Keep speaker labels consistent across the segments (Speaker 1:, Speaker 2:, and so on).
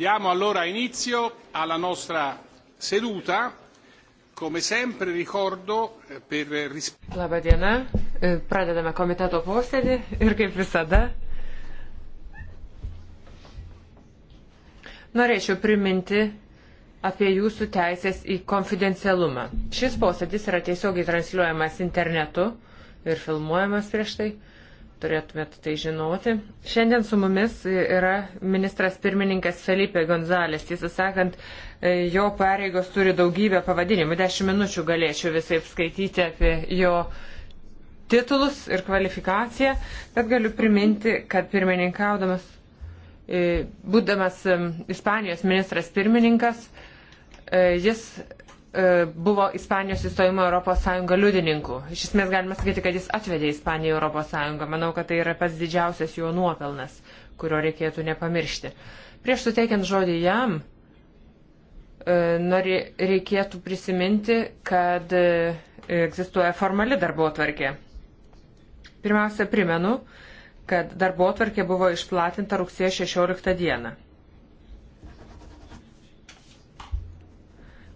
Speaker 1: Diamo allora inizio alla nostra seduta. Come sempre ricordo eh, per
Speaker 2: Labą dieną. E pradedame komiteto posėdį ir kaip visada norėčiau priminti apie jūsų teisės į konfidencialumą. Šis posėdis yra tiesiogiai transliuojamas internetu ir filmuojamas prieš tai turėtumėt tai žinoti. Šiandien su mumis yra ministras pirmininkas Felipe Gonzalės. Tiesą sakant, e, jo pareigos turi daugybę pavadinimų. Dešimt minučių galėčiau visai skaityti apie jo titulus ir kvalifikaciją, bet galiu priminti, kad pirmininkaudamas, e, būdamas e, Ispanijos ministras pirmininkas, jis E, buvo Ispanijos įstojimo Europos Sąjunga liudininku. Iš esmės galima sakyti, kad jis atvedė Ispaniją Europos Sąjungą. Manau, kad tai yra pats didžiausias jo nuopelnas, kurio reikėtų nepamiršti. Prieš suteikiant žodį jam, e, nori, reikėtų prisiminti, kad e, egzistuoja formali darbo atvarkė. Pirmiausia, primenu, kad darbo atvarkė buvo išplatinta rugsėjo 16 dieną.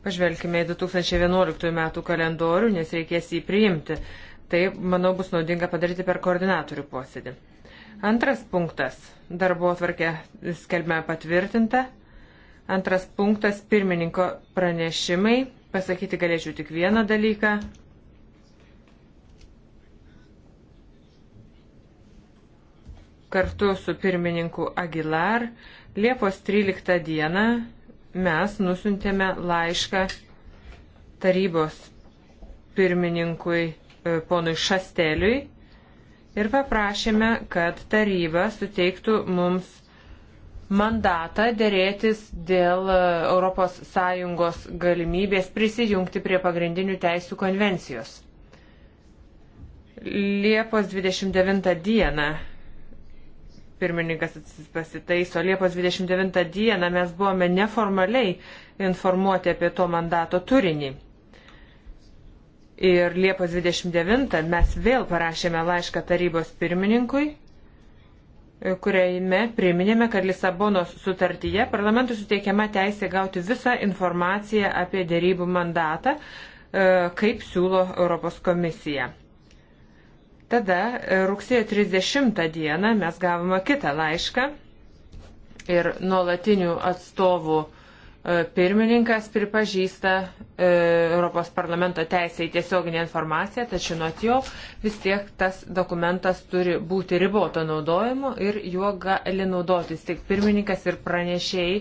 Speaker 2: Pažvelkime į 2011 metų kalendorių, nes reikės jį priimti. Tai, manau, bus naudinga padaryti per koordinatorių posėdį. Antras punktas. Darbo atvarkė skelbime patvirtinta. Antras punktas - pirmininko pranešimai. Pasakyti galėčiau tik vieną dalyką. Kartu su pirmininku Aguilar Liepos 13 dieną mes nusintėme laišką tarybos pirmininkui e, ponui Šasteliui ir paprašėme, kad taryba suteiktų mums mandatą dėrėtis dėl ES galimybės prisijungti prie pagrindinių teisų konvencijos. Liepos 29 dieną pirmininkas pasitaiso. Liepos 29 dieną mes buvome neformaliai informuoti apie to mandato turinį. Ir Liepos 29 mes vėl parašėme laišką tarybos pirmininkui, kuriame priminėme, kad Lisabonos sutartyje parlamentui suteikiama teisė gauti visą informaciją apie dėrybų mandatą, e, kaip siūlo Europos komisija. Tada e, rugsėjo 30 dieną mes gavome kitą laišką ir nuolatinių atstovų e, pirmininkas pripažįsta e, Europos parlamento teisę į tiesioginę informaciją, tačiau nuo jo vis tiek tas dokumentas turi būti riboto naudojimo ir juo gali naudotis tik pirmininkas ir pranešėjai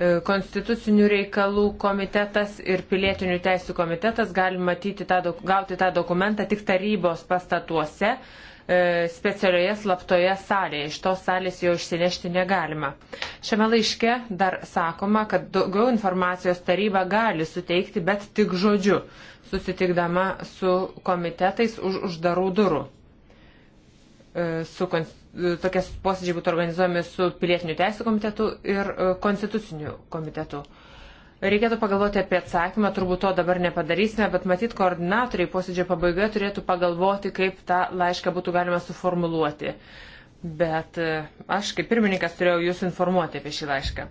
Speaker 2: E, konstitucinių reikalų komitetas ir pilietinių teisų komitetas gali matyti tą, gauti tą dokumentą tik tarybos pastatuose e, specialioje slaptoje salėje. Iš tos salės jo išsinešti negalima. Šiame laiške dar sakoma, kad daugiau informacijos taryba gali suteikti, bet tik žodžiu, susitikdama su komitetais už uždarų durų, e, su, E, tokias posėdžiai būtų organizuojami su pilietiniu teisų komitetu ir e, konstituciniu komitetu. Reikėtų pagalvoti apie atsakymą, turbūt to dabar nepadarysime, bet matyt, koordinatoriai posėdžio pabaigoje turėtų pagalvoti, kaip tą laišką būtų galima suformuluoti. Bet e, aš kaip pirmininkas turėjau jūs informuoti apie šį laišką.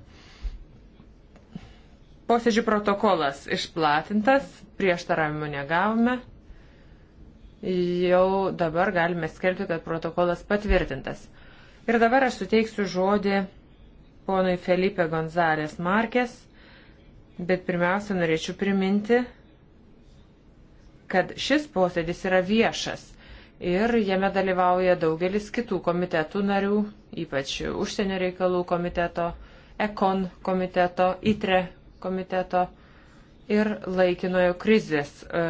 Speaker 2: Posėdžių protokolas išplatintas, prieštaravimų negavome jau dabar galime skelbti, kad protokolas patvirtintas. Ir dabar aš suteiksiu žodį ponui Felipe Gonzalės Markės, bet pirmiausia norėčiau priminti, kad šis posėdis yra viešas ir jame dalyvauja daugelis kitų komitetų narių, ypač užsienio reikalų komiteto, ekon komiteto, itre komiteto ir laikinojo krizės e,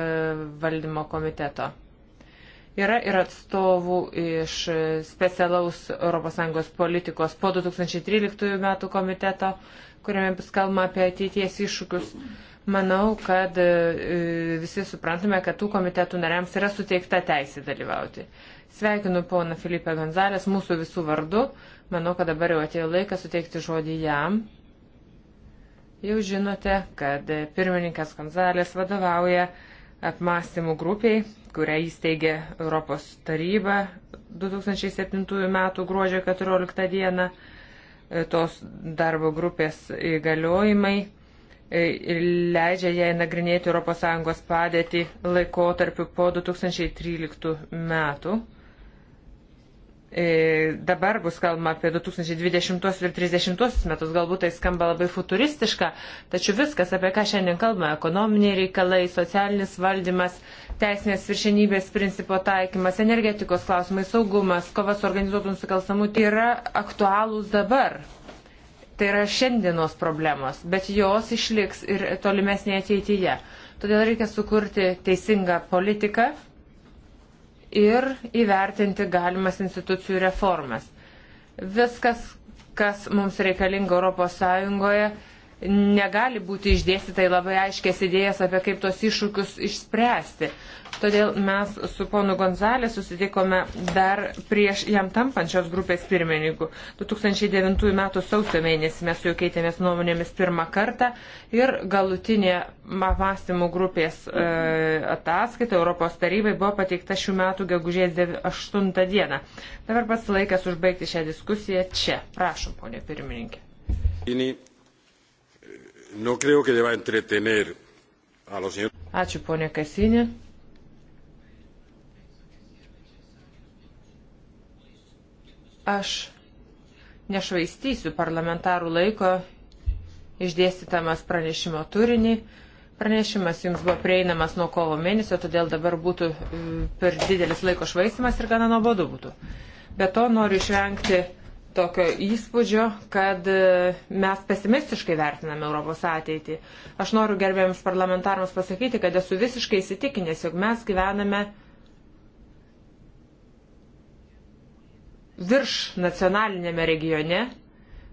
Speaker 2: valdymo komiteto. Yra ir atstovų iš specialaus ES politikos po 2013 metų komiteto, kuriame bus kalbama apie ateities iššūkius. Manau, kad e, visi suprantame, kad tų komitetų nariams yra suteikta teisė dalyvauti. Sveikinu poną Filipą Gonzalės mūsų visų vardu. Manau, kad dabar jau atėjo laikas suteikti žodį jam. Jau žinote, kad pirmininkas Gonzalės vadovauja apmąstymų grupiai, kurią įsteigė Europos taryba 2007 m. gruodžio 14 d. E, tos darbo grupės įgaliojimai e, ir leidžia jai nagrinėti ES padėtį laikotarpiu po 2013 metų E, dabar bus kalbama apie 2020 ir 30 metus, galbūt tai skamba labai futuristiška, tačiau viskas, apie ką šiandien kalbame - ekonominiai reikalai, socialinis valdymas, teisinės viršenybės principo taikymas, energetikos klausimai, saugumas, kova su organizuotų nusikalstamų - yra aktualūs dabar. Tai yra šiandienos problemos, bet jos išliks ir tolimesnėje ateityje. Todėl reikia sukurti teisingą politiką ir įvertinti galimas institucijų reformas. Viskas, kas mums reikalinga ES, negali būti išdėstytai labai aiškės idėjas apie kaip tos iššūkius išspręsti. Todėl mes su ponu Gonzalė susitikome dar prieš jam tampančios grupės pirmininku. 2009 m. sausio mėnesį mes jau keitėmės nuomonėmis pirmą kartą ir galutinė mąstymų grupės e, ataskaita Europos tarybai buvo pateikta šių metų gegužės 8 dieną. Dabar pats laikas užbaigti šią diskusiją čia. Prašom, ponė pirmininkė.
Speaker 1: Ini no creo que deba entretener a los señores.
Speaker 2: Ačiū, ponė Kasinė. Aš nešvaistysiu parlamentarų laiko išdėstytamas pranešimo turinį. Pranešimas jums buvo prieinamas nuo kovo mėnesio, todėl dabar būtų e, per didelis laiko švaistimas ir gana nuobodu būtų. Be to noriu išvengti tokio įspūdžio, kad e, mes pesimistiškai vertiname Europos ateitį. Aš noriu gerbėjams parlamentarams pasakyti, kad esu visiškai įsitikinęs, jog mes gyvename virš nacionalinėme regione,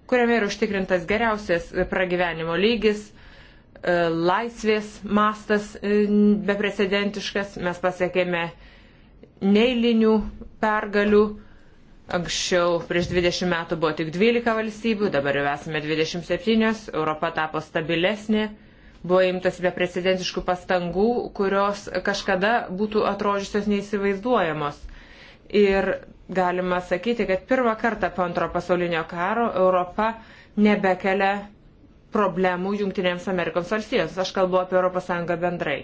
Speaker 2: kuriame yra užtikrintas geriausias pragyvenimo lygis, e, laisvės mastas e, beprecedentiškas, mes pasiekėme neįlinių pergalių Anksčiau prieš 20 metų buvo tik 12 valstybių, dabar jau esame 27, Europa tapo stabilesnė, buvo imtas beprecedentiškų pastangų, kurios kažkada būtų atrodžiusios neįsivaizduojamos. Ir galima sakyti, kad pirmą kartą po antro pasaulinio karo Europa nebekelia problemų Junktinėms Amerikoms valstijoms. Aš kalbu apie ES bendrai.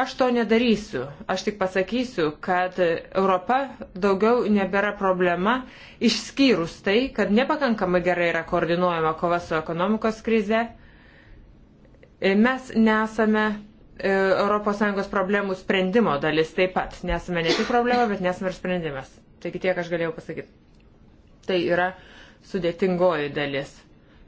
Speaker 2: Aš to nedarysiu. Aš tik pasakysiu, kad Europa daugiau nebėra problema, išskyrus tai, kad nepakankamai gerai yra koordinuojama kova su ekonomikos krize. E, mes nesame ES problemų sprendimo dalis taip pat. Nesame ne tik problema, bet nesame ir sprendimas. Taigi tiek aš galėjau pasakyti. Tai yra sudėtingoji dalis.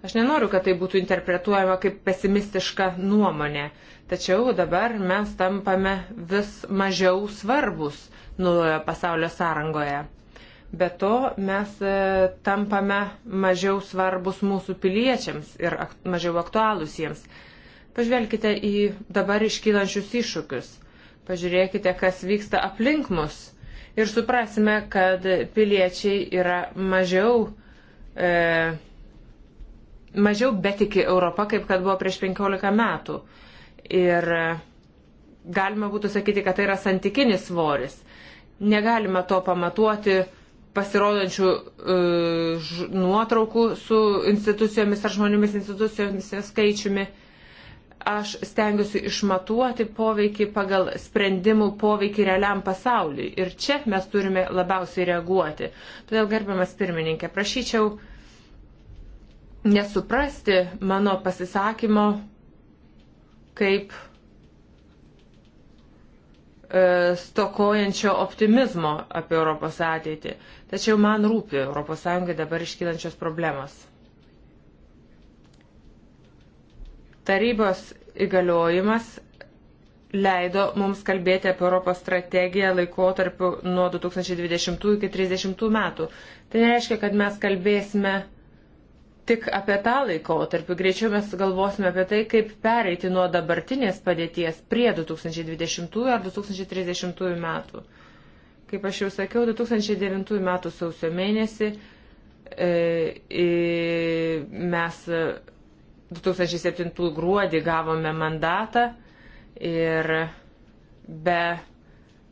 Speaker 2: Aš nenoriu, kad tai būtų interpretuojama kaip pesimistiška nuomonė, tačiau dabar mes tampame vis mažiau svarbus naujojo pasaulio sąrangoje. Be to mes e, tampame mažiau svarbus mūsų piliečiams ir ak mažiau aktualūs jiems. Pažvelkite į dabar iškylančius iššūkius. Pažiūrėkite, kas vyksta aplink mus. Ir suprasime, kad piliečiai yra mažiau e, mažiau betiki Europą, kaip kad buvo prieš 15 metų. Ir e, galima būtų sakyti, kad tai yra santykinis svoris. Negalima to pamatuoti pasirodančių uh, nuotraukų su institucijomis ar žmonėmis institucijomis skaičiumi. Aš stengiuosi išmatuoti poveikį pagal sprendimų poveikį realiam pasauliui. Ir čia mes turime labiausiai reaguoti. Todėl, gerbiamas pirmininkė, prašyčiau uh, nesuprasti mano pasisakymo kaip e, stokojančio optimizmo apie Europos ateitį. Tačiau man rūpi ES dabar iškylančios problemos. Tarybos įgaliojimas leido mums kalbėti apie Europos strategiją laikotarpiu nuo 2020 iki 2030 metų. Tai nereiškia, kad mes kalbėsime uh, tik apie tą laikotarpį, greičiau mes galvosime apie tai, kaip pereiti nuo dabartinės padėties prie 2020 ar 2030 metų. Kaip aš jau sakiau, 2009 metų sausio mėnesį e, mes 2007 gruodį gavome mandatą ir be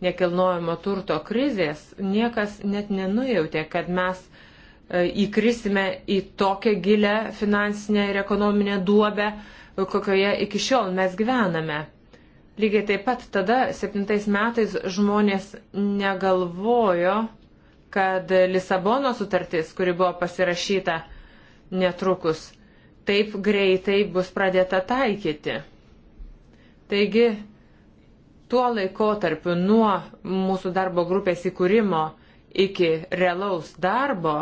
Speaker 2: nekilnojimo turto krizės niekas net nenujautė, kad mes įkrisime į tokią gilę finansinę ir ekonominę duobę, kokioje iki šiol mes gyvename. Lygiai taip pat tada, septintais metais, žmonės negalvojo, kad Lisabono sutartis, kuri buvo pasirašyta netrukus, taip greitai bus pradėta taikyti. Taigi, tuo laikotarpiu nuo mūsų darbo grupės įkūrimo iki realaus darbo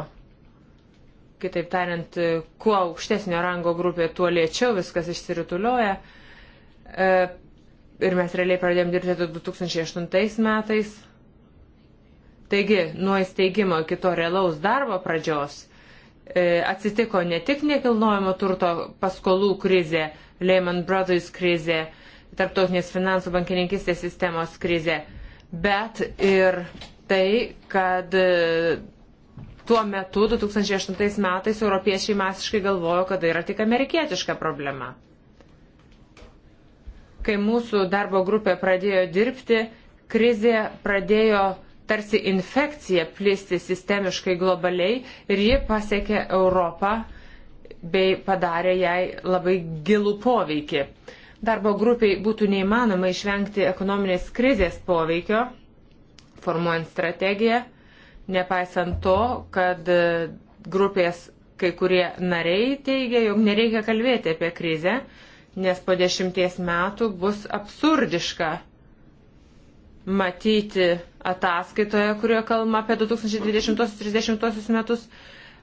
Speaker 2: Kitaip tariant, kuo aukštesnio rango grupė, tuo lėčiau viskas išsiritulioja. E, ir mes realiai pradėjom dirbti 2008 metais. Taigi, nuo įsteigimo iki to realaus darbo pradžios e, atsitiko ne tik nekilnojamo turto paskolų krizė, Lehman Brothers krizė, tarptautinės finansų bankininkistės sistemos krizė, bet ir tai, kad tuo metu, 2008 metais, europiečiai masiškai galvojo, kad tai yra tik amerikietiška problema. Kai mūsų darbo grupė pradėjo dirbti, krizė pradėjo tarsi infekcija plisti sistemiškai globaliai ir ji pasiekė Europą bei padarė jai labai gilų poveikį. Darbo grupiai būtų neįmanoma išvengti ekonominės krizės poveikio, formuojant strategiją nepaisant to, kad e, grupės kai kurie nariai teigia, jog nereikia kalbėti apie krizę, nes po dešimties metų bus absurdiška matyti ataskaitoje, kurioje kalbama apie 2020-2030 metus,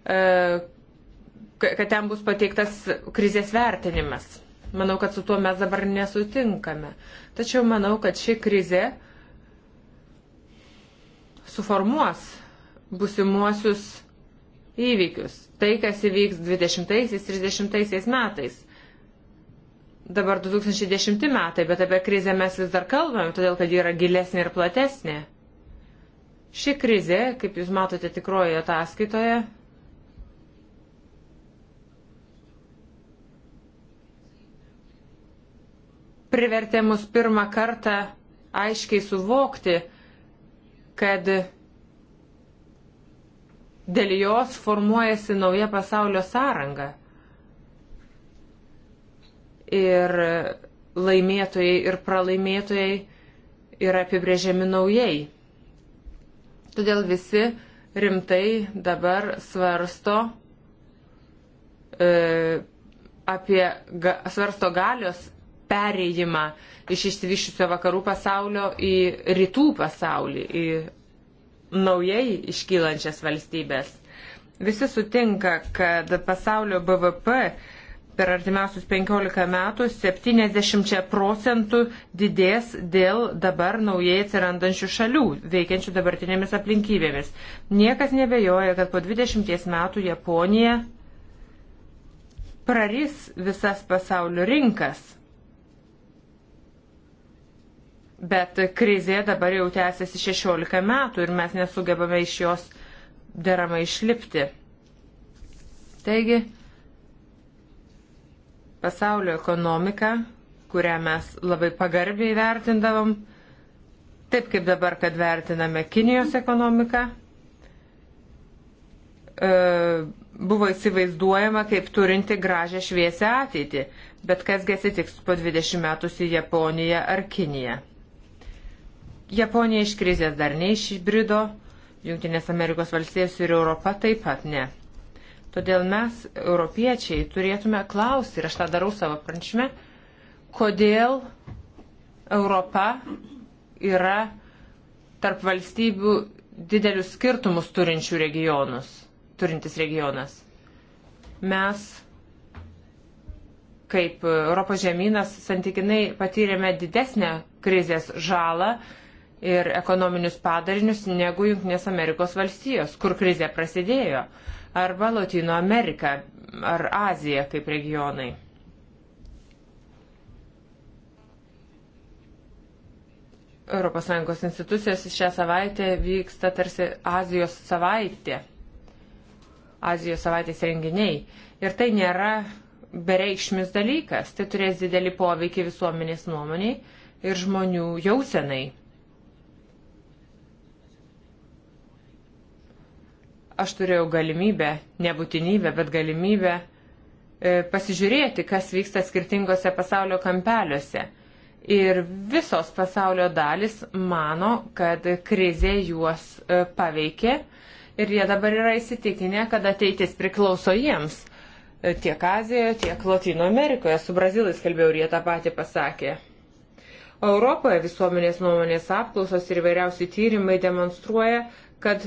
Speaker 2: e, kad ten bus pateiktas krizės vertinimas. Manau, kad su tuo mes dabar nesutinkame. Tačiau manau, kad ši krizė suformuos busimuosius įvykius, tai, kas įvyks 20-30 metais. Dabar 2010 metai, bet apie krizę mes vis dar kalbame, todėl kad ji yra gilesnė ir platesnė. Ši krizė, kaip jūs matote tikroje ataskaitoje, privertė mus pirmą kartą aiškiai suvokti, kad dėl jos formuojasi nauja pasaulio sąranga. Ir laimėtojai ir pralaimėtojai yra apibrėžiami naujai. Todėl visi rimtai dabar svarsto e, apie ga, svarsto galios perėjimą iš išsivyščiusio vakarų pasaulio į rytų pasaulį, į naujai iškylančias valstybės. Visi sutinka, kad pasaulio BVP per artimiausius 15 metų 70 procentų didės dėl dabar naujai atsirandančių šalių, veikiančių dabartinėmis aplinkybėmis. Niekas nebejoja, kad po 20 metų Japonija praris visas pasaulio rinkas Bet krizė dabar jau tęsiasi 16 metų ir mes nesugebame iš jos deramai išlipti. Taigi, pasaulio ekonomika, kurią mes labai pagarbiai vertindavom, taip kaip dabar, kad vertiname Kinijos ekonomiką, e, buvo įsivaizduojama kaip turinti gražią šviesę ateitį. Bet kasgi atsitiks po 20 metų su Japonija ar Kinija? Japonija iš krizės dar neišbrido, Junktinės Amerikos valstijos ir Europa taip pat ne. Todėl mes, europiečiai, turėtume klausti, ir aš tą darau savo pranešime, kodėl Europa yra tarp valstybių didelius skirtumus turinčių regionus, turintis regionas. Mes kaip Europos žemynas santykinai patyrėme didesnę krizės žalą ir ekonominius padarinius negu Junktinės Amerikos valstijos, kur krizė prasidėjo, arba Latino Amerika, ar Azija kaip regionai. ES institucijos šią savaitę vyksta tarsi Azijos savaitė. Azijos savaitės renginiai. Ir tai nėra bereikšmis dalykas. Tai turės didelį poveikį visuomenės nuomoniai ir žmonių jausenai. aš turėjau galimybę, nebūtinybę, bet galimybę e, pasižiūrėti, kas vyksta skirtingose pasaulio kampeliuose. Ir visos pasaulio dalis mano, kad krizė juos e, paveikė ir jie dabar yra įsitikinę, kad ateitis priklauso jiems. E, tiek Azijoje, tiek Latino Amerikoje. Su brazilais kalbėjau ir jie tą patį pasakė. Europoje visuomenės nuomonės apklausos ir vairiausi tyrimai demonstruoja, kad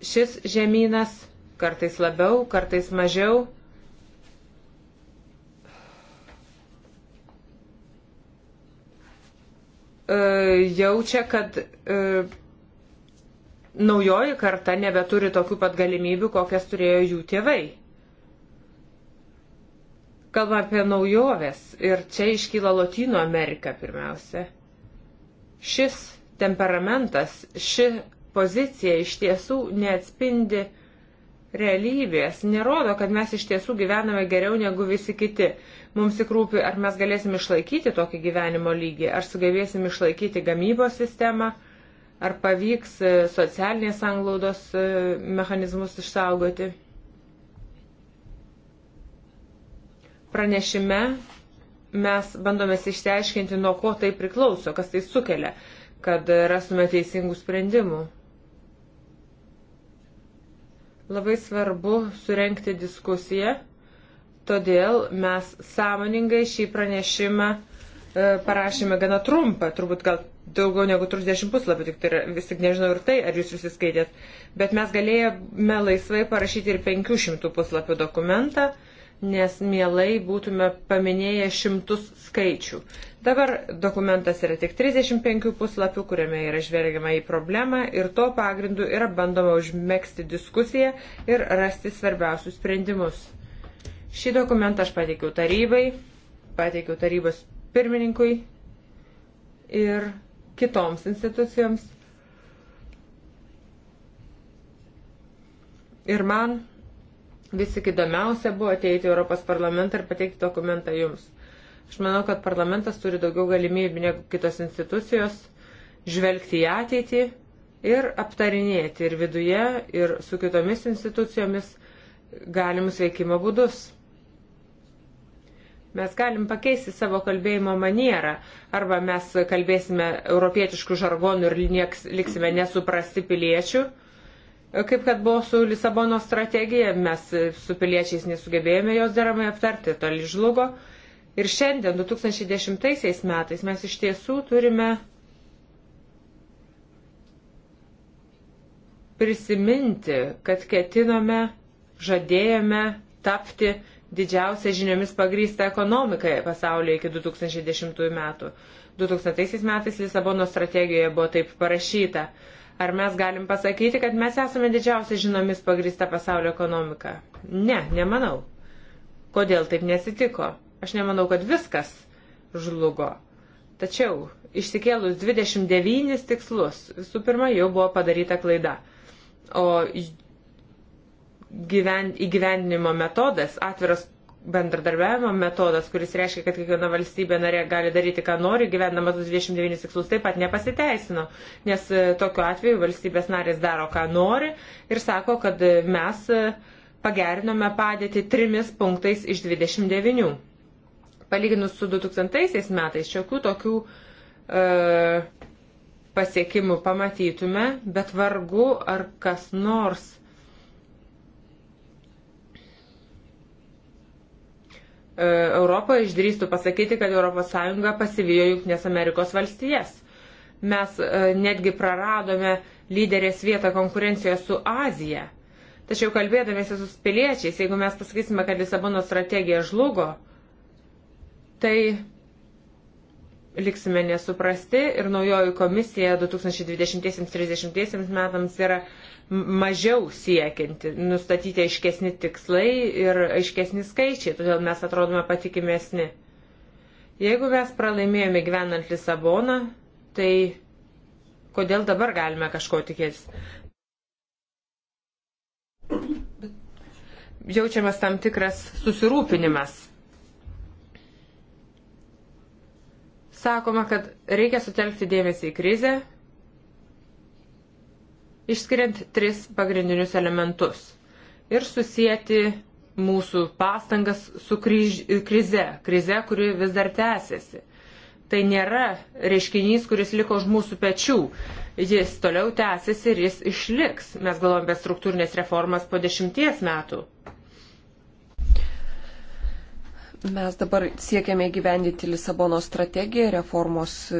Speaker 2: šis žemynas, kartais labiau, kartais mažiau. E, jaučia, kad e, naujoji karta nebeturi tokių pat galimybių, kokias turėjo jų tėvai. Kalbam apie naujoves ir čia iškyla Latino Amerika pirmiausia. Šis temperamentas, ši pozicija iš tiesų neatspindi realybės, nerodo, kad mes iš tiesų gyvename geriau negu visi kiti. Mums tik rūpi, ar mes galėsim išlaikyti tokį gyvenimo lygį, ar sugebėsim išlaikyti gamybos sistemą, ar pavyks e, socialinės anglaudos e, mechanizmus išsaugoti. Pranešime mes bandome išsiaiškinti, nuo ko tai priklauso, kas tai sukelia, kad rastume teisingų sprendimų. Labai svarbu surenkti diskusiją, todėl mes sąmoningai šį pranešimą e, parašėme gana trumpą, turbūt gal daugiau negu 30 puslapį, tik tai vis tik nežinau ir tai, ar jūs visi skaitėt, bet mes galėjome laisvai parašyti ir 500 puslapio dokumentą, nes mielai būtume paminėję šimtus skaičių. Dabar dokumentas yra tik 35 puslapių, kuriame yra žvelgiama į problemą ir to pagrindu yra bandoma užmėgsti diskusiją ir rasti svarbiausius sprendimus. Šį dokumentą aš pateikiau tarybai, pateikiau tarybos pirmininkui ir kitoms institucijoms. Ir man vis tik įdomiausia buvo ateiti Europos parlamentą ir pateikti dokumentą jums. Aš manau, kad parlamentas turi daugiau galimybių negu kitos institucijos žvelgti į ateitį ir aptarinėti ir viduje, ir su kitomis institucijomis galimus veikimo būdus. Mes galim pakeisti savo kalbėjimo manierą, arba mes kalbėsime europietiškų žargonų ir nieks, liksime nesuprasti piliečių, kaip kad buvo su Lisabono strategija, mes su piliečiais nesugebėjome jos deramai aptarti, toli žlugo, Ir šiandien, 2010 metais, mes iš tiesų turime prisiminti, kad ketinome, žadėjome tapti didžiausią žiniomis pagrįstą ekonomiką pasaulyje iki 2010 metų. 2000 metais Lisabono strategijoje buvo taip parašyta. Ar mes galim pasakyti, kad mes esame didžiausia žiniomis pagrįsta pasaulio ekonomika? Ne, nemanau. Kodėl taip nesitiko? Aš nemanau, kad viskas žlugo. Tačiau išsikėlus 29 tikslus, visų pirma, jau buvo padaryta klaida. O gyven, įgyvendinimo metodas, atviras bendradarbiavimo metodas, kuris reiškia, kad kiekviena valstybė narė gali daryti, ką nori, gyvendama tos 29 tikslus, taip pat nepasiteisino, nes e, tokiu atveju valstybės narės daro, ką nori ir sako, kad e, mes e, pagerinome padėtį trimis punktais iš 29 palyginus su 2000 metais, šiokių tokių e, pasiekimų pamatytume, bet vargu ar kas nors e, Europoje išdrįstų pasakyti, kad ES pasivijo Junktinės Amerikos valstijas. Mes e, netgi praradome lyderės vietą konkurencijoje su Azija. Tačiau kalbėdamėsi su piliečiais, jeigu mes pasakysime, kad Lisabono strategija žlugo, tai liksime nesuprasti ir naujoji komisija 2020-30 metams yra mažiau siekianti, nustatyti aiškesni tikslai ir aiškesni skaičiai, todėl mes atrodome patikimesni. Jeigu mes pralaimėjome gyvenant Lisaboną, tai kodėl dabar galime kažko tikėtis? Jaučiamas tam tikras susirūpinimas sakoma, kad reikia sutelkti dėmesį į krizę, išskiriant tris pagrindinius elementus ir susijęti mūsų pastangas su kryž, krize, krize, kuri vis dar tęsiasi. Tai nėra reiškinys, kuris liko už mūsų pečių. Jis toliau tęsiasi ir jis išliks. Mes galvojame apie struktūrinės reformas po dešimties metų.
Speaker 3: Mes dabar siekiame gyvendyti Lisabono strategiją, reformos e,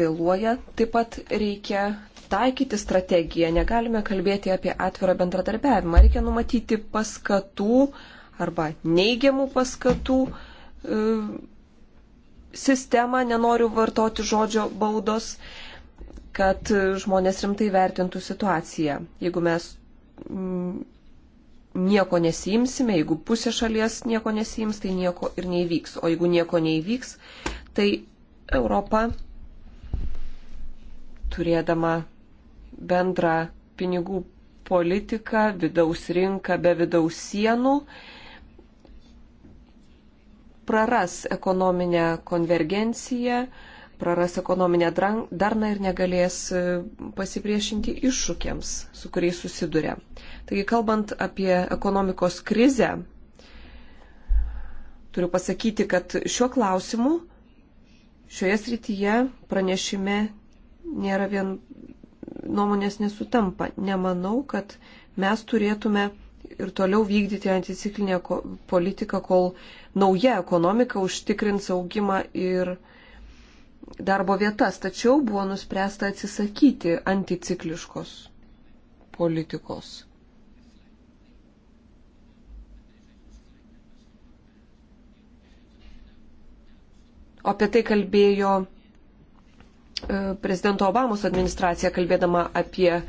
Speaker 3: vėluoja. Taip pat reikia taikyti strategiją, negalime kalbėti apie atvirą bendradarbiavimą. Reikia numatyti paskatų arba neigiamų paskatų e, sistemą, nenoriu vartoti žodžio baudos, kad žmonės rimtai vertintų situaciją. Jeigu mes nieko nesimsime, jeigu pusė šalies nieko nesims, tai nieko ir neįvyks. O jeigu nieko neįvyks, tai Europa, turėdama bendrą pinigų politiką, vidaus rinką be vidaus sienų, praras ekonominę konvergenciją, praras ekonominę darną ir negalės e, pasipriešinti iššūkiams, su kuriais susiduria. Taigi, kalbant apie ekonomikos krizę, turiu pasakyti, kad šiuo klausimu, šioje srityje pranešime nėra vien nuomonės nesutampa. Nemanau, kad mes turėtume ir toliau vykdyti anticiklinę politiką, kol nauja ekonomika užtikrins augimą ir darbo vietas, tačiau buvo nuspręsta atsisakyti anticikliškos politikos. O apie tai kalbėjo e, prezidento Obamos administracija, kalbėdama apie e,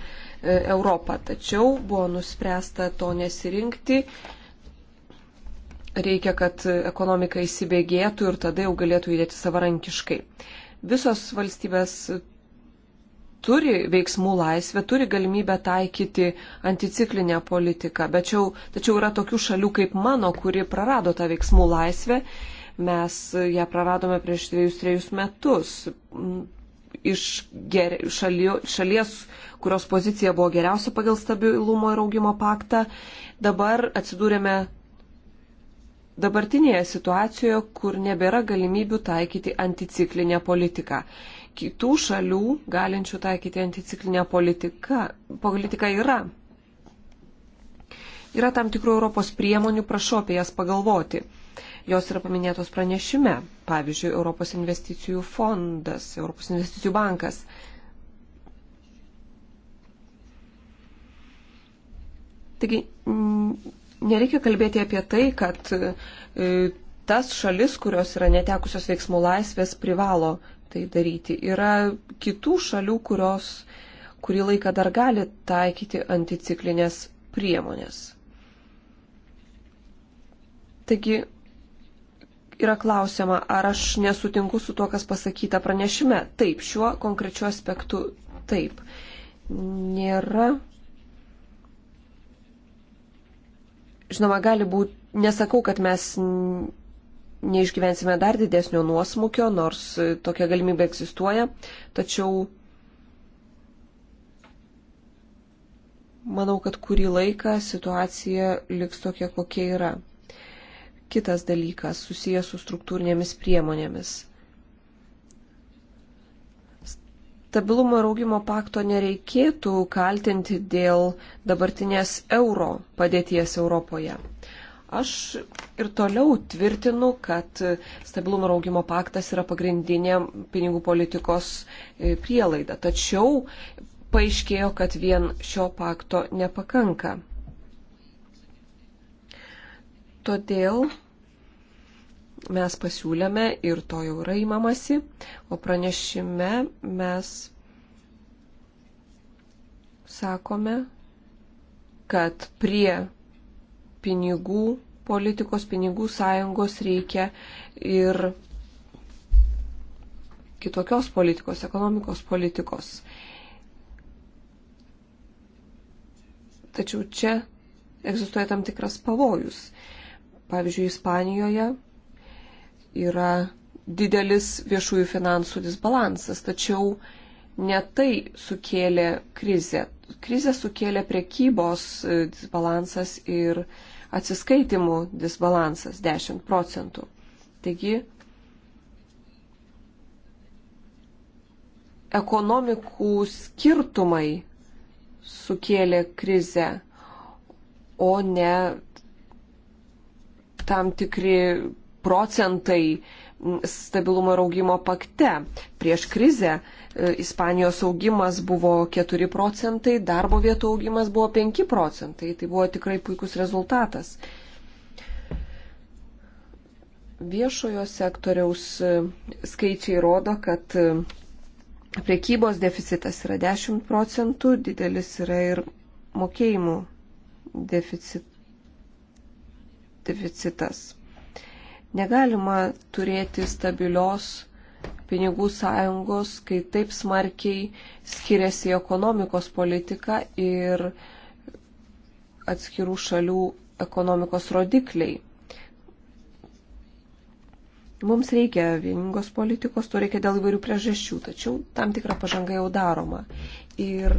Speaker 3: Europą. Tačiau buvo nuspręsta to nesirinkti. Reikia, kad ekonomika įsibėgėtų ir tada jau galėtų judėti savarankiškai. Visos valstybės turi veiksmų laisvę, turi galimybę taikyti anticiklinę politiką, tačiau, tačiau yra tokių šalių kaip mano, kuri prarado tą veiksmų laisvę. Mes ją praradome prieš dviejus, trejus metus. Iš ger, šalio, šalies, kurios pozicija buvo geriausia pagal stabilumo ir augimo paktą, dabar atsidūrėme dabartinėje situacijoje, kur nebėra galimybių taikyti anticiklinę politiką. Kitų šalių galinčių taikyti anticiklinę politiką, politiką yra. Yra tam tikrų Europos priemonių, prašau apie jas pagalvoti. Jos yra paminėtos pranešime, pavyzdžiui, Europos investicijų fondas, Europos investicijų bankas. Taigi, Nereikia kalbėti apie tai, kad e, tas šalis, kurios yra netekusios veiksmų laisvės, privalo tai daryti. Yra kitų šalių, kurios kurį laiką dar gali taikyti anticiklinės priemonės. Taigi yra klausima, ar aš nesutinku su tuo, kas pasakyta pranešime. Taip, šiuo konkrečiu aspektu taip. Nėra Žinoma, gali būti, nesakau, kad mes neišgyvensime dar didesnio nuosmukio, nors e, tokia galimybė egzistuoja, tačiau manau, kad kurį laiką situacija liks tokia, kokia yra. Kitas dalykas susijęs su struktūrinėmis priemonėmis. stabilumo ir augimo pakto nereikėtų kaltinti dėl dabartinės euro padėties Europoje. Aš ir toliau tvirtinu, kad stabilumo ir augimo paktas yra pagrindinė pinigų politikos e, prielaida. Tačiau paaiškėjo, kad vien šio pakto nepakanka. Todėl mes pasiūlėme ir to jau yra įmamasi, o pranešime mes sakome, kad prie pinigų politikos, pinigų sąjungos reikia ir kitokios politikos, ekonomikos politikos. Tačiau čia egzistuoja tam tikras pavojus. Pavyzdžiui, Ispanijoje yra didelis viešųjų finansų disbalansas, tačiau ne tai sukėlė krizę. Krizę sukėlė prekybos e, disbalansas ir atsiskaitimų disbalansas 10 procentų. Taigi ekonomikų skirtumai sukėlė krizę, o ne tam tikri procentai stabilumo ir augimo pakte. Prieš krizę e, Ispanijos augimas buvo 4 procentai, darbo vietų augimas buvo 5 procentai. Tai buvo tikrai puikus rezultatas. Viešojo sektoriaus e, skaičiai rodo, kad e, priekybos deficitas yra 10 procentų, didelis yra ir mokėjimų deficit, deficitas. Negalima turėti stabilios pinigų sąjungos, kai taip smarkiai skiriasi ekonomikos politika ir atskirų šalių ekonomikos rodikliai. Mums reikia vieningos politikos, to reikia dėl įvairių priežasčių, tačiau tam tikra pažanga jau daroma. Ir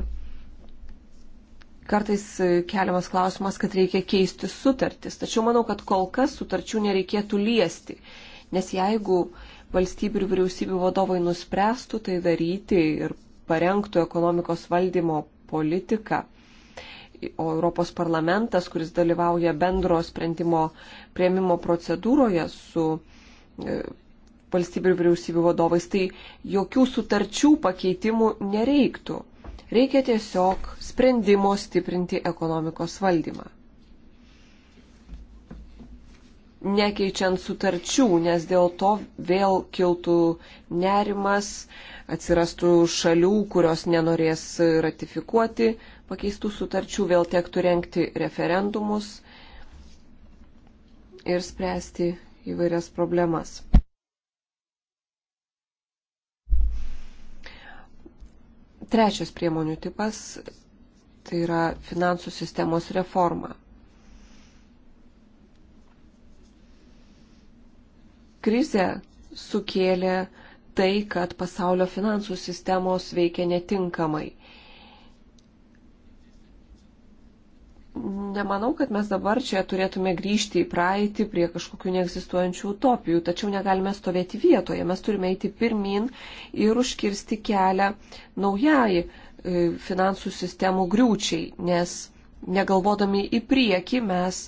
Speaker 3: kartais e, keliamas klausimas, kad reikia keisti sutartis. Tačiau manau, kad kol kas sutarčių nereikėtų liesti. Nes jeigu valstybių ir vyriausybių vadovai nuspręstų tai daryti ir parengtų ekonomikos valdymo politiką, o Europos parlamentas, kuris dalyvauja bendro sprendimo prieimimo procedūroje su e, valstybių ir vyriausybių vadovais, tai jokių sutarčių pakeitimų nereiktų. Reikia tiesiog sprendimo stiprinti ekonomikos valdymą. Nekeičiant sutarčių, nes dėl to vėl kiltų nerimas, atsirastų šalių, kurios nenorės ratifikuoti pakeistų sutarčių, vėl tektų renkti referendumus ir spręsti įvairias problemas. Trečias priemonių tipas - tai yra finansų sistemos reforma. Krize sukėlė tai, kad pasaulio finansų sistemos veikia netinkamai. nemanau, kad mes dabar čia turėtume grįžti į praeitį prie kažkokių neegzistuojančių utopijų, tačiau negalime stovėti vietoje. Mes turime eiti pirmin ir užkirsti kelią naujai e, finansų sistemų griūčiai, nes negalvodami į priekį mes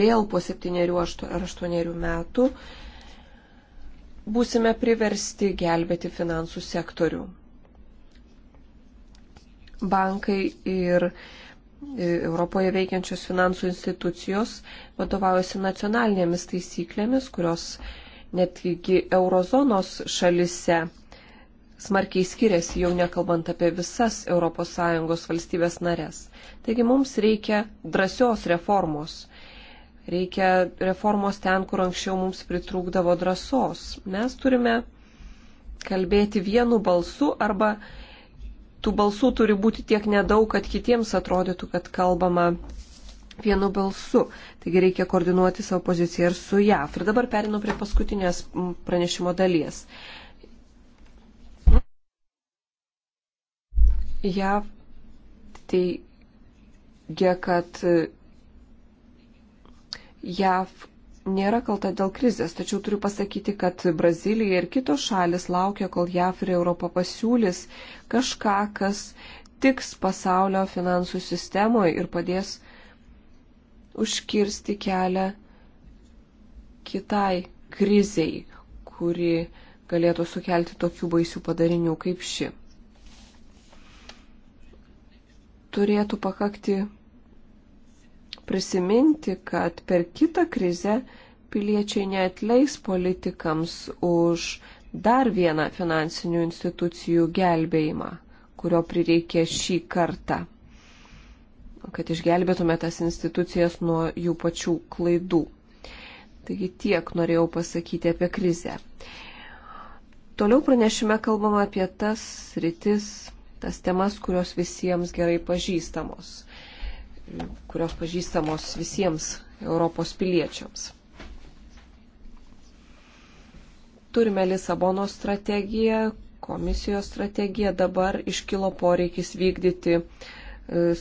Speaker 3: vėl po septyniarių ar aštuoniarių metų būsime priversti gelbėti finansų sektorių. Bankai ir E, Europoje veikiančios finansų institucijos vadovaujasi nacionalinėmis taisyklėmis, kurios netgi eurozonos šalise smarkiai skiriasi, jau nekalbant apie visas ES valstybės narės. Taigi mums reikia drąsios reformos. Reikia reformos ten, kur anksčiau mums pritrūkdavo drąsos. Mes turime kalbėti vienu balsu arba tų balsų turi būti tiek nedaug, kad kitiems atrodytų, kad kalbama vienu balsu. Taigi reikia koordinuoti savo poziciją ir su JAF. Ir dabar perinu prie paskutinės pranešimo dalies. JAV teigia, kad JAV nėra kalta dėl krizės, tačiau turiu pasakyti, kad Brazilija ir kitos šalis laukia, kol JAF ir Europa pasiūlys kažką, kas tiks pasaulio finansų sistemoje ir padės užkirsti kelią kitai kriziai, kuri galėtų sukelti tokių baisių padarinių kaip ši. Turėtų pakakti prisiminti, kad per kitą krizę piliečiai neatleis politikams už dar vieną finansinių institucijų gelbėjimą, kurio prireikė šį kartą, kad išgelbėtume tas institucijas nuo jų pačių klaidų. Taigi tiek norėjau pasakyti apie krizę. Toliau pranešime kalbama apie tas rytis, tas temas, kurios visiems gerai pažįstamos kurios pažįstamos visiems Europos piliečiams. Turime Lisabono strategiją, komisijos strategiją, dabar iškilo poreikis vykdyti e,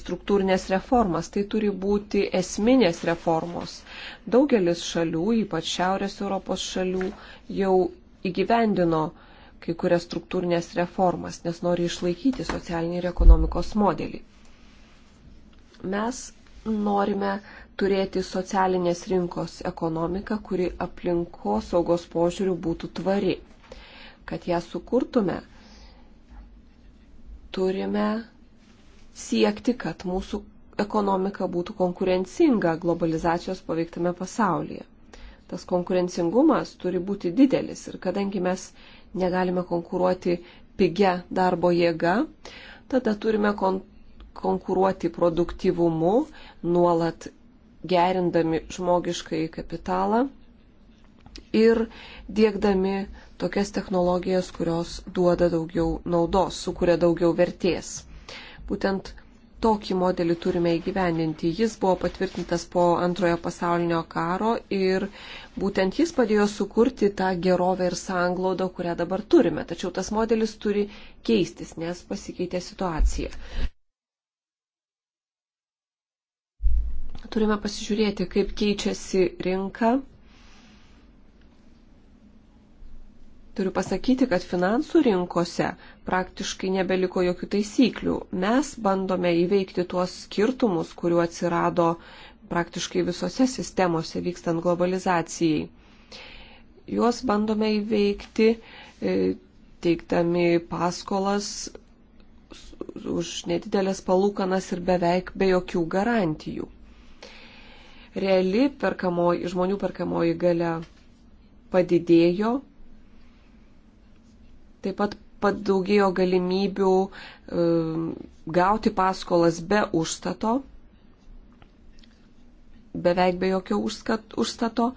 Speaker 3: struktūrinės reformas. Tai turi būti esminės reformos. Daugelis šalių, ypač Šiaurės Europos šalių, jau įgyvendino kai kurias struktūrinės reformas, nes nori išlaikyti socialinį ir ekonomikos modelį. Mes norime turėti socialinės rinkos ekonomiką, kuri aplinkosaugos požiūrių būtų tvari. Kad ją sukurtume, turime siekti, kad mūsų ekonomika būtų konkurencinga globalizacijos paveiktame pasaulyje. Tas konkurencingumas turi būti didelis ir kadangi mes negalime konkuruoti pigia darbo jėga, tada turime kon konkuruoti produktyvumu, nuolat gerindami žmogiškai kapitalą ir dėkdami tokias technologijas, kurios duoda daugiau naudos, sukuria daugiau vertės. Būtent tokį modelį turime įgyvendinti. Jis buvo patvirtintas po antrojo pasaulinio karo ir būtent jis padėjo sukurti tą gerovę ir sanglaudą, kurią dabar turime. Tačiau tas modelis turi keistis, nes pasikeitė situacija. Turime pasižiūrėti, kaip keičiasi rinka. Turiu pasakyti, kad finansų rinkose praktiškai nebeliko jokių taisyklių. Mes bandome įveikti tuos skirtumus, kuriuo atsirado praktiškai visose sistemose vykstant globalizacijai. Juos bandome įveikti e, teikdami paskolas už nedidelės palūkanas ir beveik be jokių garantijų reali perkamoji, žmonių perkamoji gale padidėjo, taip pat padaugėjo galimybių e, gauti paskolas be užstato, beveik be jokio užskat, užstato.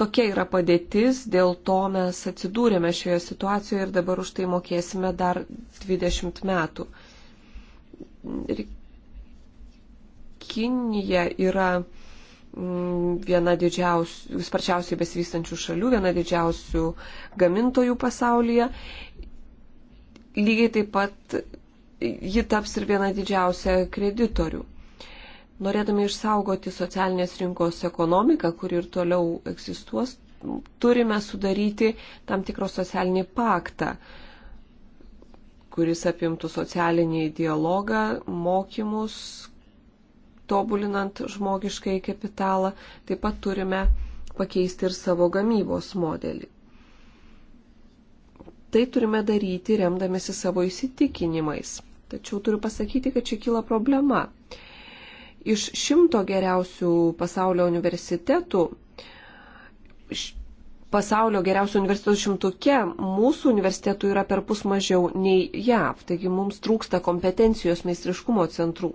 Speaker 3: Tokia yra padėtis, dėl to mes atsidūrėme šioje situacijoje ir dabar už tai mokėsime dar 20 metų. Ir Kinija yra Mm, viena didžiausių, sparčiausiai besivystančių šalių, viena didžiausių gamintojų pasaulyje. Lygiai taip pat ji taps ir viena didžiausia kreditorių. Norėdami išsaugoti socialinės rinkos ekonomiką, kuri ir toliau egzistuos, turime sudaryti tam tikrą socialinį paktą, kuris apimtų socialinį dialogą, mokymus, tobulinant žmogiškai kapitalą, taip pat turime pakeisti ir savo gamybos modelį. Tai turime daryti remdamėsi savo įsitikinimais. Tačiau turiu pasakyti, kad čia kyla problema. Iš šimto geriausių pasaulio universitetų, pasaulio geriausių universitetų šimtuke, mūsų universitetų yra per pus mažiau nei JAV, taigi mums trūksta kompetencijos meistriškumo centrų.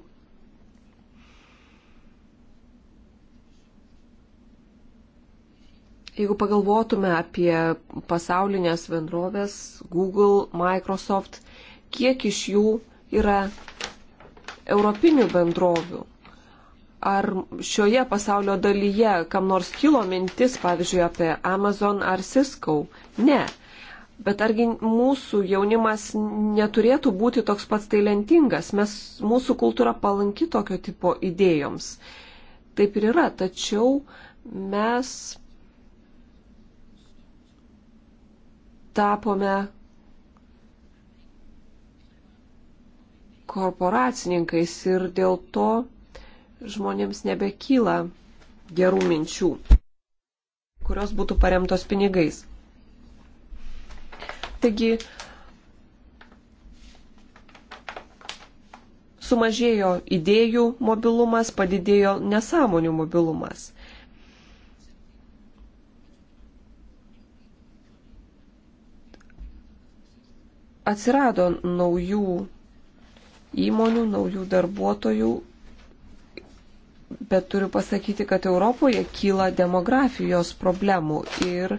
Speaker 3: Jeigu pagalvotume apie pasaulinės bendrovės Google, Microsoft, kiek iš jų yra europinių bendrovių? Ar šioje pasaulio dalyje kam nors kilo mintis, pavyzdžiui, apie Amazon ar Cisco? Ne. Bet argi mūsų jaunimas neturėtų būti toks pats tailentingas, mes, mūsų kultūra palanki tokio tipo idėjoms. Taip ir yra, tačiau mes tapome korporacininkais ir dėl to žmonėms nebekyla gerų minčių, kurios būtų paremtos pinigais. Taigi sumažėjo idėjų mobilumas, padidėjo nesąmonių mobilumas. atsirado naujų įmonių, naujų darbuotojų, bet turiu pasakyti, kad Europoje kyla demografijos problemų ir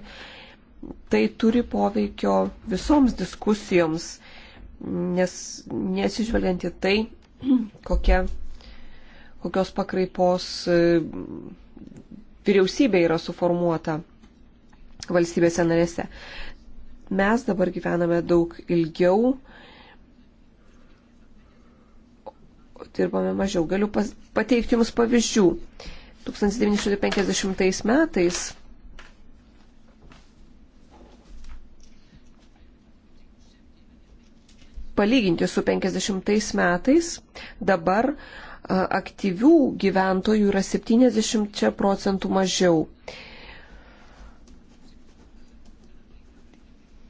Speaker 3: tai turi poveikio visoms diskusijoms, nes nesižvelgiant į tai, kokia, kokios pakraipos e, vyriausybė yra suformuota valstybėse narėse. Mes dabar gyvename daug ilgiau, dirbame mažiau. Galiu pas, pateikti Jums pavyzdžių. 1950 metais palyginti su 50 metais dabar aktyvių gyventojų yra 70 procentų mažiau.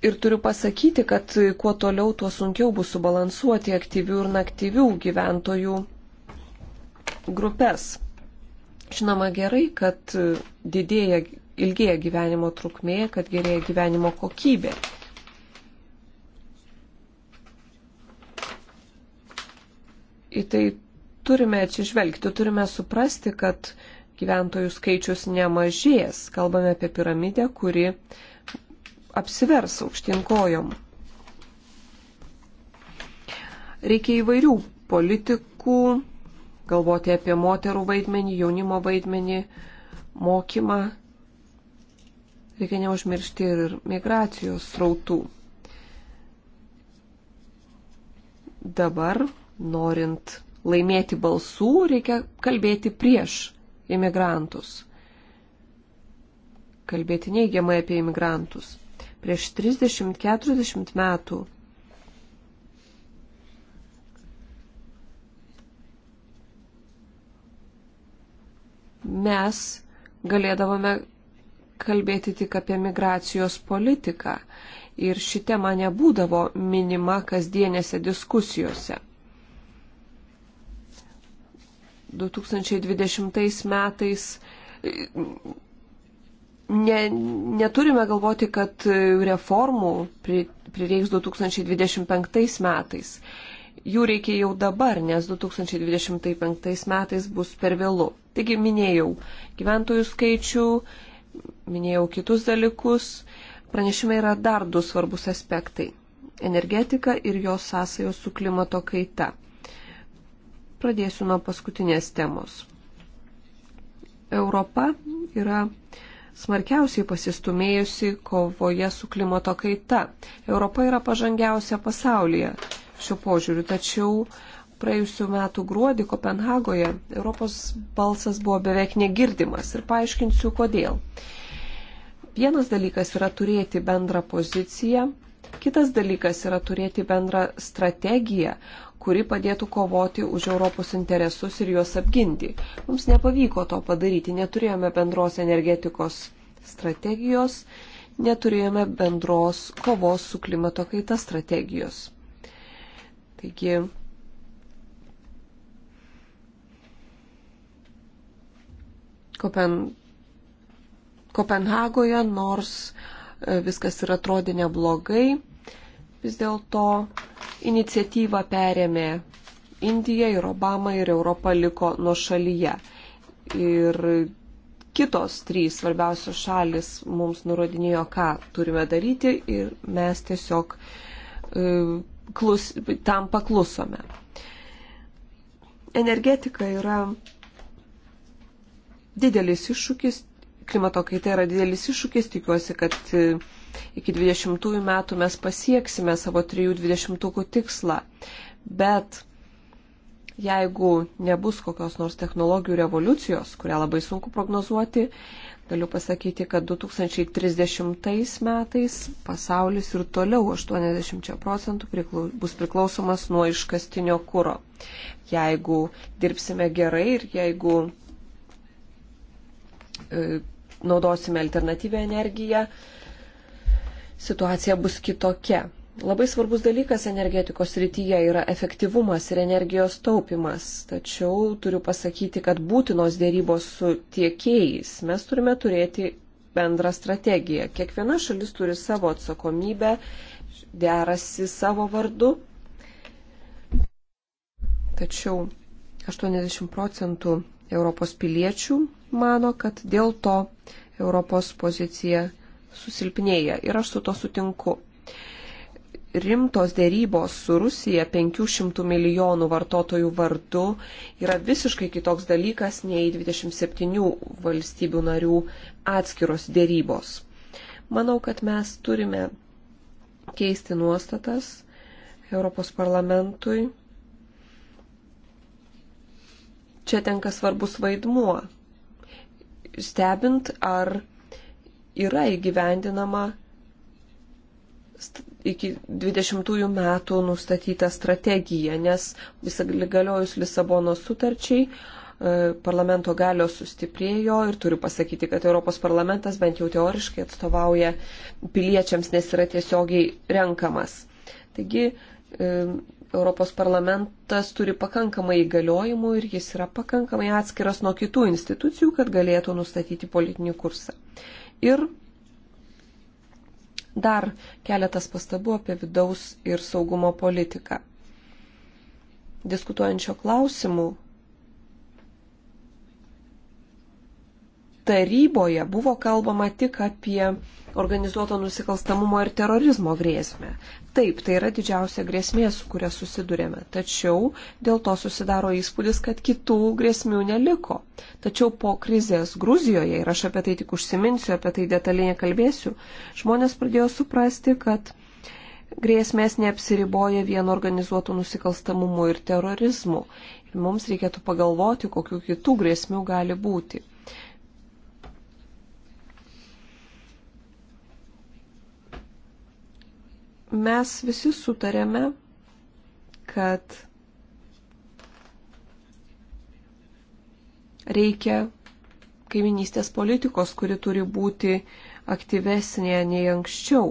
Speaker 3: Ir turiu pasakyti, kad kuo toliau, tuo sunkiau bus subalansuoti aktyvių ir naktyvių gyventojų grupės. Žinoma gerai, kad didėja ilgėja gyvenimo trukmė, kad gerėja gyvenimo kokybė. Į tai turime atsižvelgti, turime suprasti, kad gyventojų skaičius nemažės. Kalbame apie piramidę, kuri uh, apsivers aukštinkojom. Reikia įvairių politikų, galvoti apie moterų vaidmenį, jaunimo vaidmenį, mokymą. Reikia neužmiršti ir migracijos srautų. Dabar, norint laimėti balsų, reikia kalbėti prieš imigrantus. Kalbėti neigiamai apie imigrantus prieš 30-40 metų. Mes galėdavome kalbėti tik apie migracijos politiką ir ši tema nebūdavo minima kasdienėse diskusijose. 2020 metais ne, neturime galvoti, kad reformų prireiks 2025 metais. Jų reikia jau dabar, nes 2025 metais bus per vėlu. Taigi minėjau gyventojų skaičių, minėjau kitus dalykus. Pranešime yra dar du svarbus aspektai - energetika ir jos sąsajos su klimato kaita. Pradėsiu nuo paskutinės temos. Europa yra uh, smarkiausiai pasistumėjusi kovoje su klimato kaita. Europa yra pažangiausia pasaulyje šiuo požiūriu, tačiau praėjusiu metu gruodį Kopenhagoje Europos balsas buvo beveik negirdimas ir paaiškinsiu kodėl. Vienas dalykas yra turėti bendrą poziciją, kitas dalykas yra turėti bendrą strategiją, kuri padėtų kovoti už Europos interesus ir juos apginti. Mums nepavyko to padaryti, neturėjome bendros energetikos strategijos, neturėjome bendros kovos su klimato kaita strategijos. Taigi, Kopen... Kopenhagoje, nors e, viskas ir atrodė neblogai, vis dėlto iniciatyvą perėmė Indija ir Obama ir Europa liko nuo šalyje. Ir kitos trys svarbiausios šalis mums nurodinėjo, ką turime daryti ir mes tiesiog e, klus, tam paklusome. Energetika yra didelis iššūkis, klimato kaita yra didelis iššūkis, tikiuosi, kad e, iki 20 metų mes pasieksime savo 3-20 tikslą. Bet jeigu nebus kokios nors technologijų revoliucijos, kurią labai sunku prognozuoti, galiu pasakyti, kad 2030 metais pasaulis ir toliau 80 procentų priklau, bus priklausomas nuo iškastinio kūro. Jeigu dirbsime gerai ir jeigu e, naudosime alternatyvę energiją, e, situacija bus kitokia. Labai svarbus dalykas energetikos rytyje yra efektyvumas ir energijos taupimas, tačiau turiu pasakyti, kad būtinos dėrybos su tiekėjais mes turime turėti bendrą strategiją. Kiekviena šalis turi savo atsakomybę, derasi savo vardu. Tačiau 80 procentų Europos piliečių mano, kad dėl to Europos pozicija susilpnėja ir aš su to sutinku. Rimtos dėrybos su Rusija 500 milijonų vartotojų vardu yra visiškai kitoks dalykas nei 27 valstybių narių atskiros dėrybos. Manau, kad mes turime keisti nuostatas Europos parlamentui. Čia tenka svarbus vaidmuo, stebint, ar yra įgyvendinama iki 20 metų nustatyta strategija, nes visagaliojus Lisabono sutarčiai e, parlamento galios sustiprėjo ir turiu pasakyti, kad Europos parlamentas bent jau teoriškai atstovauja piliečiams, nes yra tiesiogiai renkamas. Taigi e, Europos parlamentas turi pakankamai įgaliojimų ir jis yra pakankamai atskiras nuo kitų institucijų, kad galėtų nustatyti politinį kursą. Ir dar keletas pastabų apie vidaus ir saugumo politiką. Diskutuojančio klausimų taryboje buvo kalbama tik apie organizuoto nusikalstamumo ir terorizmo grėsmę. Taip, tai yra didžiausia grėsmė, su kuria susidurėme. Tačiau dėl to susidaro įspūdis, kad kitų grėsmių neliko. Tačiau po krizės Gruzijoje, ir aš apie tai tik užsiminsiu, apie tai detaliai nekalbėsiu, žmonės pradėjo suprasti, kad grėsmės neapsiriboja vien organizuotų nusikalstamumu ir terorizmu. Ir mums reikėtų pagalvoti, kokiu kitų grėsmių gali būti. Mes visi sutarėme, kad reikia kaiminystės politikos, kuri turi būti aktyvesnė nei anksčiau.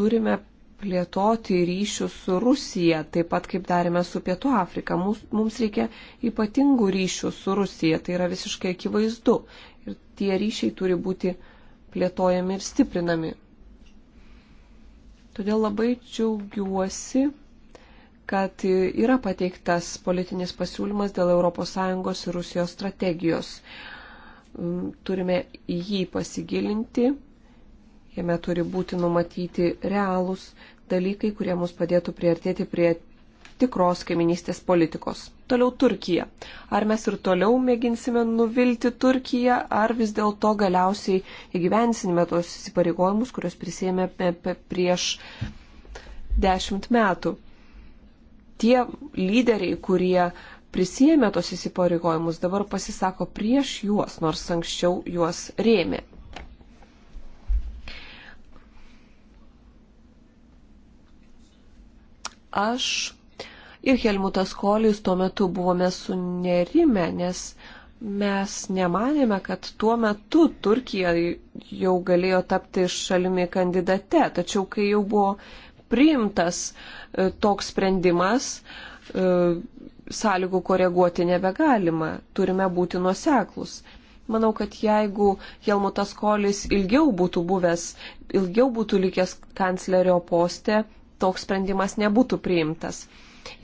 Speaker 3: Turime plėtoti ryšius su Rusija, taip pat kaip darėme su Pietų Afrika. Mums, mums reikia ypatingų ryšių su Rusija, tai yra visiškai akivaizdu. Ir tie ryšiai turi būti plėtojami ir stiprinami. Todėl labai džiaugiuosi, kad yra pateiktas politinis pasiūlymas dėl ES ir Rusijos strategijos. Mm, turime į jį pasigilinti, jame turi būti numatyti realūs dalykai, kurie mus padėtų priartėti prie tikros kaiminystės politikos. Toliau Turkija. Ar mes ir toliau mėginsime nuvilti Turkiją, ar vis dėlto galiausiai įgyvensinime tos įsipareigojimus, kuriuos prisėmė prieš dešimt metų. Tie lyderiai, kurie prisėmė tos įsipareigojimus, dabar pasisako prieš juos, nors anksčiau juos rėmė. Aš ir Helmutas Kolis tuo metu buvome sunerime, nes mes nemanėme, kad tuo metu Turkija jau galėjo tapti šalimi kandidate, tačiau kai jau buvo priimtas e, toks sprendimas, e, sąlygų koreguoti nebegalima, turime būti nuoseklus. Manau, kad jeigu Helmutas Kolis ilgiau būtų buvęs, ilgiau būtų likęs kanclerio poste, toks sprendimas nebūtų priimtas.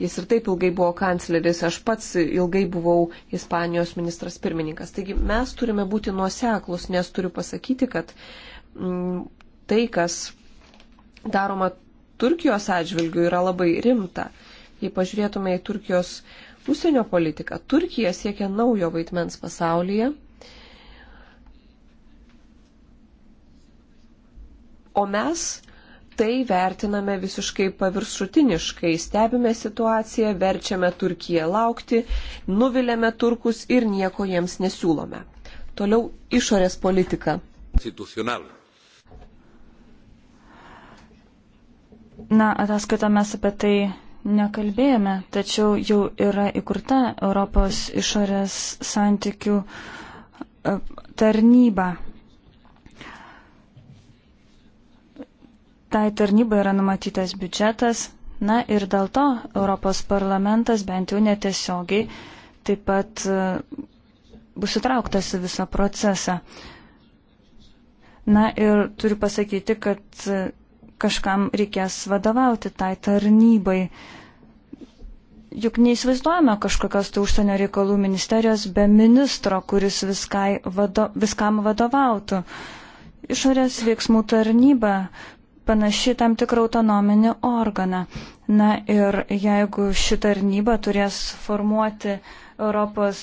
Speaker 3: Jis ir taip ilgai buvo kancleris, aš pats ilgai buvau Ispanijos ministras pirmininkas. Taigi mes turime būti nuoseklus, nes turiu pasakyti, kad m, mm, tai, kas daroma Turkijos atžvilgių, yra labai rimta. Jei pažiūrėtume į Turkijos užsienio politiką, Turkija siekia naujo vaidmens pasaulyje. O mes tai vertiname visiškai paviršutiniškai, stebime situaciją, verčiame Turkiją laukti, nuviliame turkus ir nieko jiems nesiūlome. Toliau išorės
Speaker 4: politika. Na, ataskaitą mes apie tai nekalbėjome, tačiau jau yra įkurta Europos išorės santykių e, tarnyba. Tai tarnyba yra numatytas biudžetas, na ir dėl to Europos parlamentas bent jau netiesiogiai taip pat e, bus įtrauktas į visą procesą. Na ir turiu pasakyti, kad e, kažkam reikės vadovauti tai tarnybai. Juk neįsivaizduojame kažkokios tai užsienio reikalų ministerijos be ministro, kuris viskai, vado, viskam vadovautų. Išorės veiksmų tarnyba panaši tam tikrą autonominį organą. Na ir jeigu ši tarnyba turės formuoti Europos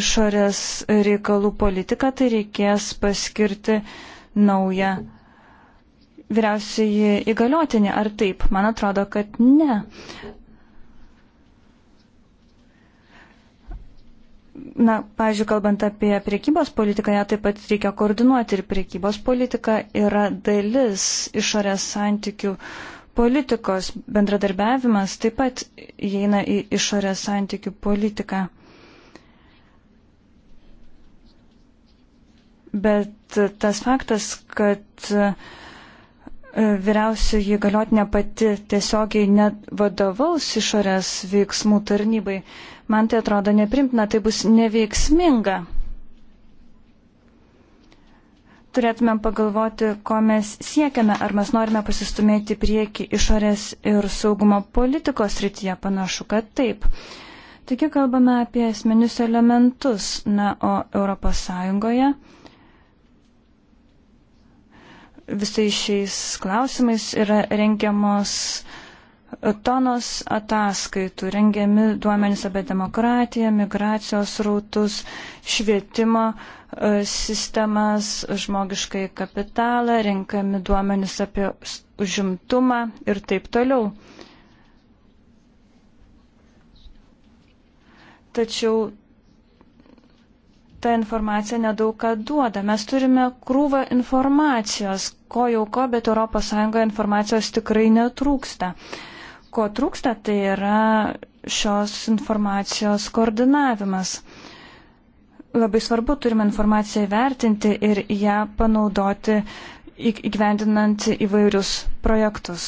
Speaker 4: išorės reikalų politiką, tai reikės paskirti naują vyriausiai įgaliotinį. Ar taip? Man atrodo, kad ne. Na, pažiūrėjau, kalbant apie priekybos politiką, ją taip pat reikia koordinuoti ir priekybos politika yra dalis išorės santykių politikos, bendradarbiavimas taip pat įeina į išorės santykių politiką. Bet tas faktas, kad vyriausioji galiotinė pati tiesiogiai nevadovaus išorės veiksmų tarnybai, man tai atrodo neprimtina, tai bus neveiksminga. Turėtumėm pagalvoti, ko mes siekiame, ar mes norime pasistumėti prieki išorės ir saugumo politikos rytyje, panašu, kad taip. Taigi kalbame apie esminius elementus, na, o Europos Sąjungoje visai šiais klausimais yra rengiamos tonos ataskaitų, rengiami duomenys apie demokratiją, migracijos rautus, švietimo e, sistemas, žmogiškai kapitalą, renkami duomenys apie užimtumą ir taip toliau. Tačiau ta informacija nedaug ką duoda. Mes turime krūvą informacijos, ko jau ko, bet ES informacijos tikrai netrūksta. Ko trūksta, tai yra šios informacijos koordinavimas. Labai svarbu turime informaciją vertinti ir ją panaudoti įgyvendinant įvairius projektus.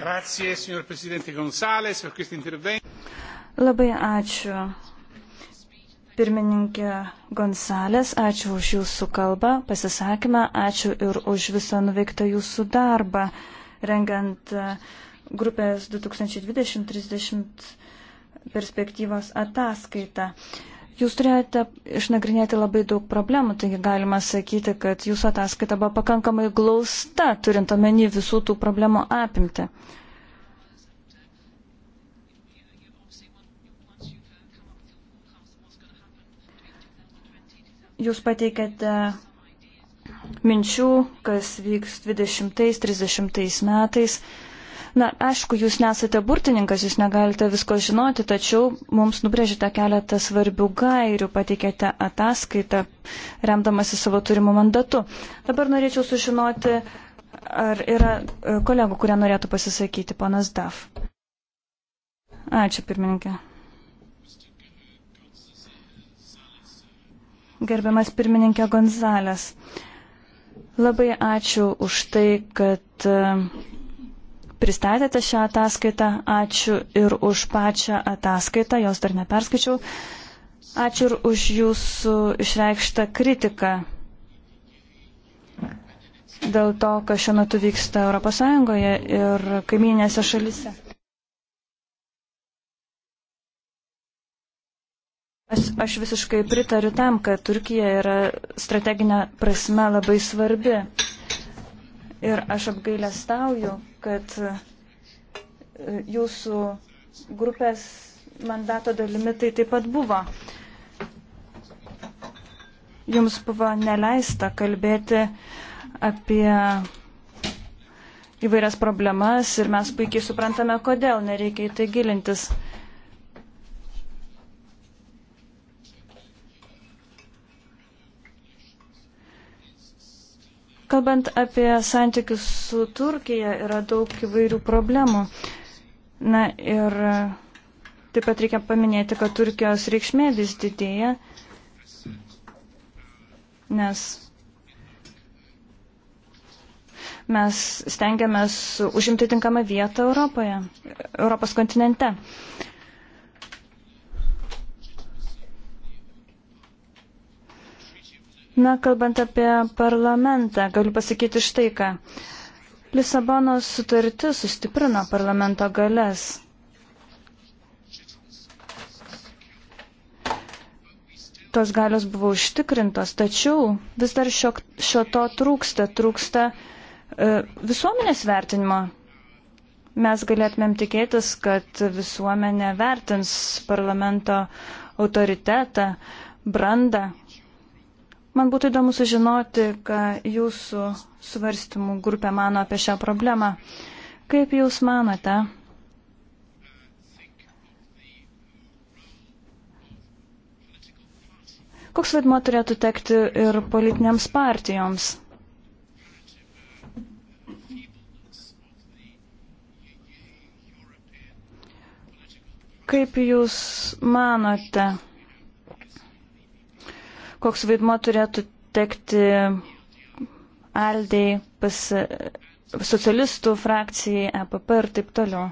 Speaker 1: Grazie, signor Presidente Gonzales, per questo intervento.
Speaker 4: Labai ačiū. Pirmininkė Gonsalės, ačiū už jūsų kalbą, pasisakymą, ačiū ir už visą nuveiktą jūsų darbą, rengiant e, grupės 2020-30 perspektyvos ataskaitą. Jūs turėjote išnagrinėti labai daug problemų, taigi galima sakyti, kad jūsų ataskaita buvo pakankamai glausta, turint omeny visų tų problemų apimti. Jūs pateikėte minčių, kas vyks 20-30 metais. Na, aišku, jūs nesate burtininkas, jūs negalite visko žinoti, tačiau mums nubrėžite keletą svarbių gairių, pateikėte ataskaitą, remdamasi savo turimu mandatu. Dabar norėčiau sužinoti, ar yra e, kolegų, kurie norėtų pasisakyti, ponas Daf. Ačiū, pirmininkė. gerbiamas pirmininkė Gonzalės. Labai ačiū už tai, kad e, pristatėte šią ataskaitą. Ačiū ir už pačią ataskaitą, jos dar neperskaičiau. Ačiū ir už jūsų išreikštą kritiką dėl to, kas šiuo metu vyksta ES ir kaiminėse šalise. Aš, aš visiškai pritariu tam, kad Turkija yra strateginė prasme labai svarbi. Ir aš apgailę stauju, kad e, jūsų grupės mandato dalimi tai taip pat buvo. Jums buvo neleista kalbėti apie įvairias problemas ir mes puikiai suprantame, kodėl nereikia į tai gilintis. Kalbant apie santykius su Turkija, yra daug įvairių problemų. Na ir taip pat reikia paminėti, kad Turkijos reikšmė vis didėja, nes mes stengiamės užimti tinkamą vietą Europoje, Europos kontinente. Uh, Na, kalbant apie parlamentą, galiu pasakyti štai ką. Lisabonos sutartis sustiprino parlamento galės. Tos galios buvo užtikrintos, tačiau vis dar šio, šio to trūksta, trūksta e, visuomenės vertinimo. Mes galėtumėm tikėtis, kad visuomenė vertins parlamento autoritetą, brandą, Man būtų įdomu sužinoti, ką jūsų svarstymų grupė mano apie šią problemą. Kaip jūs manote? Koks vaidmo turėtų tekti ir politinėms partijoms? Kaip jūs manote? koks vaidmo turėtų tekti Aldei, pas socialistų frakcijai, EPP ir taip toliau.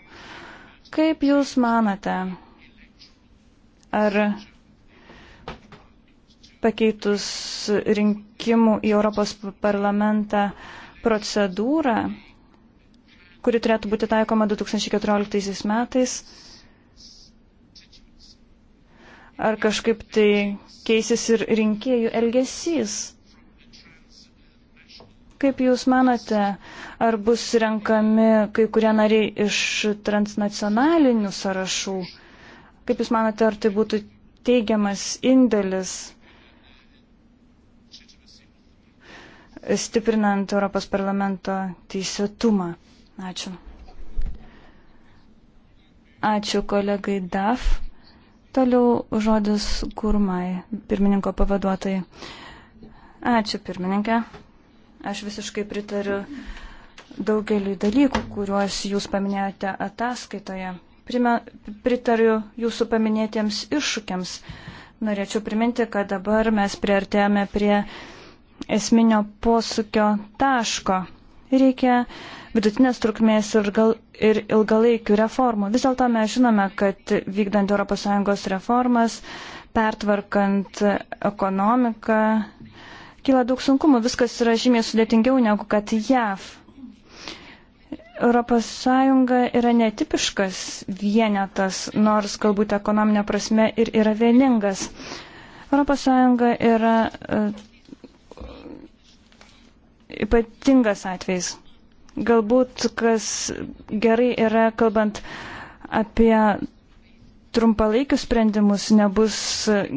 Speaker 4: Kaip Jūs manate, ar pakeitus rinkimų į Europos parlamentą procedūrą, kuri turėtų būti taikoma 2014 metais, ar kažkaip tai keisis ir rinkėjų elgesys. Kaip Jūs manote, ar bus renkami kai kurie nariai iš transnacionalinių sąrašų? Kaip Jūs manote, ar tai būtų teigiamas indėlis stiprinant Europos parlamento teisėtumą? Ačiū. Ačiū kolegai DAF. Toliau žodis kurmai, pirmininko pavaduotojai. Ačiū, pirmininkė. Aš visiškai pritariu daugeliu dalykų, kuriuos jūs paminėjote ataskaitoje. Prime, pritariu jūsų paminėtiems iššūkiams. Norėčiau priminti, kad dabar mes priartėjome prie esminio posūkio taško Reikia vidutinės trukmės ir, gal, ir ilgalaikių reformų. Vis dėlto mes žinome, kad vykdant ES reformas, pertvarkant ekonomiką, kyla daug sunkumų. Viskas yra žymiai sudėtingiau negu kad JAV. ES yra netipiškas vienetas, nors galbūt ekonominė prasme ir yra vieningas. ES yra e, ypatingas atvejs. Galbūt kas gerai yra, kalbant apie trumpalaikius sprendimus, nebus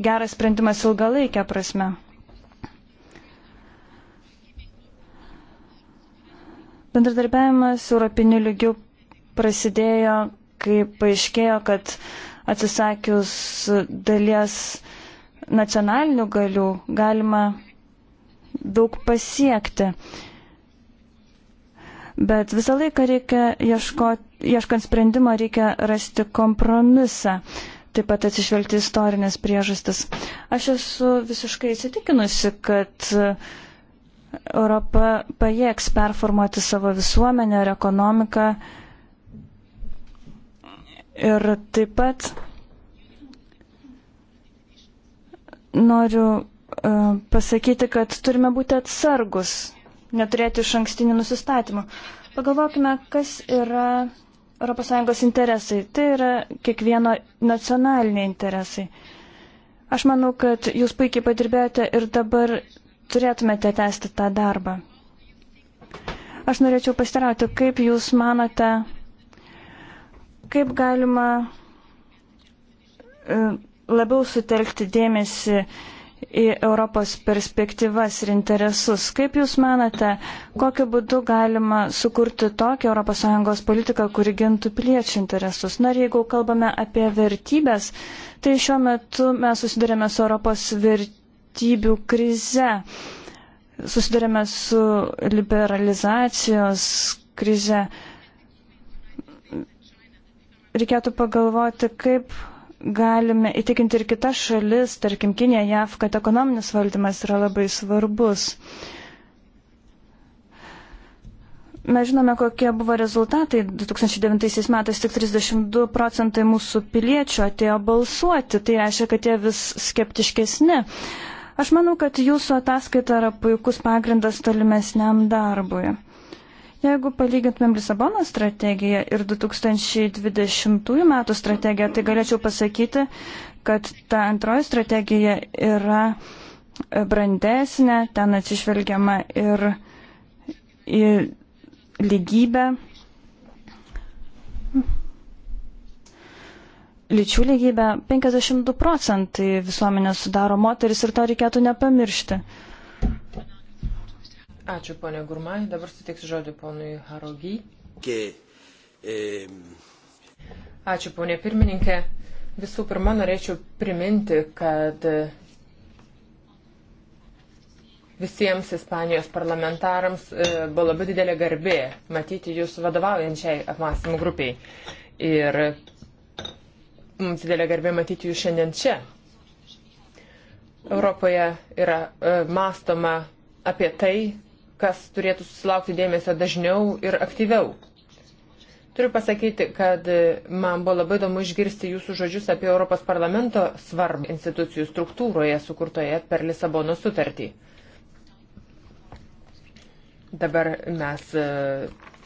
Speaker 4: geras sprendimas ilgalaikę prasme. Bendradarbiavimas europiniu lygiu prasidėjo, kai paaiškėjo, kad atsisakius dalies nacionalinių galių galima daug pasiekti. Bet visą laiką reikia ieškoti, ieškant sprendimo, reikia rasti kompromisą, taip pat atsižvelgti istorinės priežastis. Aš esu visiškai įsitikinusi, kad Europa pajėgs performuoti savo visuomenę ir ekonomiką. Ir taip pat noriu E, pasakyti, kad turime būti atsargus, neturėti iš ankstinių nusistatymų. Pagalvokime, kas yra ES interesai. Tai yra kiekvieno nacionaliniai interesai. Aš manau, kad jūs puikiai padirbėjote ir dabar turėtumėte tęsti tą darbą. Aš norėčiau pasirauti, kaip jūs manote, kaip galima e, labiau sutelkti dėmesį uh, į Europos perspektyvas ir interesus. Kaip Jūs manate, kokiu būdu galima sukurti tokią ES politiką, kuri gintų piliečių interesus? Na ir jeigu kalbame apie vertybės, tai šiuo metu mes susidurėme su Europos vertybių krize. Susidurėme su liberalizacijos krize reikėtų pagalvoti, kaip galime įtikinti ir kitas šalis, tarkim Kinė, JAV, kad ekonominis valdymas yra labai svarbus. Mes žinome, kokie buvo rezultatai. 2009 metais tik 32 procentai mūsų piliečių atėjo balsuoti, tai reiškia, kad jie vis skeptiškesni. Aš manau, kad jūsų ataskaita yra puikus pagrindas tolimesniam darbui. Jeigu palygintumėm Lisabono strategiją ir 2020 metų strategiją, tai galėčiau pasakyti, kad ta antroji strategija yra brandesnė, ten atsižvelgiama ir į lygybę, lyčių lygybę. 52 procentai visuomenės sudaro moteris ir to reikėtų nepamiršti.
Speaker 2: Ačiū, ponė Gurmai. Dabar sutiksiu žodį ponui Harogy. Ačiū, ponė pirmininkė. Visų pirma, norėčiau priminti, kad visiems Ispanijos parlamentarams e, buvo labai didelė garbė matyti jūs vadovaujančiai apmąstymų grupiai. Ir mums didelė garbė matyti jūs šiandien čia. Europoje yra e, mąstoma apie tai, kas turėtų susilaukti dėmesio dažniau ir aktyviau. Turiu pasakyti, kad man buvo labai įdomu išgirsti jūsų žodžius apie Europos parlamento svarbą institucijų struktūroje sukurtoje per Lisabono sutartį. Dabar mes e,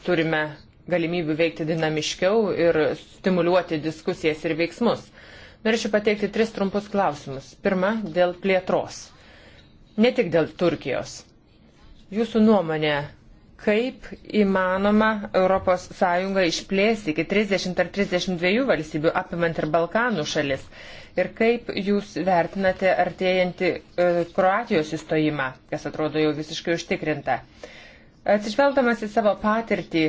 Speaker 2: turime galimybių veikti dinamiškiau ir stimuliuoti diskusijas ir veiksmus. Norėčiau pateikti tris trumpus klausimus. Pirma, dėl plėtros. Ne tik dėl Turkijos. Jūsų nuomonė, kaip įmanoma ES išplėsti iki 30 ar 32 valstybių, apimant ir Balkanų šalis? Ir kaip jūs vertinate artėjantį e, Kroatijos įstojimą, kas atrodo jau visiškai užtikrinta? Atsižvelgdamas į savo patirtį,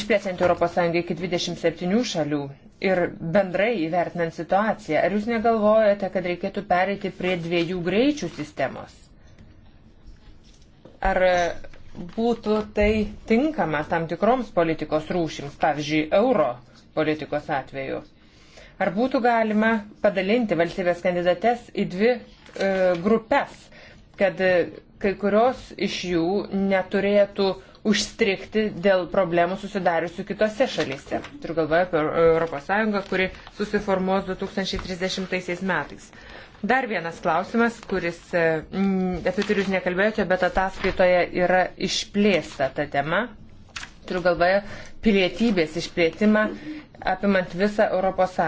Speaker 2: išplėsiant ES iki 27 šalių ir bendrai įvertinant situaciją, ar jūs negalvojate, kad reikėtų pereiti prie dviejų greičių sistemos? ar būtų tai tinkama tam tikroms politikos rūšims, pavyzdžiui, euro politikos atveju. Ar būtų galima padalinti valstybės kandidates į dvi e, grupės, kad e, kai kurios iš jų neturėtų užstrikti dėl problemų susidariusių kitose šalyse. Turiu galvoje apie ES, kuri susiformuos 2030 metais. Dar vienas klausimas, kuris, e, apie kurį jūs nekalbėjote, bet ataskaitoje yra išplėsta ta tema. Turiu galvoje pilietybės išplėtimą apimant visą ES.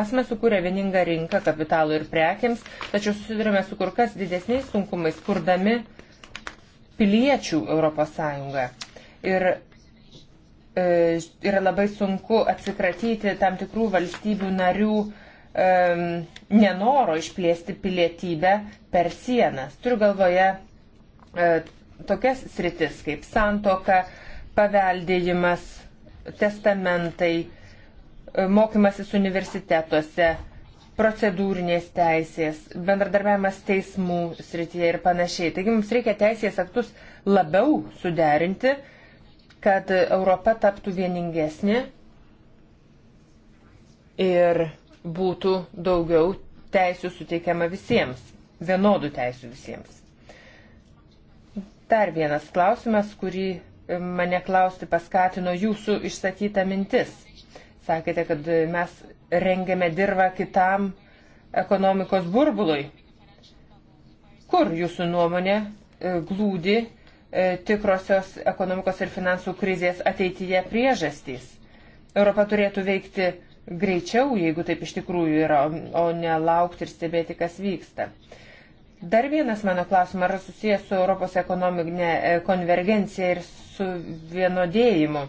Speaker 2: Esame sukūrę vieningą rinką kapitalų ir prekiams, tačiau susidurime su kur kas didesniais sunkumais, kurdami piliečių ES. Ir e, yra labai sunku atsikratyti tam tikrų valstybių narių e, um, nenoro išplėsti pilietybę per sienas. Turiu galvoje uh, tokias sritis kaip santoka, paveldėjimas, testamentai, e, mokymasis universitetuose, procedūrinės teisės, bendradarbiavimas teismų srityje ir panašiai. Taigi mums reikia teisės aktus labiau suderinti, kad Europa taptų vieningesnė ir būtų daugiau teisių suteikiama visiems, vienodų teisių visiems. Dar vienas klausimas, kurį mane klausti paskatino jūsų išsakyta mintis. Sakėte, kad mes rengiame dirbą kitam ekonomikos burbului. Kur jūsų nuomonė e, glūdi e, tikrosios ekonomikos ir finansų krizės ateityje priežastys? Europa turėtų veikti greičiau, jeigu taip iš tikrųjų yra, o ne laukti ir stebėti, kas vyksta. Dar vienas mano klausimas yra susijęs su Europos ekonominė e, konvergencija ir su vienodėjimu.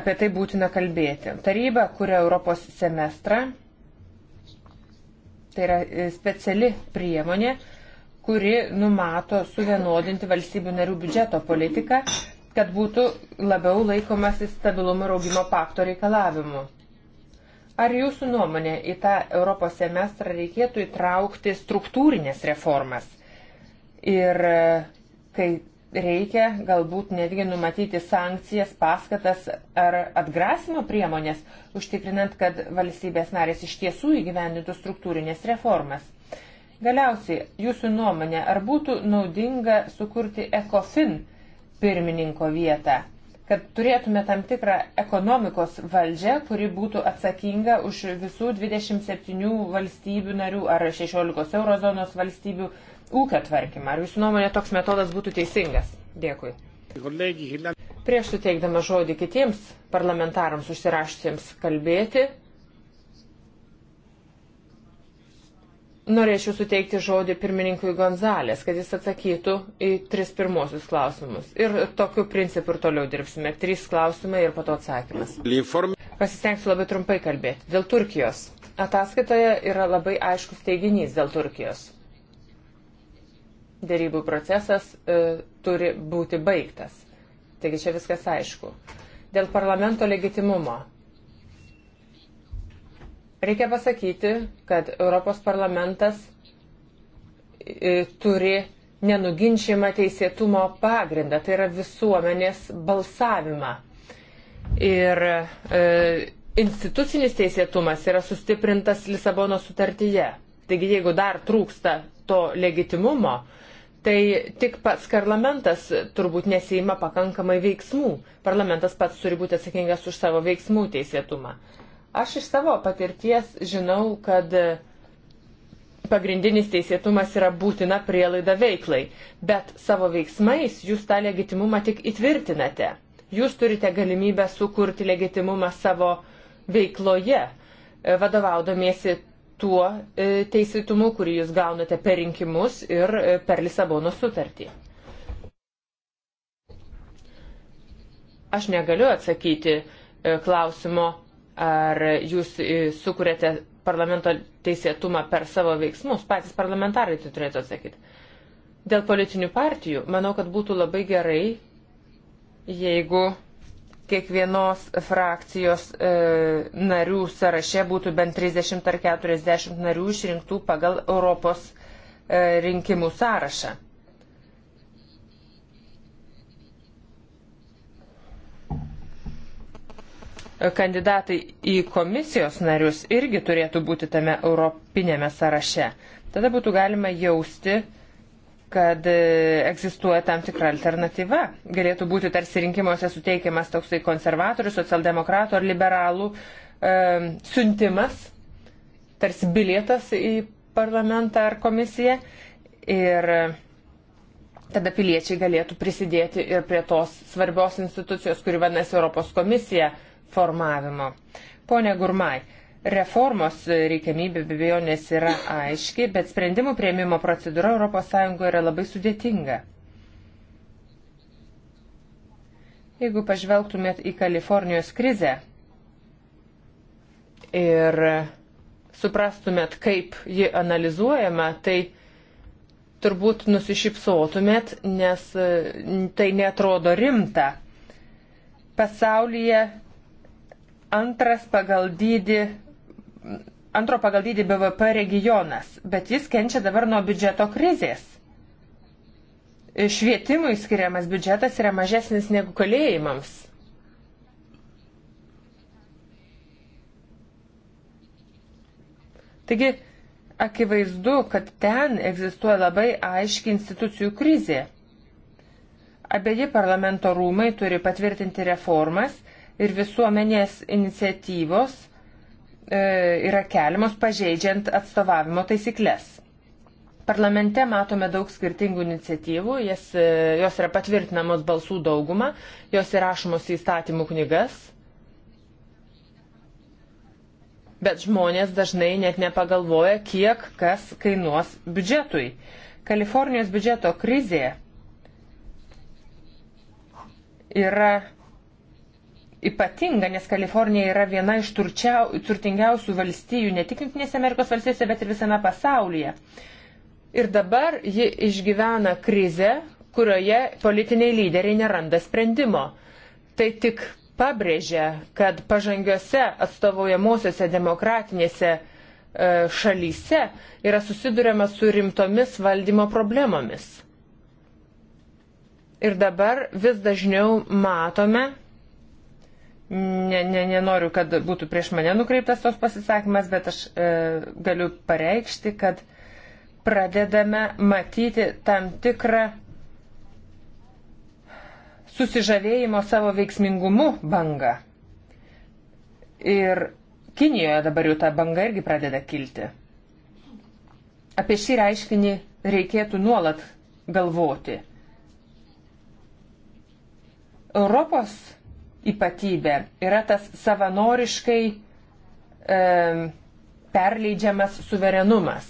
Speaker 2: Apie tai būtina kalbėti. Taryba kuria Europos semestrą. Tai yra e, speciali priemonė, kuri numato suvienodinti valstybių narių biudžeto politiką, kad būtų labiau laikomasi stabilumo ir augimo pakto reikalavimu. Ar jūsų nuomonė į tą Europos semestrą reikėtų įtraukti struktūrinės reformas? Ir e, kai reikia, galbūt netgi numatyti sankcijas, paskatas ar atgrasimo priemonės, užtikrinant, kad valstybės narės iš tiesų įgyvendintų struktūrinės reformas. Galiausiai, jūsų nuomonė, ar būtų naudinga sukurti ECOFIN pirmininko vietą? kad turėtume tam tikrą ekonomikos valdžią, kuri būtų atsakinga už visų 27 valstybių narių ar 16 eurozonos valstybių ūkio tvarkymą. Ar jūsų nuomonė toks metodas būtų teisingas? Dėkui. Prieš suteikdama žodį kitiems parlamentarams užsirašusiems kalbėti, Norėčiau suteikti žodį pirmininkui Gonzalės, kad jis atsakytų į tris pirmosius klausimus. Ir tokiu principu ir toliau dirbsime. Trys klausimai ir pato atsakymas. Pasistengsiu labai trumpai kalbėti. Dėl Turkijos. Ataskaitoje yra labai aiškus teiginys dėl Turkijos. Dėrybų procesas e, turi būti baigtas. Taigi čia viskas aišku. Dėl parlamento legitimumo Reikia pasakyti, kad Europos parlamentas e, turi nenuginčiamą teisėtumo pagrindą, tai yra visuomenės balsavimą. Ir e, institucinis teisėtumas yra sustiprintas Lisabono sutartyje. Taigi jeigu dar trūksta to legitimumo, tai tik pats parlamentas turbūt nesima pakankamai veiksmų. Parlamentas pats turi būti atsakingas už savo veiksmų teisėtumą. Aš iš savo patirties žinau, kad pagrindinis teisėtumas yra būtina prielaida veiklai, bet savo veiksmais jūs tą legitimumą tik įtvirtinate. Jūs turite galimybę sukurti legitimumą savo veikloje, e, vadovaudomiesi tuo e, teisėtumu, kurį jūs gaunate per rinkimus ir e, per Lisabono sutartį. Aš negaliu atsakyti klausimo Ar jūs e, sukūrėte parlamento teisėtumą per savo veiksmus? Patys parlamentarai tai turėtų atsakyti. Dėl politinių partijų, manau, kad būtų labai gerai, jeigu kiekvienos frakcijos e, narių sąraše būtų bent 30 ar 40 narių išrinktų pagal Europos e, rinkimų sąrašą. kandidatai į komisijos narius irgi turėtų būti tame europinėme sąraše. Tada būtų galima jausti, kad e, egzistuoja tam tikra alternatyva. Galėtų būti tarsi rinkimuose suteikiamas toksai konservatorių, socialdemokratų ar liberalų e, siuntimas, tarsi bilietas į parlamentą ar komisiją. Ir e, tada piliečiai galėtų prisidėti ir prie tos svarbios institucijos, kuri vadinasi Europos komisija, formavimo. Pone Gurmai, reformos reikiamybė be abejonės yra aiški, bet sprendimų prieimimo procedūra ES yra labai sudėtinga. Jeigu pažvelgtumėt į Kalifornijos krizę ir suprastumėt, kaip ji analizuojama, tai turbūt nusišypsotumėt, nes e, tai netrodo rimta. Pasaulyje antras pagal dydį, antro pagal dydį BVP regionas, bet jis kenčia dabar nuo biudžeto krizės. Švietimui skiriamas biudžetas yra mažesnis negu kalėjimams. Taigi, akivaizdu, kad ten egzistuoja labai aiški institucijų krizė. Abeji parlamento rūmai turi patvirtinti reformas, ir visuomenės iniciatyvos e, yra keliamos pažeidžiant atstovavimo taisyklės. Parlamente matome daug skirtingų iniciatyvų, jas, e, jos yra patvirtinamos balsų daugumą, jos įrašomos į įstatymų knygas, bet žmonės dažnai net nepagalvoja, kiek kas kainuos biudžetui. Kalifornijos biudžeto krizė yra ypatinga, nes Kalifornija yra viena iš turčiau, turtingiausių valstijų ne tik Junktinėse Amerikos valstijose, bet ir visame pasaulyje. Ir dabar ji išgyvena krizę, kurioje politiniai lyderiai neranda sprendimo. Tai tik pabrėžia, kad pažangiose atstovaujamosiose demokratinėse e, šalyse yra susidurima su rimtomis valdymo problemomis. Ir dabar vis dažniau matome, ne, ne, nenoriu, kad būtų prieš mane nukreiptas tos pasisakymas, bet aš e, galiu pareikšti, kad pradedame matyti tam tikrą susižavėjimo savo veiksmingumu bangą. Ir Kinijoje dabar jau ta banga irgi pradeda kilti. Apie šį reiškinį reikėtų nuolat galvoti. Europos ypatybė yra tas savanoriškai e, perleidžiamas suverenumas.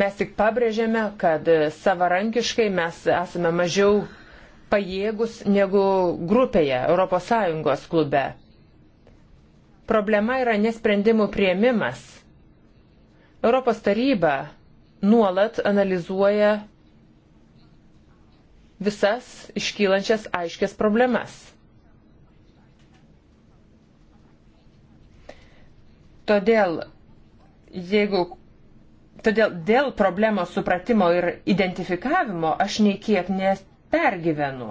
Speaker 2: Mes tik pabrėžėme, kad savarankiškai mes esame mažiau pajėgus negu grupėje ES klube. Problema yra nesprendimų prieimimas. Europos taryba nuolat analizuoja visas iškylančias aiškias problemas Todėl, jeigu, todėl dėl problemos supratimo ir identifikavimo aš nei kiek nepergyvenu.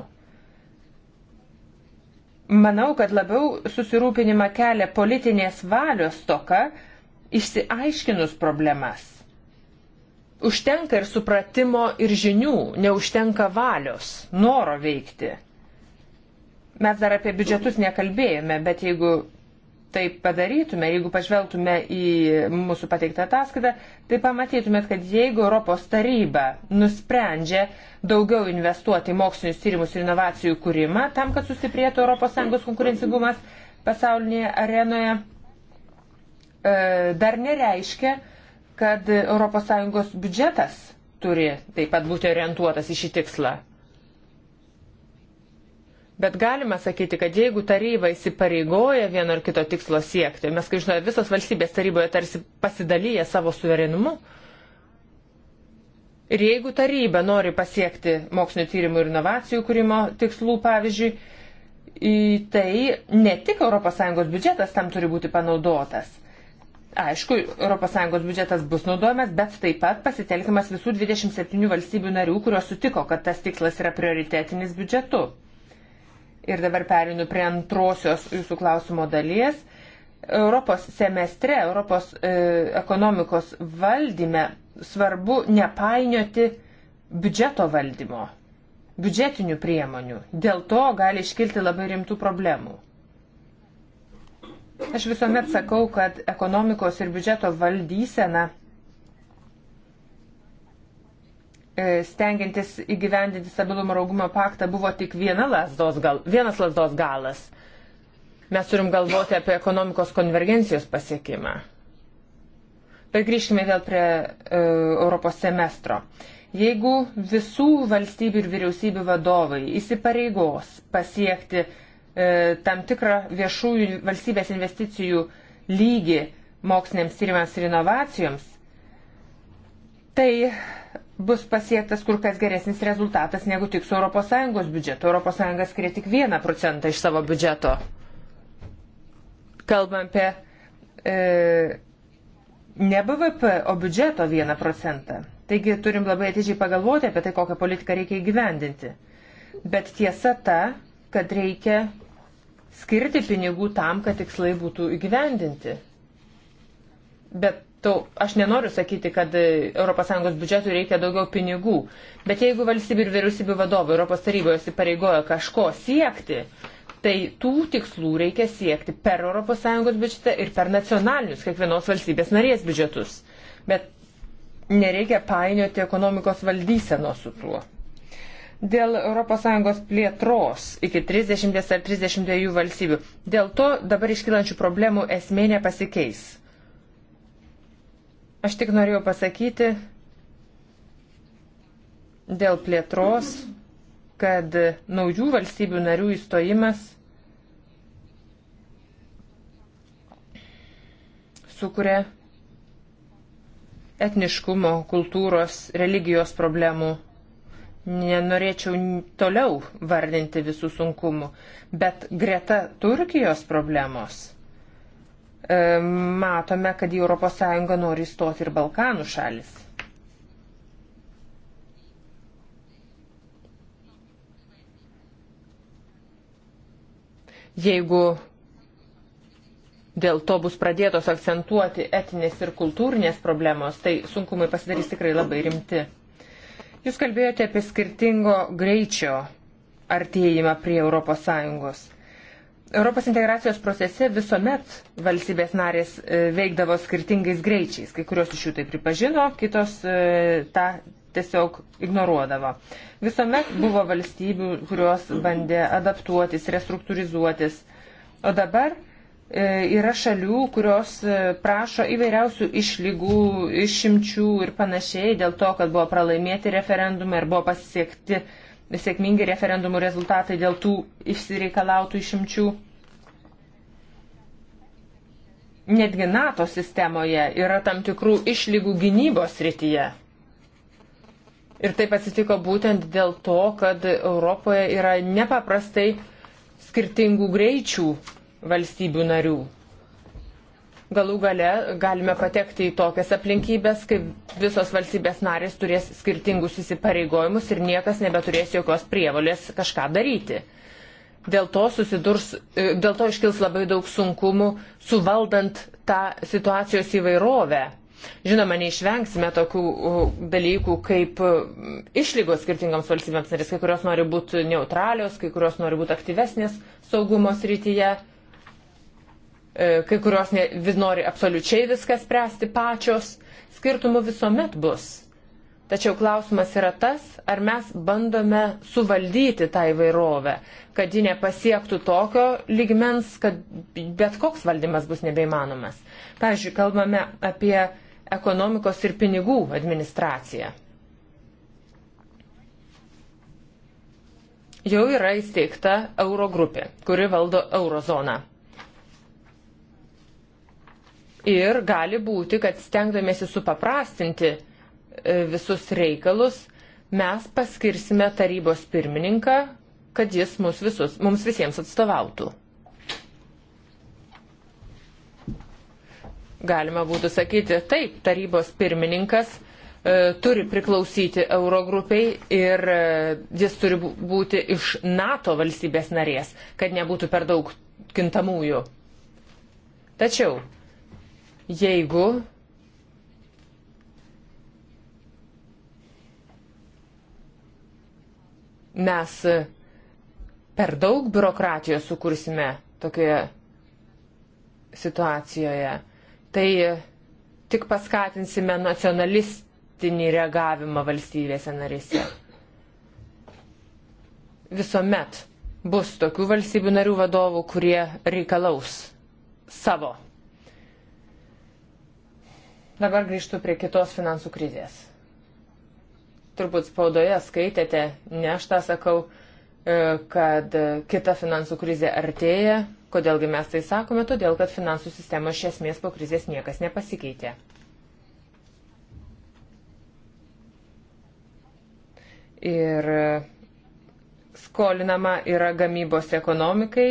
Speaker 2: Manau, kad labiau susirūpinimą kelia politinės valios toka, išsiaiškinus problemas. Užtenka ir supratimo, ir žinių, neužtenka valios, noro veikti. Mes dar apie biudžetus nekalbėjome, bet jeigu taip padarytume, jeigu pažvelgtume į mūsų pateiktą ataskaitą, tai pamatytumėt, kad jeigu Europos taryba nusprendžia daugiau investuoti į mokslinius tyrimus ir inovacijų kūrimą, tam, kad sustiprėtų ES konkurencingumas pasaulinėje arenoje, e, dar nereiškia, kad ES biudžetas turi taip pat būti orientuotas į šį tikslą. Bet galime sakyti, kad jeigu taryba įsipareigoja vieno ar kito tikslo siekti, mes, kai žinome, visos valstybės taryboje tarsi pasidalyja savo suverenumu, ir jeigu taryba nori pasiekti mokslinio tyrimų ir inovacijų kūrimo tikslų, pavyzdžiui, tai ne tik ES biudžetas tam turi būti panaudotas. Aišku, ES biudžetas bus naudojamas, bet taip pat pasitelkimas visų 27 valstybių narių, kurios sutiko, kad tas tikslas yra prioritetinis biudžetu. Ir dabar perinu prie antrosios jūsų klausimo dalies. Europos semestre, Europos e, ekonomikos valdyme svarbu nepainioti biudžeto valdymo, biudžetinių priemonių. Dėl to gali iškilti labai rimtų problemų. Aš visuomet sakau, kad ekonomikos ir biudžeto valdysena E, stengiantis įgyvendinti stabilumo ir augimo paktą, buvo tik viena lasdos gal, vienas lasdos galas. Mes turim galvoti apie ekonomikos konvergencijos pasiekimą. Bet grįžkime vėl prie e, Europos semestro. Jeigu visų valstybių ir vyriausybių vadovai įsipareigos pasiekti e, tam tikrą viešųjų valstybės investicijų lygį moksliniams tyrimams ir inovacijoms, tai bus pasiektas kur kas geresnis rezultatas negu tik su ES biudžetu. ES skiria tik 1 procentą iš savo biudžeto. Kalbam apie e, ne BVP, o biudžeto 1 procentą. Taigi turim labai atidžiai pagalvoti apie tai, kokią politiką reikia įgyvendinti. Bet tiesa ta, kad reikia skirti pinigų tam, kad tikslai būtų įgyvendinti. Bet tau, aš nenoriu sakyti, kad ES biudžetui reikia daugiau pinigų, bet jeigu valstybių ir vyriausybių vadovai Europos taryboje įsipareigojo kažko siekti, tai tų tikslų reikia siekti per ES biudžetą ir per nacionalinius kiekvienos valstybės narės biudžetus. Bet nereikia painioti ekonomikos valdysenos su tuo. Dėl ES plėtros iki 30 ar 32 valstybių. Dėl to dabar iškilančių problemų esmė nepasikeis Aš tik norėjau pasakyti dėl plėtros, kad naujų valstybių narių įstojimas sukuria etniškumo, kultūros, religijos problemų. Nenorėčiau toliau vardinti visų sunkumų, bet greta Turkijos problemos E, matome, kad į ES nori įstoti ir Balkanų šalis. Jeigu dėl to bus pradėtos akcentuoti etinės ir kultūrinės problemos, tai sunkumai pasidarys tikrai labai rimti. Jūs kalbėjote apie skirtingo greičio artėjimą prie ES. Europos integracijos procese visuomet valstybės narės e, veikdavo skirtingais greičiais. Kai kurios iš jų tai pripažino, kitos e, tą tiesiog ignoruodavo. Visuomet buvo valstybių, kurios bandė adaptuotis, restruktūrizuotis. O dabar e, yra šalių, kurios prašo įvairiausių išlygų, išimčių ir panašiai dėl to, kad buvo pralaimėti referendumai ir buvo pasiekti sėkmingi referendumų rezultatai dėl tų išsireikalautų išimčių. Netgi NATO sistemoje yra tam tikrų išlygų gynybos rytyje. Ir taip atsitiko būtent dėl to, kad Europoje yra nepaprastai skirtingų greičių valstybių narių galų gale galime patekti į tokias aplinkybės, kai visos valstybės narės turės skirtingus įsipareigojimus ir niekas nebeturės jokios prievalės kažką daryti. Dėl to, susidurs, e, dėl to iškils labai daug sunkumų suvaldant tą situacijos įvairovę. Žinoma, neišvengsime tokių e, dalykų kaip e, išlygos skirtingoms valstybėms narės, kai kurios nori būti neutralios, kai kurios nori būti aktyvesnės saugumo srityje. E, kai kurios ne, vis nori absoliučiai viską spręsti pačios, skirtumų visuomet bus. Tačiau klausimas yra tas, ar mes bandome suvaldyti tą įvairovę, kad ji nepasiektų tokio ligmens, kad bet koks valdymas bus nebeįmanomas. Pavyzdžiui, kalbame apie ekonomikos ir pinigų administraciją. Jau yra įsteigta euro grupė, kuri valdo eurozoną. Ir gali būti, kad stengdamėsi supaprastinti e, visus reikalus, mes paskirsime tarybos pirmininką, kad jis mus visus, mums visiems atstovautų. Galima būtų sakyti, taip, tarybos pirmininkas e, turi priklausyti Eurogrupiai ir e, jis turi būti iš NATO valstybės narės, kad nebūtų per daug kintamųjų. Tačiau jeigu mes per daug biurokratijos sukursime tokioje situacijoje, tai tik paskatinsime nacionalistinį reagavimą valstybėse narėse. Visuomet bus tokių valstybių narių vadovų, kurie reikalaus savo Dabar grįžtu prie kitos finansų krizės. Turbūt spaudoje skaitėte, ne aš tą sakau, e, kad kita finansų krizė artėja. Kodėlgi mes tai sakome? Todėl, kad finansų sistema iš esmės po krizės niekas nepasikeitė. Ir skolinama yra gamybos ekonomikai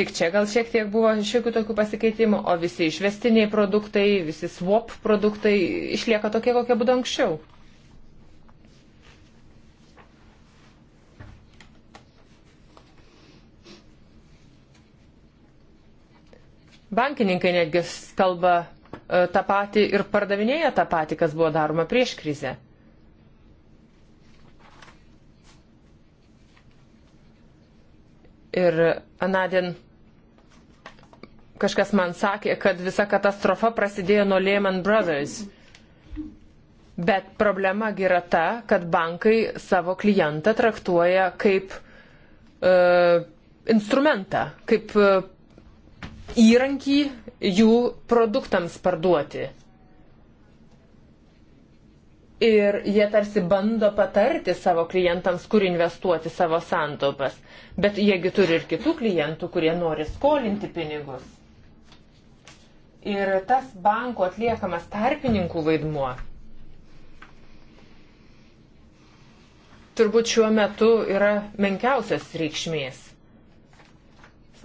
Speaker 2: Tik čia gal šiek tiek buvo šiokių tokių pasikeitimų, o visi išvestiniai produktai, visi swap produktai išlieka tokie, kokie būdavo anksčiau. Bankininkai netgi kalba e, tą patį ir pardavinėja tą patį, kas buvo daroma prieš krizę. Ir anadien Kažkas man sakė, kad visa katastrofa prasidėjo nuo Lehman Brothers. Bet problema yra ta, kad bankai savo klientą traktuoja kaip e, instrumentą, kaip e, įrankį jų produktams parduoti. Ir jie tarsi bando patarti savo klientams, kur investuoti savo santaupas. Bet jiegi turi ir kitų klientų, kurie nori skolinti pinigus ir tas banko atliekamas tarpininkų vaidmuo turbūt šiuo metu yra menkiausios reikšmės.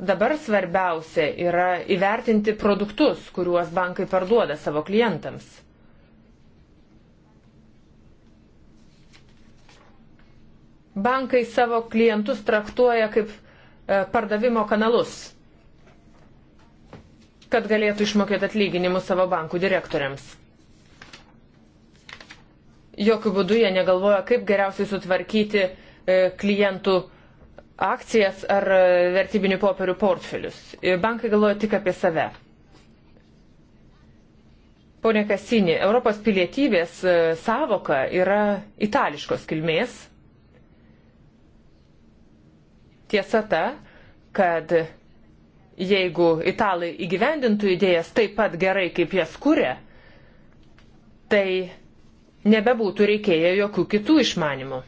Speaker 2: Dabar svarbiausia yra įvertinti produktus, kuriuos bankai parduoda savo klientams. Bankai savo klientus traktuoja kaip e, pardavimo kanalus kad galėtų išmokėti atlyginimus savo bankų direktoriams. Jokių būdų jie negalvoja, kaip geriausiai sutvarkyti e, klientų akcijas ar e, vertybinių popierių portfelius. E, bankai galvoja tik apie save. Pone Kasinį, Europos pilietybės savoka yra itališkos kilmės. Tiesa ta, kad jeigu italai įgyvendintų idėjas taip pat gerai, kaip jas kūrė, tai nebebūtų reikėję jokių kitų išmanimų.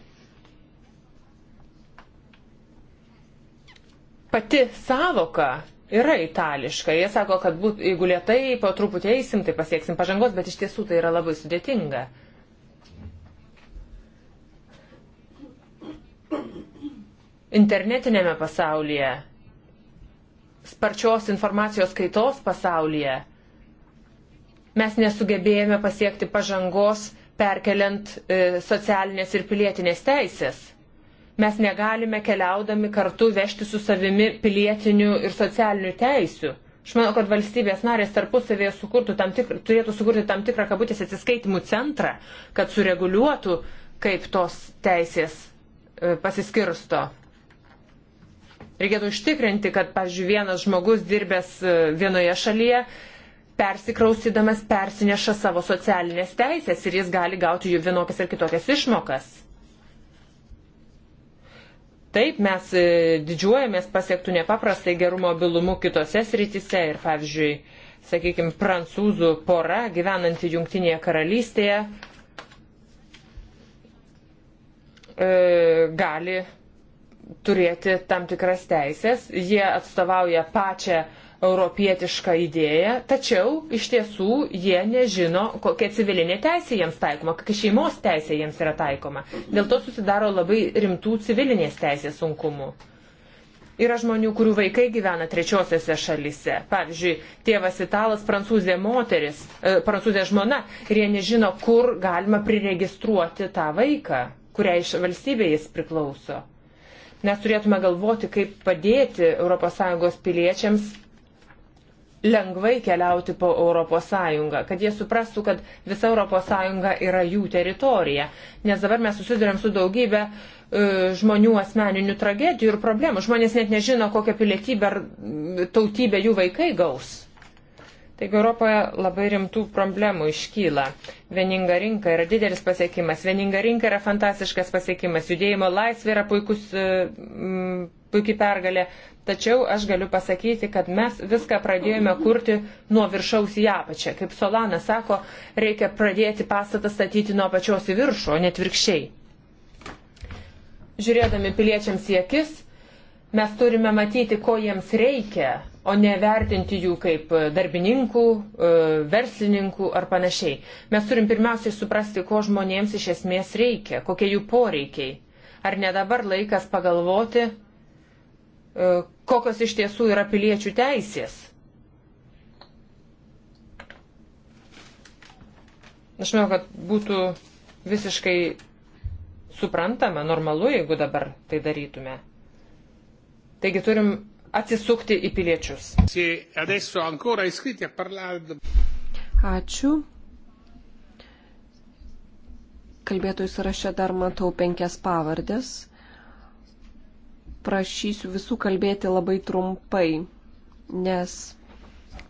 Speaker 2: Pati savoka yra itališka. Jie sako, kad būt, jeigu lietai po truputį eisim, tai pasieksim pažangos, bet iš tiesų tai yra labai sudėtinga. Internetinėme pasaulyje sparčios informacijos kaitos pasaulyje mes nesugebėjome pasiekti pažangos perkeliant e, socialinės ir pilietinės teisės. Mes negalime keliaudami kartu vežti su savimi pilietinių ir socialinių teisių. Aš manau, kad valstybės narės tarpusavėje tikr, turėtų sukurti tam tikrą kabutės atsiskaitimų centrą, kad sureguliuotų, kaip tos teisės e, pasiskirsto. Reikėtų užtikrinti, kad, pavyzdžiui, vienas žmogus dirbęs e, vienoje šalyje persikraustydamas persineša savo socialinės teisės ir jis gali gauti jų vienokias ir kitokias išmokas. Taip, mes e, didžiuojamės pasiektų nepaprastai gerų mobilumų kitose srityse ir, pavyzdžiui, sakykime, prancūzų pora gyvenanti Junktinėje karalystėje e, gali turėti tam tikras teisės, jie atstovauja pačią europietišką idėją, tačiau iš tiesų jie nežino, kokia civilinė teisė jiems taikoma, kokia šeimos teisė jiems yra taikoma. Dėl to susidaro labai rimtų civilinės teisės sunkumų. Yra žmonių, kurių vaikai gyvena trečiosiose šalise. Pavyzdžiui, tėvas italas, prancūzė moteris, e, prancūzė žmona ir jie nežino, kur galima priregistruoti tą vaiką, kuriai iš valstybės jis priklauso. Mes turėtume galvoti, kaip padėti ES piliečiams lengvai keliauti po ES, kad jie suprastų, kad visa ES yra jų teritorija. Nes dabar mes susidurėm su daugybė e, žmonių asmeninių tragedijų ir problemų. Žmonės net nežino, kokią pilietybę ar tautybę jų vaikai gaus. Taigi Europoje labai rimtų problemų iškyla. Vieninga rinka yra didelis pasiekimas, vieninga rinka yra fantastiškas pasiekimas, judėjimo laisvė yra puikus, mm, e, puikiai pergalė. Tačiau aš galiu pasakyti, kad mes viską pradėjome kurti nuo viršaus į apačią. Kaip Solana sako, reikia pradėti pastatą statyti nuo apačios į viršų, o net virkščiai. Žiūrėdami piliečiams į akis, mes turime matyti, ko jiems reikia, o ne vertinti jų kaip e, darbininkų, e, verslininkų ar panašiai. Mes turim pirmiausiai suprasti, ko žmonėms iš esmės reikia, kokie jų poreikiai. Ar ne dabar laikas pagalvoti, e, kokios iš tiesų yra piliečių teisės. Aš manau, kad būtų visiškai suprantama, normalu, jeigu dabar tai darytume. Taigi turim atsisukti į piliečius.
Speaker 3: Ačiū. Kalbėtojų sąraše dar matau penkias pavardės. Prašysiu visų kalbėti labai trumpai, nes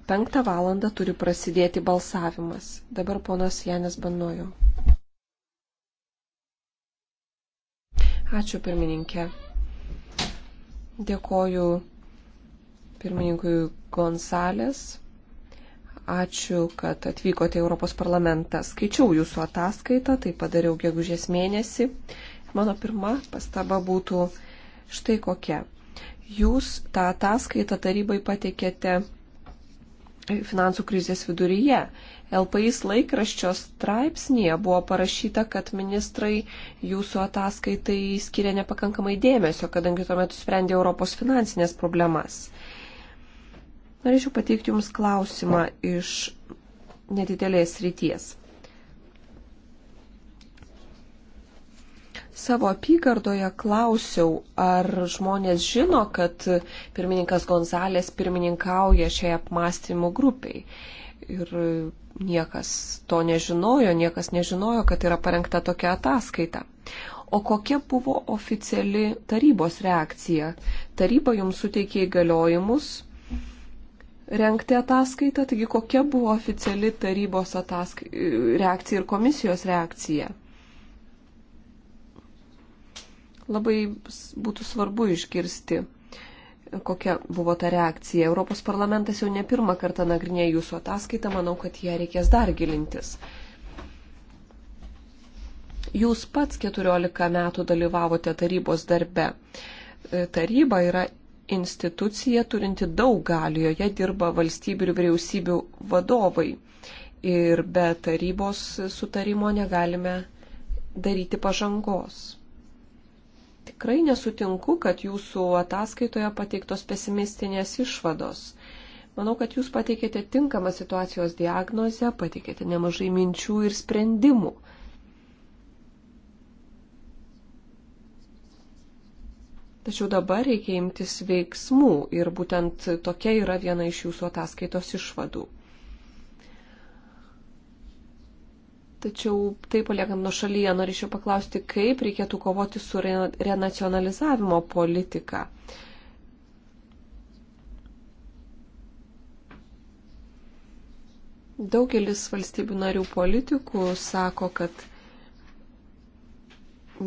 Speaker 3: penktą valandą turi prasidėti balsavimas. Dabar ponas Janis Banojo. Ačiū pirmininkė. Dėkoju pirmininkui Gonsalės. Ačiū, kad atvykote į Europos parlamentą. Skaičiau jūsų ataskaitą, tai padariau gegužės mėnesį. Mano pirma pastaba būtų štai kokia. Jūs tą ataskaitą tarybai pateikėte finansų krizės viduryje. LPIs laikraščio straipsnėje buvo parašyta, kad ministrai jūsų ataskaitai skiria nepakankamai dėmesio, kadangi tuo metu sprendė Europos finansinės problemas. Norėčiau pateikti Jums klausimą iš nedidelės ryties. Savo apygardoje klausiau, ar žmonės žino, kad pirmininkas Gonzalės pirmininkauja šiai apmąstymų grupiai. Ir niekas to nežinojo, niekas nežinojo, kad yra parengta tokia ataskaita. O kokia buvo oficiali tarybos reakcija? Taryba jums suteikė įgaliojimus renkti ataskaitą, taigi kokia buvo oficiali tarybos ataska... reakcija ir komisijos reakcija. Labai būtų svarbu išgirsti, kokia buvo ta reakcija. Europos parlamentas jau ne pirmą kartą nagrinėja jūsų ataskaitą, manau, kad ją reikės dar gilintis. Jūs pats 14 metų dalyvavote tarybos darbe. E, taryba yra institucija turinti daug galių, joje dirba valstybių ir vyriausybių vadovai. Ir be tarybos sutarimo negalime daryti pažangos. Tikrai nesutinku, kad jūsų ataskaitoje pateiktos pesimistinės išvados. Manau, kad jūs pateikėte tinkamą situacijos diagnozę, pateikėte nemažai minčių ir sprendimų. Tačiau dabar reikia imtis veiksmų ir būtent tokia yra viena iš jūsų ataskaitos išvadų. Tačiau tai paliekam nuo šalyje, norėčiau paklausti, kaip reikėtų kovoti su renacionalizavimo politika. Daugelis valstybių narių politikų sako, kad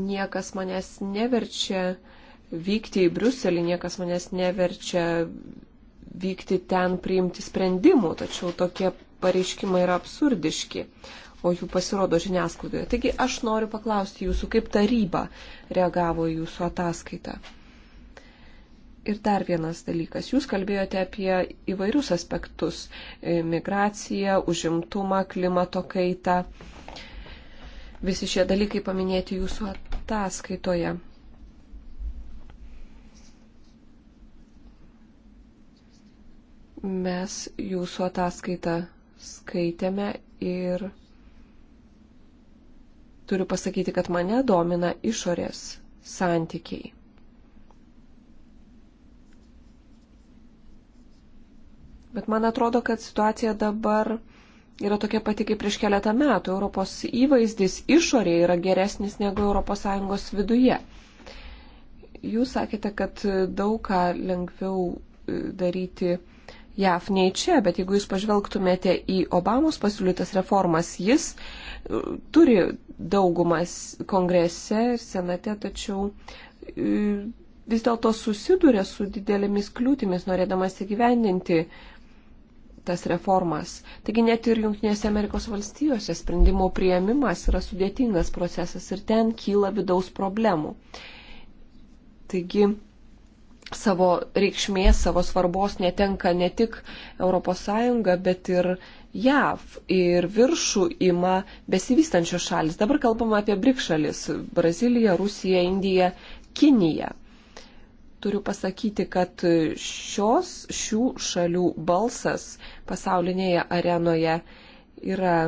Speaker 3: niekas manęs neverčia uh, vykti į Briuselį, niekas manęs neverčia vykti ten priimti sprendimų, tačiau tokie pareiškimai yra absurdiški, o jų pasirodo žiniasklaidoje. Taigi aš noriu paklausti jūsų, kaip taryba reagavo į jūsų ataskaitą. Ir dar vienas dalykas. Jūs kalbėjote apie įvairius aspektus - migraciją, užimtumą, klimato kaitą. Visi šie dalykai paminėti jūsų ataskaitoje. Mes jūsų ataskaitą skaitėme ir turiu pasakyti, kad mane domina išorės santykiai. Bet man atrodo, kad situacija dabar yra tokia pati kaip prieš keletą metų. Europos įvaizdis išorėje yra geresnis negu ES viduje. Jūs sakėte, kad daug ką lengviau e, daryti JAV nei čia, bet jeigu jūs pažvelgtumėte į Obamos pasiūlytas reformas, jis e, turi daugumas kongrese ir senate, tačiau e, vis dėlto susiduria su didelėmis kliūtimis, norėdamas įgyvendinti tas reformas. Taigi net ir Junktinėse Amerikos valstijose sprendimo prieimimas yra sudėtingas procesas ir ten kyla vidaus problemų. Taigi savo reikšmės, savo svarbos netenka ne tik ES, bet ir JAV ir viršų ima besivystančios šalis. Dabar kalbama apie brikšalis - Brazilija, Rusija, Indija, Kinija. Turiu pasakyti, kad šios šių šalių balsas pasaulinėje arenoje yra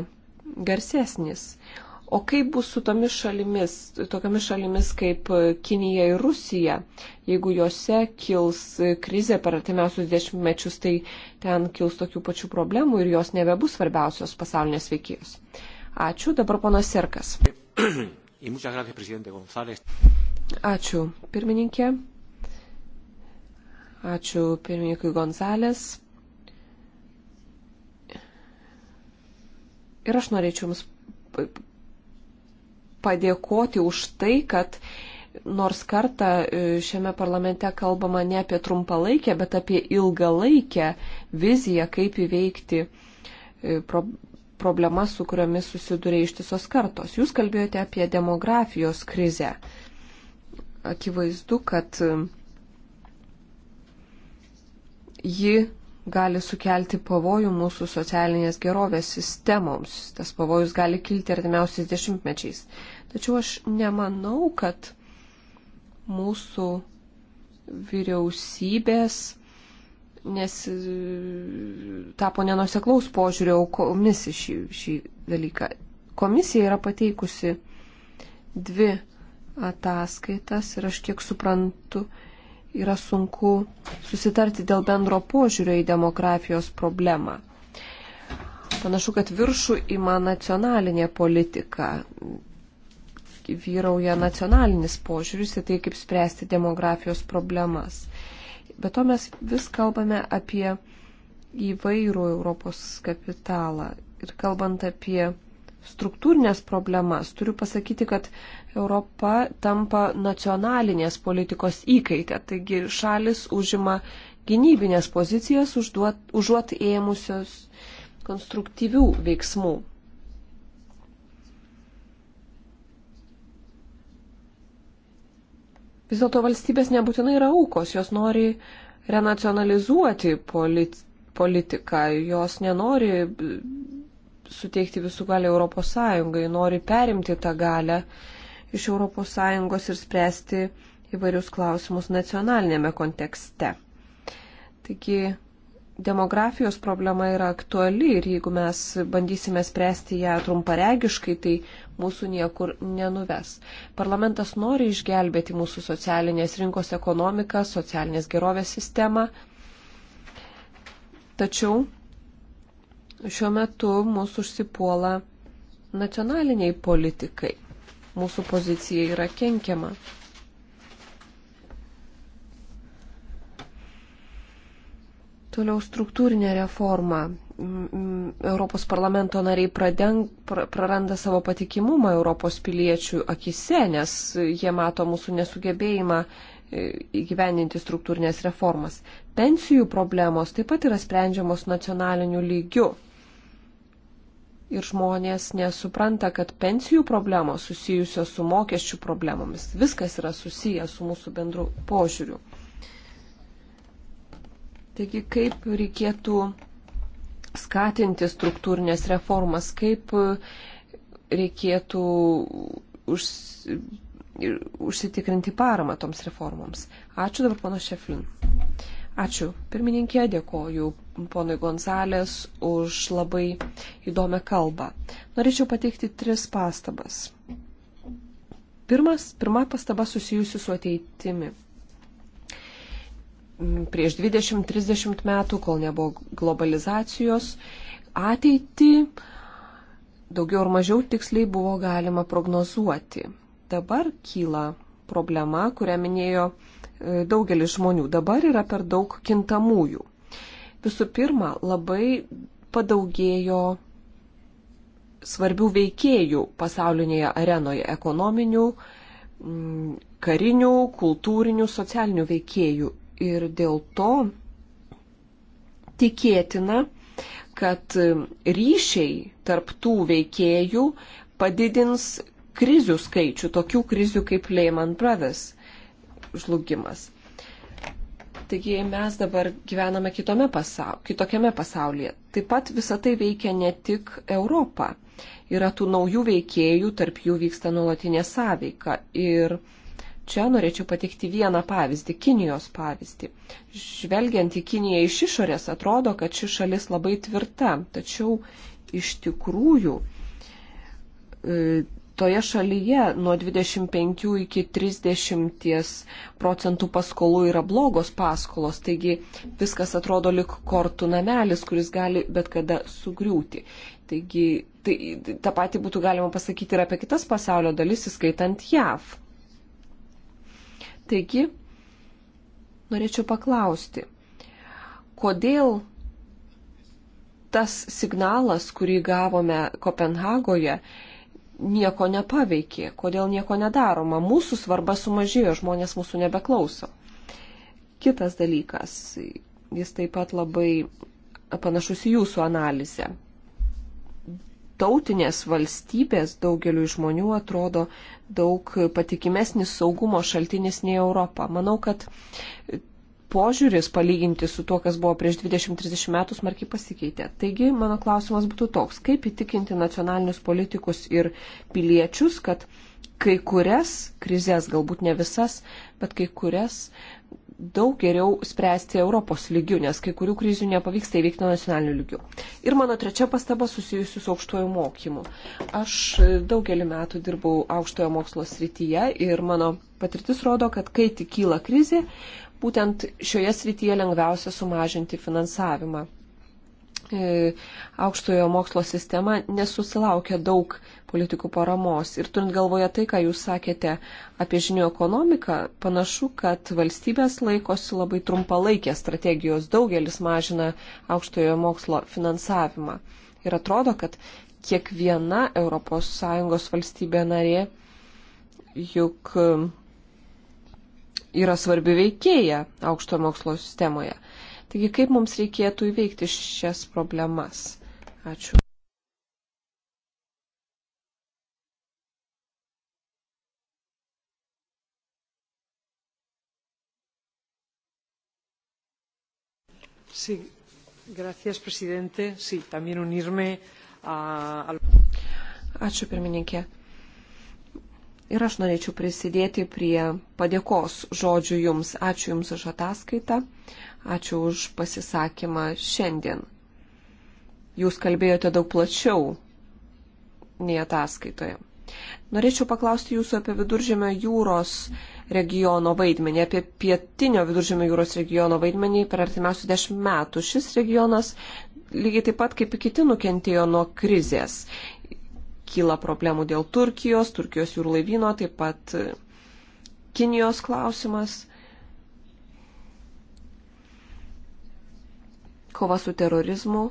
Speaker 3: garsesnis. O kaip bus su tomis šalimis, tokiamis šalimis kaip Kinija ir Rusija, jeigu juose kils krizė per artimiausius dešimtmečius, tai ten kils tokių pačių problemų ir jos nebebus svarbiausios pasaulinės veikėjos. Ačiū, dabar ponas Serkas. Ačiū, pirmininkė. Ačiū pirmininkui Gonzalės. Ir aš norėčiau Jums padėkoti už tai, kad nors kartą e, šiame parlamente kalbama ne apie trumpalaikę, bet apie ilgalaikę viziją, kaip įveikti e, pro problemas, su kuriomis susiduria ištisos kartos. Jūs kalbėjote apie demografijos krizę. Akivaizdu, kad e, ji gali sukelti pavojų mūsų socialinės gerovės sistemoms. Tas pavojus gali kilti artimiausiais dešimtmečiais. Tačiau aš nemanau, kad mūsų vyriausybės nes tapo nenuseklaus požiūrio aukomis šį, šį dalyką. Komisija yra pateikusi dvi ataskaitas ir aš kiek suprantu, yra sunku susitarti dėl bendro požiūrio į demografijos problemą. Panašu, kad viršų ima nacionalinė politika, vyrauja nacionalinis požiūris į tai, kaip spręsti demografijos problemas. Bet to mes vis kalbame apie įvairų Europos kapitalą. Ir kalbant apie struktūrinės problemas, turiu pasakyti, kad Europa tampa nacionalinės politikos įkaitė. Taigi šalis užima gynybinės pozicijas užduot, užuot ėmusios konstruktyvių veiksmų. Vis dėlto valstybės nebūtinai yra aukos, jos nori renacionalizuoti politi politiką, jos nenori e, suteikti visų galę Europos Sąjungai, nori perimti tą galę iš Europos Sąjungos ir spręsti įvairius klausimus nacionalinėme kontekste. Taigi demografijos problema yra aktuali ir jeigu mes bandysime spręsti ją trumparegiškai, tai mūsų niekur nenuves. Parlamentas nori išgelbėti mūsų socialinės rinkos ekonomiką, socialinės gerovės sistemą. Tačiau šiuo metu mūsų užsipuola nacionaliniai politikai. Mūsų pozicija yra kenkiama. Toliau struktūrinė reforma. Europos parlamento nariai pradeng, praranda savo patikimumą Europos piliečių akise, nes jie mato mūsų nesugebėjimą e, įgyvendinti struktūrinės reformas. Pensijų problemos taip pat yra sprendžiamos nacionaliniu lygiu. Ir žmonės nesupranta, kad pensijų problemos susijusios su mokesčių problemomis. Viskas yra susijęs su mūsų bendru požiūriu. Taigi, kaip reikėtų skatinti struktūrinės reformas, kaip reikėtų už, užsitikrinti paramą toms reformoms. Ačiū dabar, pono Šeflin. Ačiū pirmininkė, dėkoju ponui Gonzalės už labai įdomią kalbą. Norėčiau pateikti tris pastabas. Pirmas, pirma pastaba susijusi su ateitimi prieš 20-30 metų, kol nebuvo globalizacijos, ateitį daugiau ar mažiau tiksliai buvo galima prognozuoti. Dabar kyla problema, kurią minėjo e, daugelis žmonių. Dabar yra per daug kintamųjų. Visų pirma, labai padaugėjo svarbių veikėjų pasaulinėje arenoje - ekonominių, karinių, kultūrinių, socialinių veikėjų ir dėl to tikėtina, kad ryšiai tarptų veikėjų padidins krizių skaičių, tokių krizių kaip Lehman Brothers žlugimas. Taigi mes dabar gyvename pasau, kitokiame pasaulyje. Taip pat visa tai veikia ne tik Europą. Yra tų naujų veikėjų, tarp jų vyksta nuolatinė sąveika. Ir Čia norėčiau pateikti vieną pavyzdį - Kinijos pavyzdį. Žvelgiant į Kiniją iš išorės, atrodo, kad ši šalis labai tvirta, tačiau iš tikrųjų e, toje šalyje nuo 25 iki 30 procentų paskolų yra blogos paskolos, taigi viskas atrodo lik kortų namelis, kuris gali bet kada sugriūti. Taigi tai, tą patį būtų galima pasakyti ir apie kitas pasaulio dalis, įskaitant JAV Taigi, norėčiau paklausti, kodėl tas signalas, kurį gavome Kopenhagoje, nieko nepaveikė, kodėl nieko nedaroma. Mūsų svarba sumažėjo, žmonės mūsų nebeklauso. Kitas dalykas, jis taip pat labai panašus į jūsų analizę. Tautinės valstybės daugeliu žmonių atrodo daug patikimesnis saugumo šaltinis nei Europa. Manau, kad požiūris palyginti su tuo, kas buvo prieš 20-30 metų, smarkiai pasikeitė. Taigi, mano klausimas būtų toks, kaip įtikinti nacionalinius politikus ir piliečius, kad kai kurias krizės, galbūt ne visas, bet kai kurias daug geriau spręsti Europos lygių, nes kai kurių krizių nepavyksta įveikti nacionaliniu lygiu. Ir mano trečia pastaba susijusi su aukštojo mokymu. Aš daugelį metų dirbau aukštojo mokslo srityje ir mano patirtis rodo, kad kai tik kyla krizė, būtent šioje srityje lengviausia sumažinti finansavimą. E, aukštojo mokslo sistema nesusilaukia daug politikų paramos. Ir turint galvoje tai, ką jūs sakėte apie žinių ekonomiką, panašu, kad valstybės laikosi labai trumpalaikės strategijos, daugelis mažina aukštojo mokslo finansavimą. Ir atrodo, kad kiekviena ES valstybė narė juk e, yra svarbi veikėja aukštojo mokslo sistemoje. Taigi kaip mums reikėtų įveikti šias problemas? Ačiū.
Speaker 2: Sí, gracias, presidente. Sí, también unirme
Speaker 3: a. Ačiū, pirmininkė. Ir aš norėčiau prisidėti prie padėkos žodžių Jums. Ačiū Jums už ataskaitą. Ačiū už pasisakymą šiandien. Jūs kalbėjote daug plačiau nei ataskaitoje. Norėčiau paklausti jūsų apie viduržėmio jūros regiono vaidmenį, apie pietinio viduržėmio jūros regiono vaidmenį per artimiausius dešimt metų. Šis regionas lygiai taip pat kaip ir kiti nukentėjo nuo krizės. Kyla problemų dėl Turkijos, Turkijos jūrų laivyno, taip pat Kinijos klausimas. Kova su terorizmu,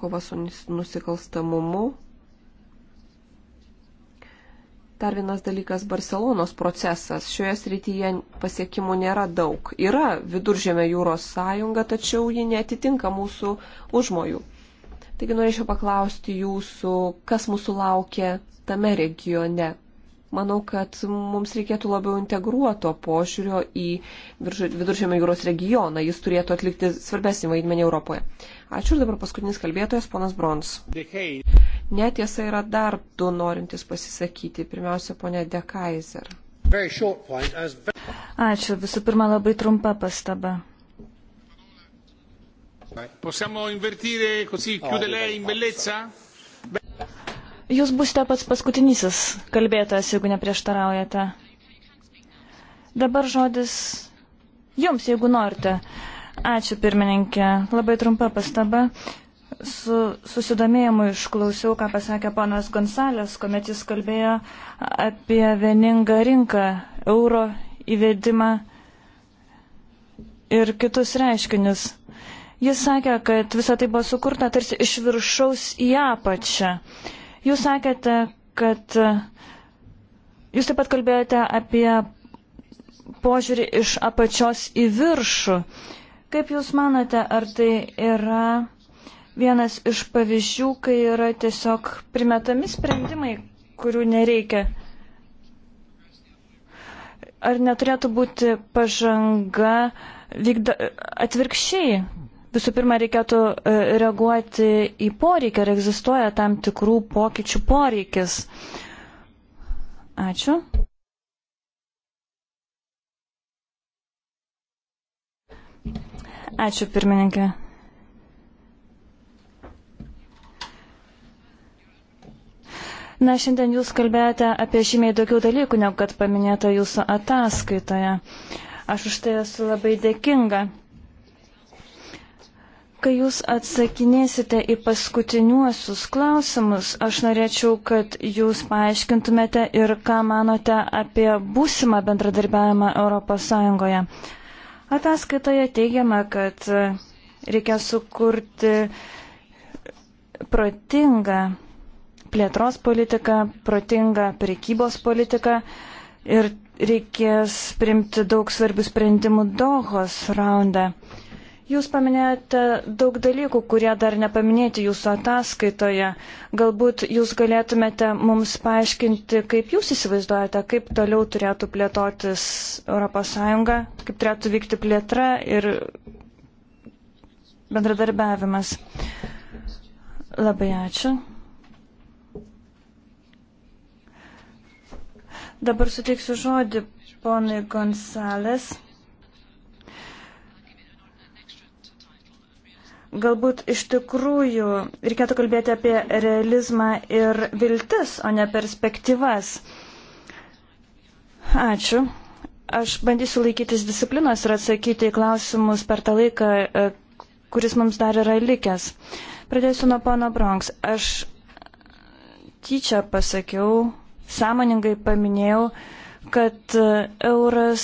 Speaker 3: kova su nusikalstamumu Dar vienas dalykas - Barcelonos procesas. Šioje srityje pasiekimų nėra daug. Yra viduržėmė jūros sąjunga, tačiau ji netitinka mūsų užmojų. Taigi norėčiau paklausti jūsų, kas mūsų laukia tame regione. Manau, kad mums reikėtų labiau integruoto požiūrio į viduržėmė jūros regioną. Jis turėtų atlikti svarbesnį vaidmenį Europoje. Ačiū ir dabar paskutinis kalbėtojas, ponas Brons. Dėkei. Netiesa yra dar du norintys pasisakyti. Pirmiausia, ponė De
Speaker 4: Kaiser.
Speaker 1: Ačiū.
Speaker 4: Visų pirma, labai trumpa pastaba.
Speaker 1: Possiamo invertire così, chiude lei in bellezza?
Speaker 4: Jūs būsite pats paskutinisis kalbėtojas, jeigu neprieštaraujate. Dabar žodis jums, jeigu norite. Ačiū pirmininkė. Labai trumpa pastaba. Su susidomėjimu išklausiau, ką pasakė panas Gonsalės, kuomet jis kalbėjo apie vieningą rinką, euro įvedimą ir kitus reiškinius. Jis sakė, kad visa tai buvo sukurta tarsi iš viršaus į apačią. Jūs sakėte, kad jūs taip pat kalbėjote apie požiūrį iš apačios į viršų. Kaip jūs manote, ar tai yra vienas iš pavyzdžių, kai yra tiesiog primetami sprendimai, kurių nereikia. Ar neturėtų būti pažanga vykda, atvirkščiai? Visų pirma, reikėtų e, reaguoti į poreikį, ar egzistuoja tam tikrų pokyčių poreikis. Ačiū. Ačiū pirmininkė. Na, šiandien jūs kalbėjote apie žymiai daugiau dalykų, negu kad paminėta jūsų ataskaitoje. Aš už tai esu labai dėkinga. Kai jūs atsakinėsite į paskutiniuosius klausimus, aš norėčiau, kad jūs paaiškintumėte ir ką manote apie būsimą bendradarbiavimą ES. Ataskaitoje teigiama, kad reikia sukurti protingą plėtros politiką, protingą prekybos politiką ir reikės primti daug svarbių sprendimų Dohos raundą. Jūs paminėjote daug dalykų, kurie dar nepaminėti jūsų ataskaitoje. Galbūt jūs galėtumėte mums paaiškinti, kaip jūs įsivaizduojate, kaip toliau turėtų plėtotis ES, kaip turėtų vykti plėtra ir bendradarbiavimas. Labai ačiū. Dabar suteiksiu žodį ponui Gonzales. Galbūt iš tikrųjų reikėtų kalbėti apie realizmą ir viltis, o ne perspektyvas. Ačiū. Aš bandysiu laikytis disciplinos ir atsakyti į klausimus per tą laiką, e, kuris mums dar yra likęs. Pradėsiu nuo pono Bronks. Aš tyčia pasakiau sąmoningai paminėjau, kad e, euras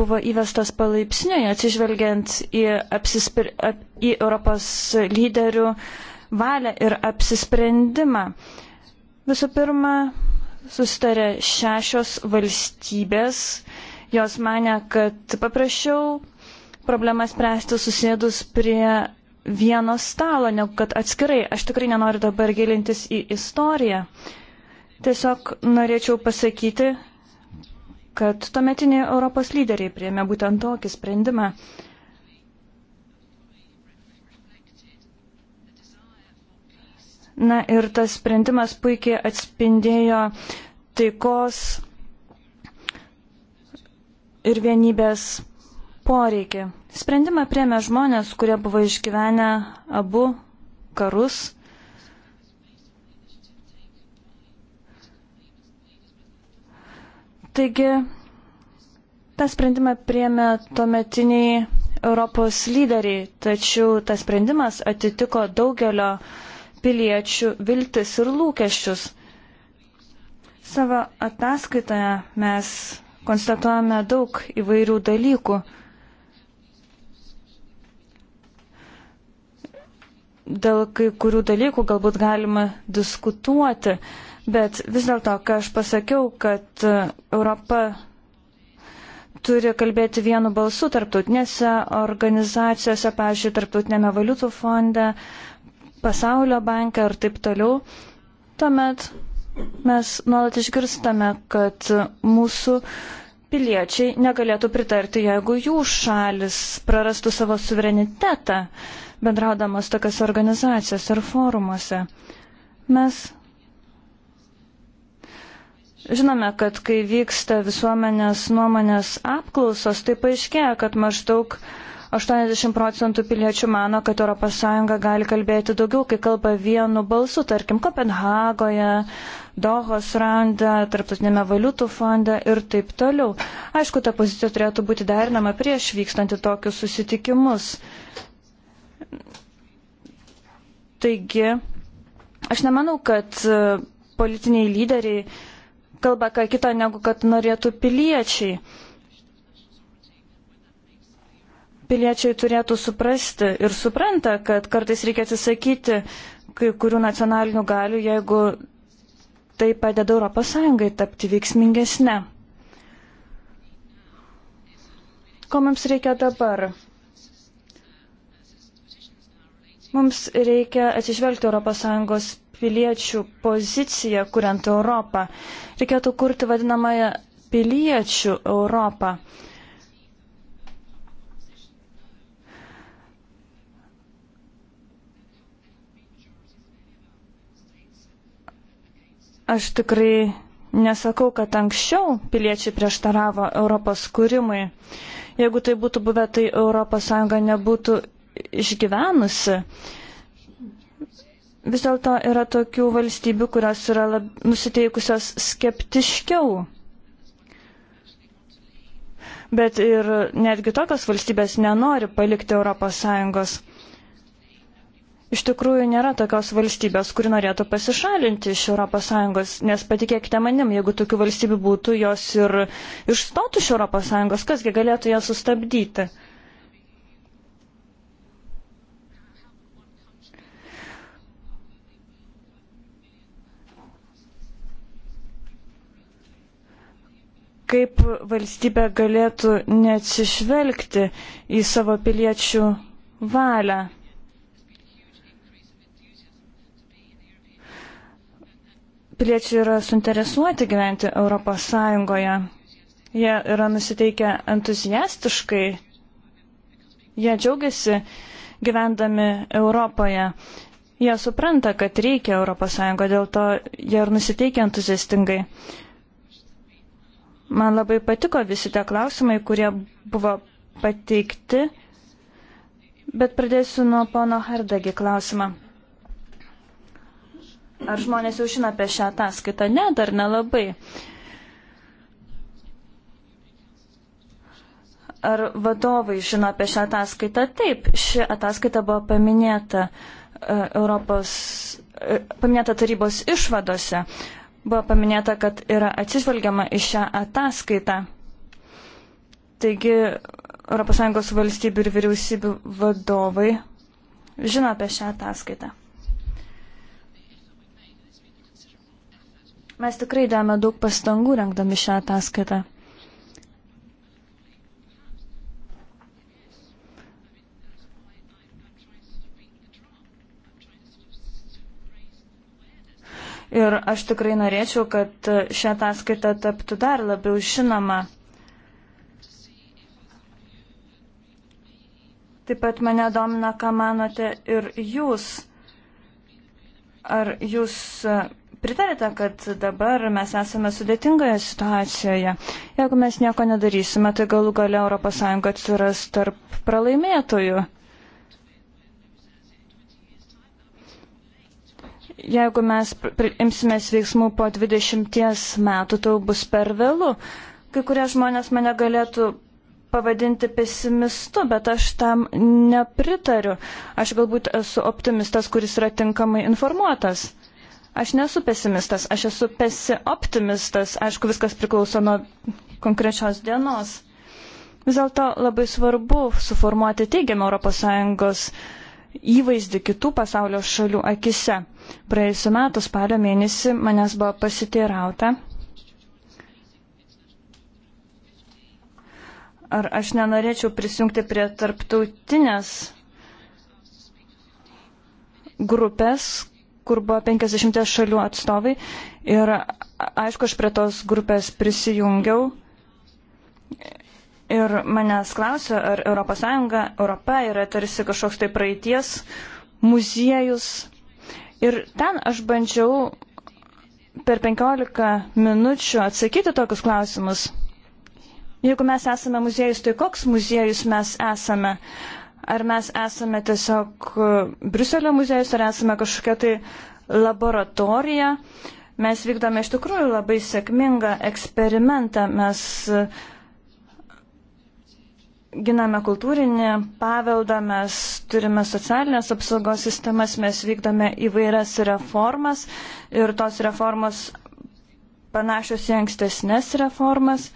Speaker 4: buvo įvestas palaipsniui, atsižvelgiant į, apsispir, ap, į Europos lyderių valią ir apsisprendimą. Visų pirma, sustarė šešios valstybės, jos mane, kad paprašiau problemas spręsti susėdus prie vieno stalo, negu kad atskirai. Aš tikrai nenoriu dabar gilintis į istoriją. Uh, Tiesiog norėčiau pasakyti, kad tuometiniai Europos lyderiai priėmė būtent tokį sprendimą. Na ir tas sprendimas puikiai atspindėjo taikos ir vienybės poreikį. Sprendimą priemė žmonės, kurie buvo išgyvenę abu karus Taigi, tą sprendimą priemė tuometiniai Europos lyderiai, tačiau tas sprendimas atitiko daugelio piliečių viltis ir lūkesčius. Savo ataskaitoje mes konstatuojame daug įvairių dalykų. Dėl kai kurių dalykų galbūt galima diskutuoti, Bet vis dėlto, ką aš pasakiau, kad e, Europa turi kalbėti vienu balsu tarptautinėse organizacijose, pavyzdžiui, tarptautinėme valiutų fonde, pasaulio banke ir taip toliau, tuomet mes nuolat išgirstame, kad mūsų piliečiai negalėtų pritarti, jeigu jų šalis prarastų savo suverenitetą bendraudamas tokias organizacijas ar forumuose. Mes Žinome, kad kai vyksta visuomenės nuomonės apklausos, tai paaiškėja, kad maždaug 80 procentų piliečių mano, kad ES gali kalbėti daugiau, kai kalba vienu balsu, tarkim, Kopenhagoje, Dohos randa, Tarptautinėme valiutų fonde ir taip toliau. Aišku, ta pozicija turėtų būti derinama prieš vykstant į tokius susitikimus. Taigi, aš nemanau, kad politiniai lyderiai kalba ką kitą, negu kad norėtų piliečiai. Piliečiai turėtų suprasti ir supranta, kad kartais reikia atsisakyti kai kurių nacionalinių galių, jeigu tai padeda Europos Sąjungai tapti veiksmingesnė. Ko mums reikia dabar? Mums reikia atsižvelgti Europos Sąjungos piliečių poziciją, kuriant Europą. Reikėtų kurti vadinamąją piliečių Europą. Aš tikrai nesakau, kad anksčiau piliečiai prieštaravo Europos kūrimui. Jeigu tai būtų buvę, tai ES nebūtų išgyvenusi. Uh, Vis dėlto yra tokių valstybių, kurios yra lab, nusiteikusios skeptiškiau. Bet ir netgi tokios valstybės nenori palikti ES. Iš tikrųjų nėra tokios valstybės, kuri norėtų pasišalinti iš ES, nes patikėkite manim, jeigu tokių valstybių būtų, jos ir išstotų iš ES, kasgi galėtų ją sustabdyti. kaip valstybė galėtų neatsižvelgti į savo piliečių valią. Piliečiai yra suinteresuoti gyventi Europos Sąjungoje. Jie yra nusiteikę entuziastiškai. Jie džiaugiasi gyvendami Europoje. Jie supranta, kad reikia Europos Sąjungo, dėl to jie ir nusiteikia entuziastingai. Man labai patiko visi tie klausimai, kurie buvo pateikti, bet pradėsiu nuo pono Hardagi klausimą. Ar žmonės jau žino apie šią ataskaitą? Ne, dar nelabai. Ar vadovai žino apie šią ataskaitą? Taip, ši ataskaita buvo paminėta e, Europos, e, paminėta tarybos išvadose. Buvo paminėta, kad yra atsižvelgiama į šią ataskaitą. Taigi ES valstybių ir vyriausybių vadovai žino apie šią ataskaitą. Mes tikrai dėjome daug pastangų rengdami šią ataskaitą. Ir aš tikrai norėčiau, kad šią ataskaitą taptų dar labiau žinoma. Taip pat mane domina, ką manote ir jūs. Ar jūs pritarėte, kad dabar mes esame sudėtingoje situacijoje? Jeigu mes nieko nedarysime, tai galų gale ES atsiras tarp pralaimėtojų. Jeigu mes imsimės veiksmų po 20 metų, tai bus per vėlų. Kai kurie žmonės mane galėtų pavadinti pesimistu, bet aš tam nepritariu. Aš galbūt esu optimistas, kuris yra tinkamai informuotas. Aš nesu pesimistas, aš esu pesioptimistas. Aišku, viskas priklauso nuo konkrečios dienos. Vis dėlto labai svarbu suformuoti teigiamą ES įvaizdį kitų pasaulio šalių akise. Praėjusiu metu spalio mėnesį manęs buvo pasiteirauta, ar aš nenorėčiau prisijungti prie tarptautinės grupės, kur buvo 50 šalių atstovai. Ir aišku, aš prie tos grupės prisijungiau Ir manęs klausia, ar ES, Europa yra tarsi kažkoks tai praeities muziejus. Ir ten aš bandžiau per 15 minučių atsakyti tokius klausimus. Jeigu mes esame muziejus, tai koks muziejus mes esame? Ar mes esame tiesiog e, Briuselio muziejus, ar esame kažkokia tai laboratorija? Mes vykdome iš tikrųjų labai sėkmingą eksperimentą. Mes uh, giname kultūrinį paveldą, mes turime socialinės apsaugos sistemas, mes vykdome įvairias reformas ir tos reformos panašios į ankstesnės reformas.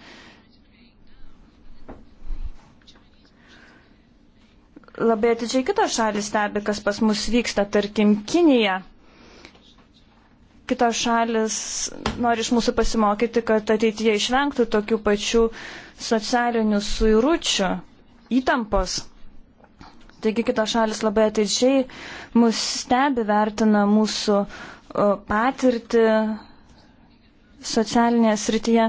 Speaker 4: Labai atidžiai kitos šalis stebi, kas pas mus vyksta, tarkim, Kinija. Kitos šalis nori iš mūsų pasimokyti, kad ateityje išvengtų tokių pačių socialinių suiručių įtampos. Taigi kitos šalis labai ateičiai mus stebi, vertina mūsų patirtį socialinėje srityje.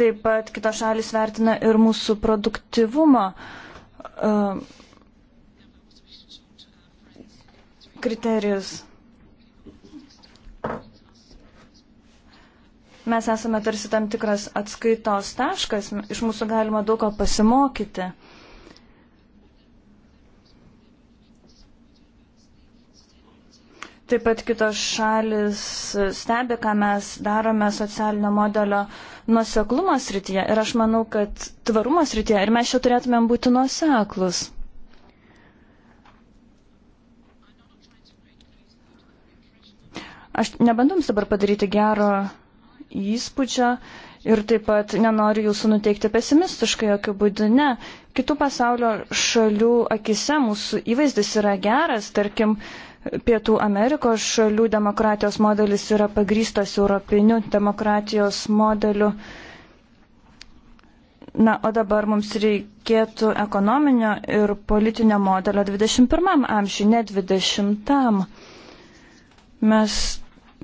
Speaker 4: Taip pat kitos šalis vertina ir mūsų produktivumo kriterijus. Mes esame tarsi tam tikras atskaitos taškas, iš mūsų galima daug ko pasimokyti. Taip pat kitos šalis stebi, ką mes darome socialinio modelio nuoseklumo srityje. Ir aš manau, kad tvarumo srityje ir mes čia turėtumėm būti nuoseklus. Aš nebandau jums dabar padaryti gero įspūdžio ir taip pat nenoriu jūsų nuteikti pesimistiškai, jokių būdų ne. Kitų pasaulio šalių akise mūsų įvaizdis yra geras, tarkim, Pietų Amerikos šalių demokratijos modelis yra pagrystas europiniu demokratijos modeliu. Na, o dabar mums reikėtų ekonominio ir politinio modelio 21 amžiui, ne 20. -am. Mes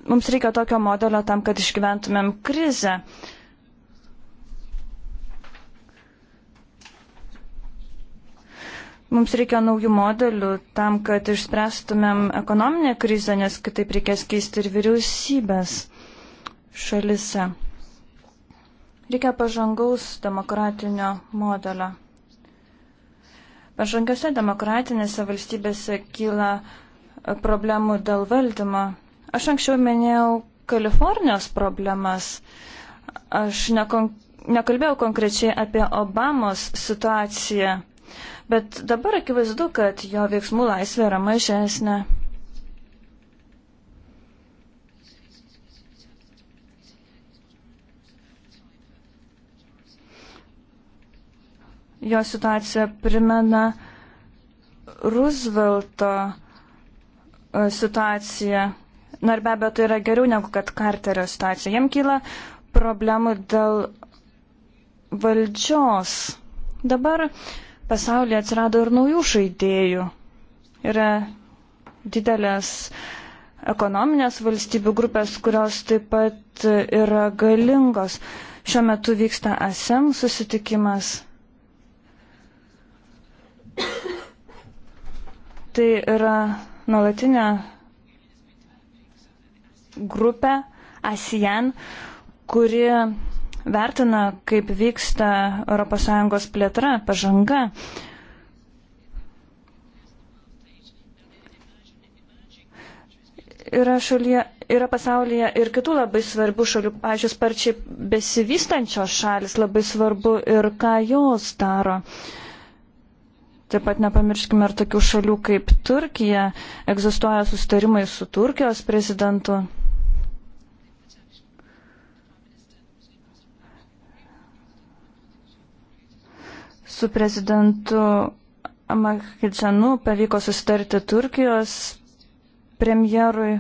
Speaker 4: mums reikia tokio modelio tam, kad išgyventumėm krizę. Mums reikia naujų modelių tam, kad išspręstumėm ekonominę krizę, nes kitaip reikės keisti ir vyriausybės šalise. Reikia pažangaus demokratinio modelio. Pažangiose demokratinėse valstybėse kyla problemų dėl valdymo Aš anksčiau minėjau Kalifornijos problemas. Aš nekon nekalbėjau konkrečiai apie Obamos situaciją, bet dabar akivaizdu, kad jo veiksmų laisvė yra mažesnė. jo situacija primena Roosevelto e, situaciją. Na ir be abejo, tai yra geriau negu kad karterio situacija. Jiem kyla problemų dėl valdžios. Dabar pasaulyje atsirado ir naujų žaidėjų. Yra didelės ekonominės valstybių grupės, kurios taip pat yra galingos. Šiuo metu vyksta ASEM susitikimas. Tai yra nuolatinė grupę ASEAN, kuri vertina, kaip vyksta ES plėtra, pažanga. Yra, šalyje, yra pasaulyje ir kitų labai svarbių šalių, pažiūrėjus, sparčiai besivystančios šalis, labai svarbu ir ką jos daro. Taip pat nepamirškime ir tokių šalių kaip Turkija, egzistuoja sustarimai su Turkijos prezidentu. Su prezidentu Amakidžanu pavyko susitarti Turkijos premjerui.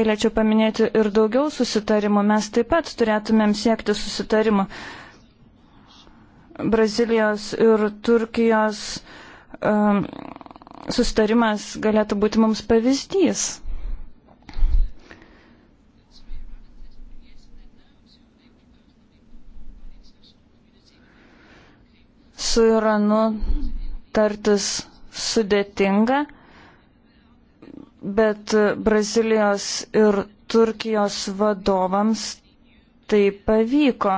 Speaker 4: Galėčiau paminėti ir daugiau susitarimų. Mes taip pat turėtumėm siekti susitarimų. Brazilijos ir Turkijos um, susitarimas galėtų būti mums pavyzdys. su Iranu tartis sudėtinga, bet Brazilijos ir Turkijos vadovams tai pavyko.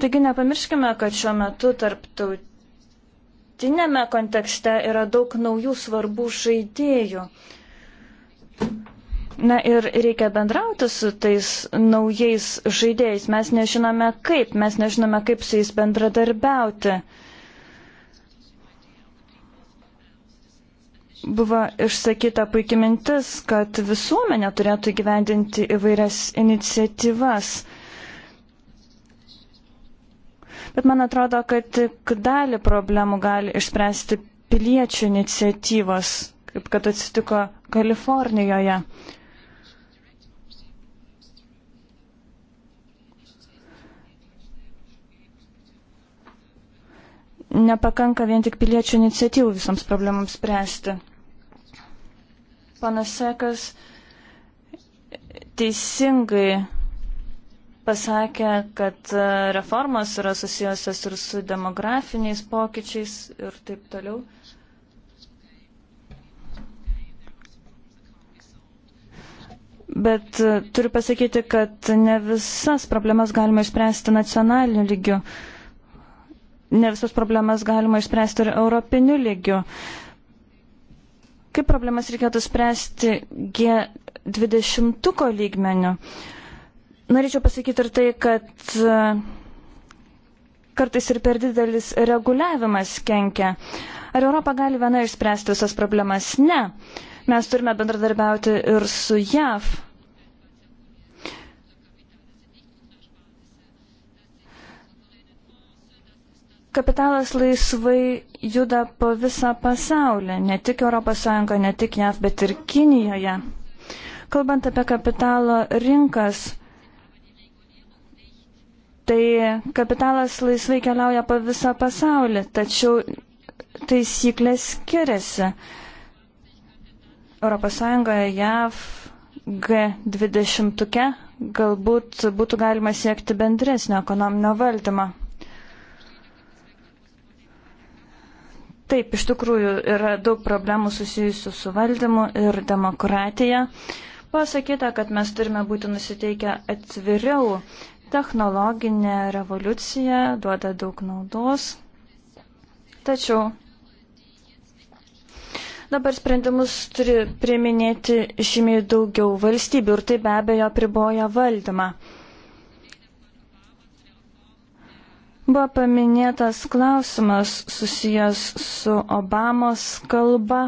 Speaker 4: Taigi nepamirškime, kad šiuo metu tarptautinėme kontekste yra daug naujų svarbų žaidėjų. Na ir reikia bendrauti su tais naujais žaidėjais. Mes nežinome kaip, mes nežinome kaip su jais bendradarbiauti. Buvo išsakyta puikia mintis, kad visuomenė turėtų gyvendinti įvairias iniciatyvas. Bet man atrodo, kad tik dalį problemų gali išspręsti piliečių iniciatyvos, kaip kad atsitiko Kalifornijoje. nepakanka vien tik piliečių iniciatyvų visoms problemams spręsti. Panas Sekas teisingai pasakė, kad e, reformos yra susijusios ir su demografiniais pokyčiais ir taip toliau. Bet e, turiu pasakyti, kad ne visas problemas galima išspręsti nacionaliniu lygiu. Uh, ne visas problemas galima išspręsti ir europiniu lygiu. Kaip problemas reikėtų spręsti G20 lygmeniu? Norėčiau pasakyti ir tai, kad e, kartais ir per didelis reguliavimas kenkia. Ar Europa gali viena išspręsti visas problemas? Ne. Mes turime bendradarbiauti ir su JAV. kapitalas laisvai juda po visą pasaulį, ne tik ES, ne tik JAV, bet ir Kinijoje. Kalbant apie kapitalo rinkas, tai kapitalas laisvai keliauja po visą pasaulį, tačiau taisyklės skiriasi. ES, JAV, G20 galbūt būtų galima siekti bendresnio ekonominio valdymo. Taip, iš tikrųjų yra daug problemų susijusių su valdymu ir demokratija. Pasakyta, kad mes turime būti nusiteikę atviriau. Technologinė revoliucija duoda daug naudos. Tačiau dabar sprendimus turi priminėti žymiai daugiau valstybių ir tai be abejo priboja valdymą. Buvo paminėtas klausimas susijęs su Obamos kalba.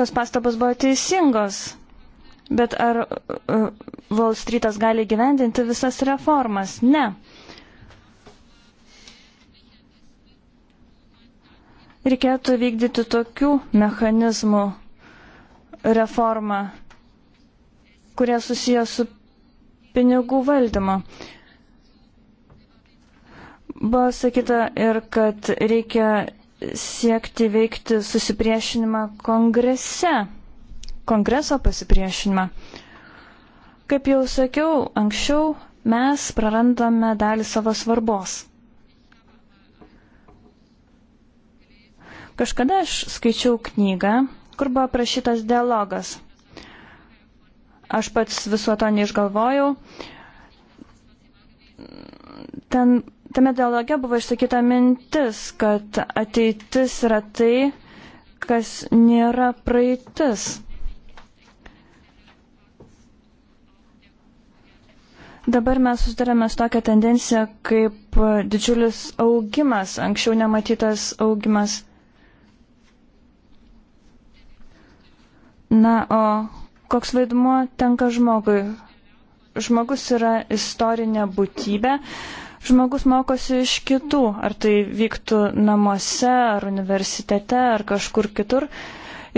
Speaker 4: Tos pastabos buvo teisingos, bet ar e, Wall Streetas gali gyvendinti visas reformas? Ne. Reikėtų vykdyti tokių mechanizmų reformą, kurie susijęs su pinigų valdymu. Buvo sakyta ir, kad reikia siekti veikti susipriešinimą kongrese, kongreso pasipriešinimą. Kaip jau sakiau, anksčiau mes prarandame dalį savo svarbos. Kažkada aš skaičiau knygą, kur buvo prašytas dialogas. Aš pats viso to neišgalvojau. Ten Tame dialoge buvo išsakyta mintis, kad ateitis yra tai, kas nėra praeitis. Dabar mes susidarėme su tokia tendencija kaip didžiulis augimas, anksčiau nematytas augimas. Na, o koks vaidmuo tenka žmogui? Žmogus yra istorinė būtybė, Žmogus mokosi iš kitų, ar tai vyktų namuose, ar universitete, ar kažkur kitur.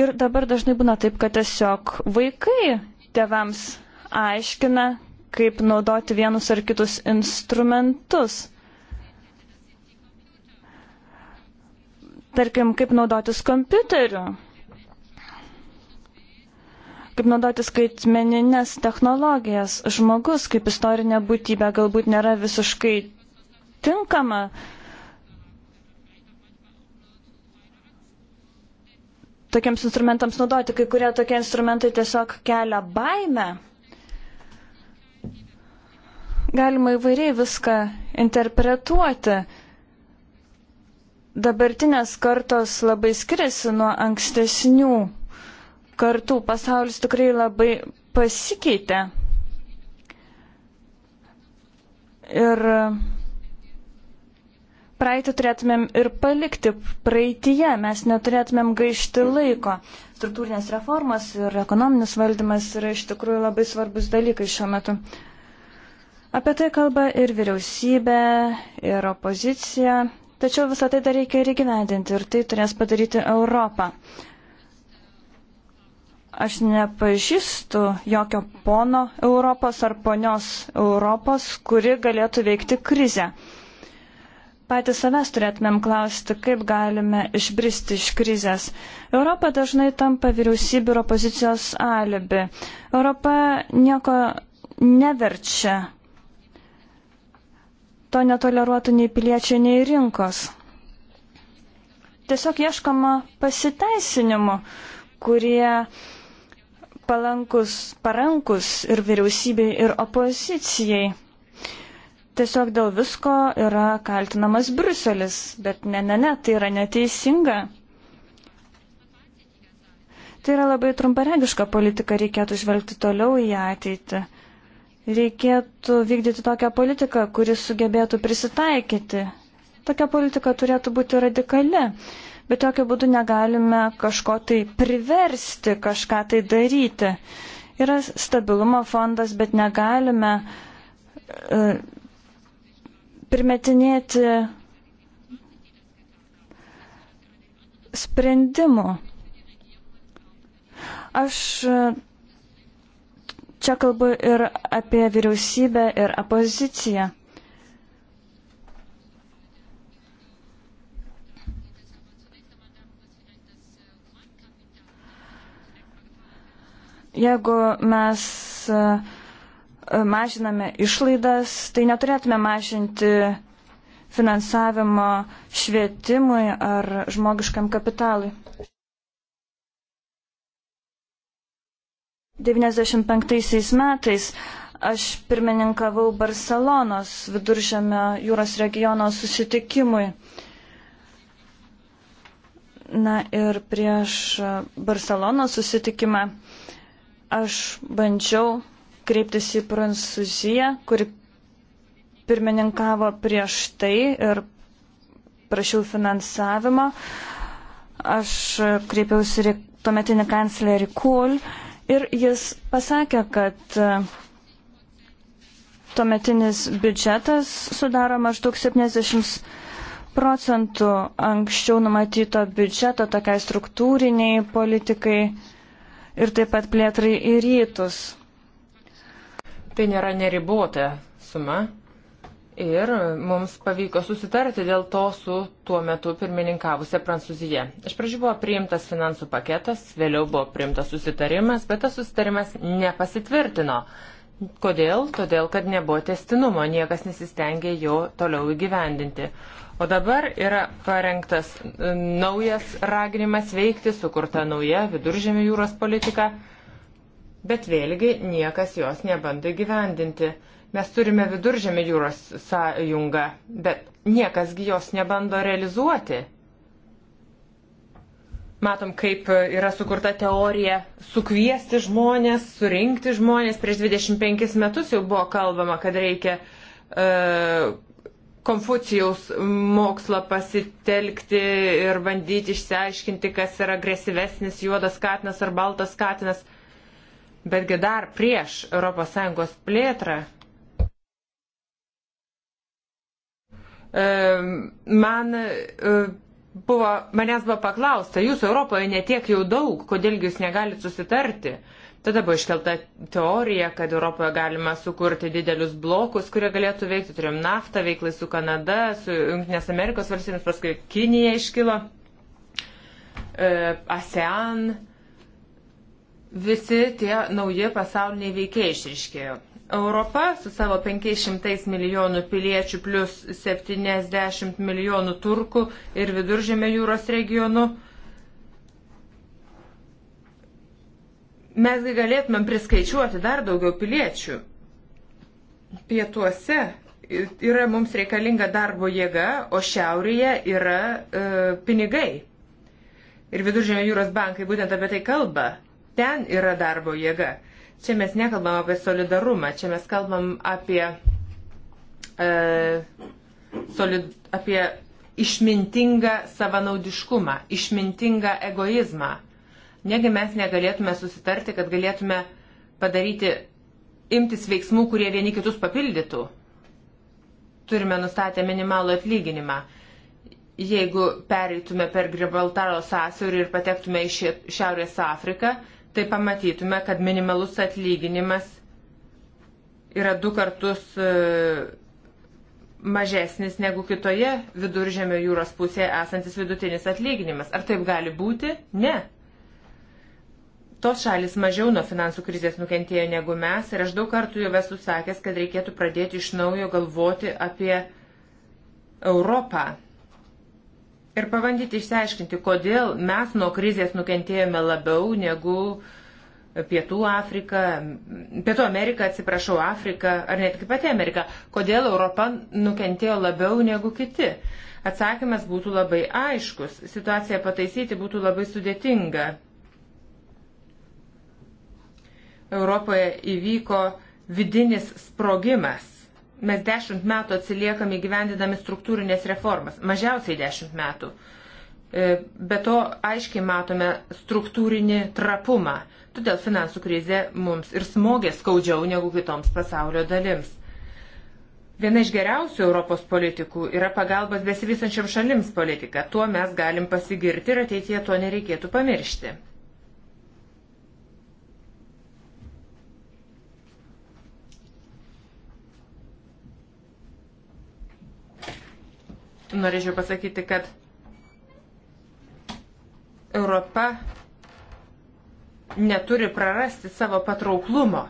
Speaker 4: Ir dabar dažnai būna taip, kad tiesiog vaikai tėvams aiškina, kaip naudoti vienus ar kitus instrumentus. Tarkim, kaip naudotis kompiuteriu kaip naudoti skaitmeninės technologijas. Žmogus kaip istorinė būtybė galbūt nėra visiškai tinkama. Tokiems instrumentams naudoti, kai kurie tokie instrumentai tiesiog kelia baimę. Galima įvairiai viską interpretuoti dabartinės kartos labai skiriasi nuo ankstesnių kartų pasaulis tikrai labai pasikeitė. Ir praeitį turėtumėm ir palikti praeitie, mes neturėtumėm gaišti laiko. Struktūrinės reformas ir ekonominis valdymas yra iš tikrųjų labai svarbus dalykai šiuo metu. Apie tai kalba ir vyriausybė, ir opozicija, tačiau visą tai dar reikia ir įgyvendinti ir tai turės padaryti Europą. Aš nepažįstu jokio pono Europos ar ponios Europos, kuri galėtų veikti krizę. Patys savęs turėtumėm klausti, kaip galime išbristi iš krizės. Europa dažnai tampa vyriausybių ir opozicijos alibi. Europa nieko neverčia. To netoleruotų nei piliečiai, nei rinkos. Tiesiog ieškoma pasiteisinimų, kurie uh, palankus, parankus ir vyriausybei, ir opozicijai. Tiesiog dėl visko yra kaltinamas Bruselis, bet ne, ne, ne, tai yra neteisinga. Tai yra labai trumparegiška politika, reikėtų žvelgti toliau į ateitį. Reikėtų vykdyti tokią politiką, kuris sugebėtų prisitaikyti. Tokia politika turėtų būti radikali bet tokiu būdu negalime kažko tai priversti, kažką tai daryti. Yra stabilumo fondas, bet negalime uh, primetinėti sprendimų. Aš e, čia kalbu ir apie vyriausybę, ir opoziciją. Jeigu mes e, e, mažiname išlaidas, tai neturėtume mažinti finansavimo švietimui ar žmogiškam kapitalui. 95 metais aš pirmininkavau Barcelonos viduržėmio jūros regiono susitikimui. Na ir prieš Barcelonos susitikimą Aš bandžiau kreiptis į Prancūziją, kuri pirmininkavo prieš tai ir prašiau finansavimo. Aš kreipiausi ir tuometinį kanclerį Kuhl ir jis pasakė, kad e, tuometinis biudžetas sudaro maždaug 70 procentų anksčiau numatyto biudžeto tokiai struktūriniai politikai
Speaker 2: ir taip pat plėtrai į rytus. Tai nėra neribota suma ir mums pavyko susitarti dėl to su tuo metu pirmininkavusia Prancūzija. Iš pradžių buvo priimtas finansų paketas, vėliau buvo priimtas susitarimas, bet tas susitarimas nepasitvirtino Kodėl? Todėl, kad nebuvo testinumo, niekas nesistengė jo toliau įgyvendinti. O dabar yra parengtas e, naujas raginimas veikti, sukurta nauja viduržėmių jūros politika, bet vėlgi niekas jos nebando įgyvendinti. Mes turime viduržėmių jūros sąjungą, bet niekasgi jos nebando realizuoti. Matom, kaip e, yra sukurta teorija sukviesti žmonės, surinkti žmonės. Prieš 25 metus jau buvo kalbama, kad reikia uh, Konfucijaus mokslą pasitelkti ir bandyti išsiaiškinti, kas yra agresyvesnis juodas katinas ar baltas katinas. Betgi dar prieš ES plėtrą e, man buvo, manęs buvo paklausta, jūs Europoje netiek jau daug, kodėlgi jūs negalite susitarti. Tada buvo iškelta teorija, kad Europoje galima sukurti didelius blokus, kurie galėtų veikti. Turėjom naftą, veiklai su Kanada, su Junktinės Amerikos valstybėmis, paskui Kinija iškilo, e, ASEAN. Visi tie nauji pasauliniai veikiai išriškėjo. Europa su savo 500 milijonų piliečių plus 70 milijonų turkų ir viduržėmio jūros regionu. Mesgi galėtumėm priskaičiuoti dar daugiau piliečių. Pietuose yra mums reikalinga darbo jėga, o šiaurėje yra e, pinigai. Ir viduržėmio jūros bankai būtent apie tai kalba. Ten yra darbo jėga. Čia mes nekalbam apie solidarumą, čia mes kalbam apie, e, solid, apie išmintingą savanaudiškumą, išmintingą egoizmą. Negi mes negalėtume susitarti, kad galėtume padaryti, imtis veiksmų, kurie vieni kitus papildytų. Turime nustatę minimalų atlyginimą jeigu pereitume per Gibraltaro sąsiaurį ir patektume į Šiaurės Afriką, tai pamatytume, kad minimalus atlyginimas yra du kartus e, mažesnis negu kitoje viduržėmio jūros pusėje esantis vidutinis atlyginimas. Ar taip gali būti? Ne. Tos šalis mažiau nuo finansų krizės nukentėjo negu mes ir aš daug kartų jau esu sakęs, kad reikėtų pradėti iš naujo galvoti apie Europą ir pabandyti išsiaiškinti, kodėl mes nuo krizės nukentėjome labiau negu Pietų Afrika, Pietų Amerika, atsiprašau, Afrika ar net kaip pati Amerika, kodėl Europa nukentėjo labiau negu kiti. Atsakymas būtų labai aiškus, situaciją pataisyti būtų labai sudėtinga. Europoje įvyko vidinis sprogimas mes dešimt metų atsiliekame gyvendydami struktūrinės reformas. Mažiausiai dešimt metų. E, be to aiškiai matome struktūrinį trapumą. Todėl finansų krizė mums ir smogė skaudžiau negu kitoms pasaulio dalims. Viena iš geriausių Europos politikų yra pagalbas besivysančiam šalims politika. Tuo mes galim pasigirti ir ateityje to nereikėtų pamiršti. norėčiau pasakyti, kad Europa neturi prarasti savo patrauklumo.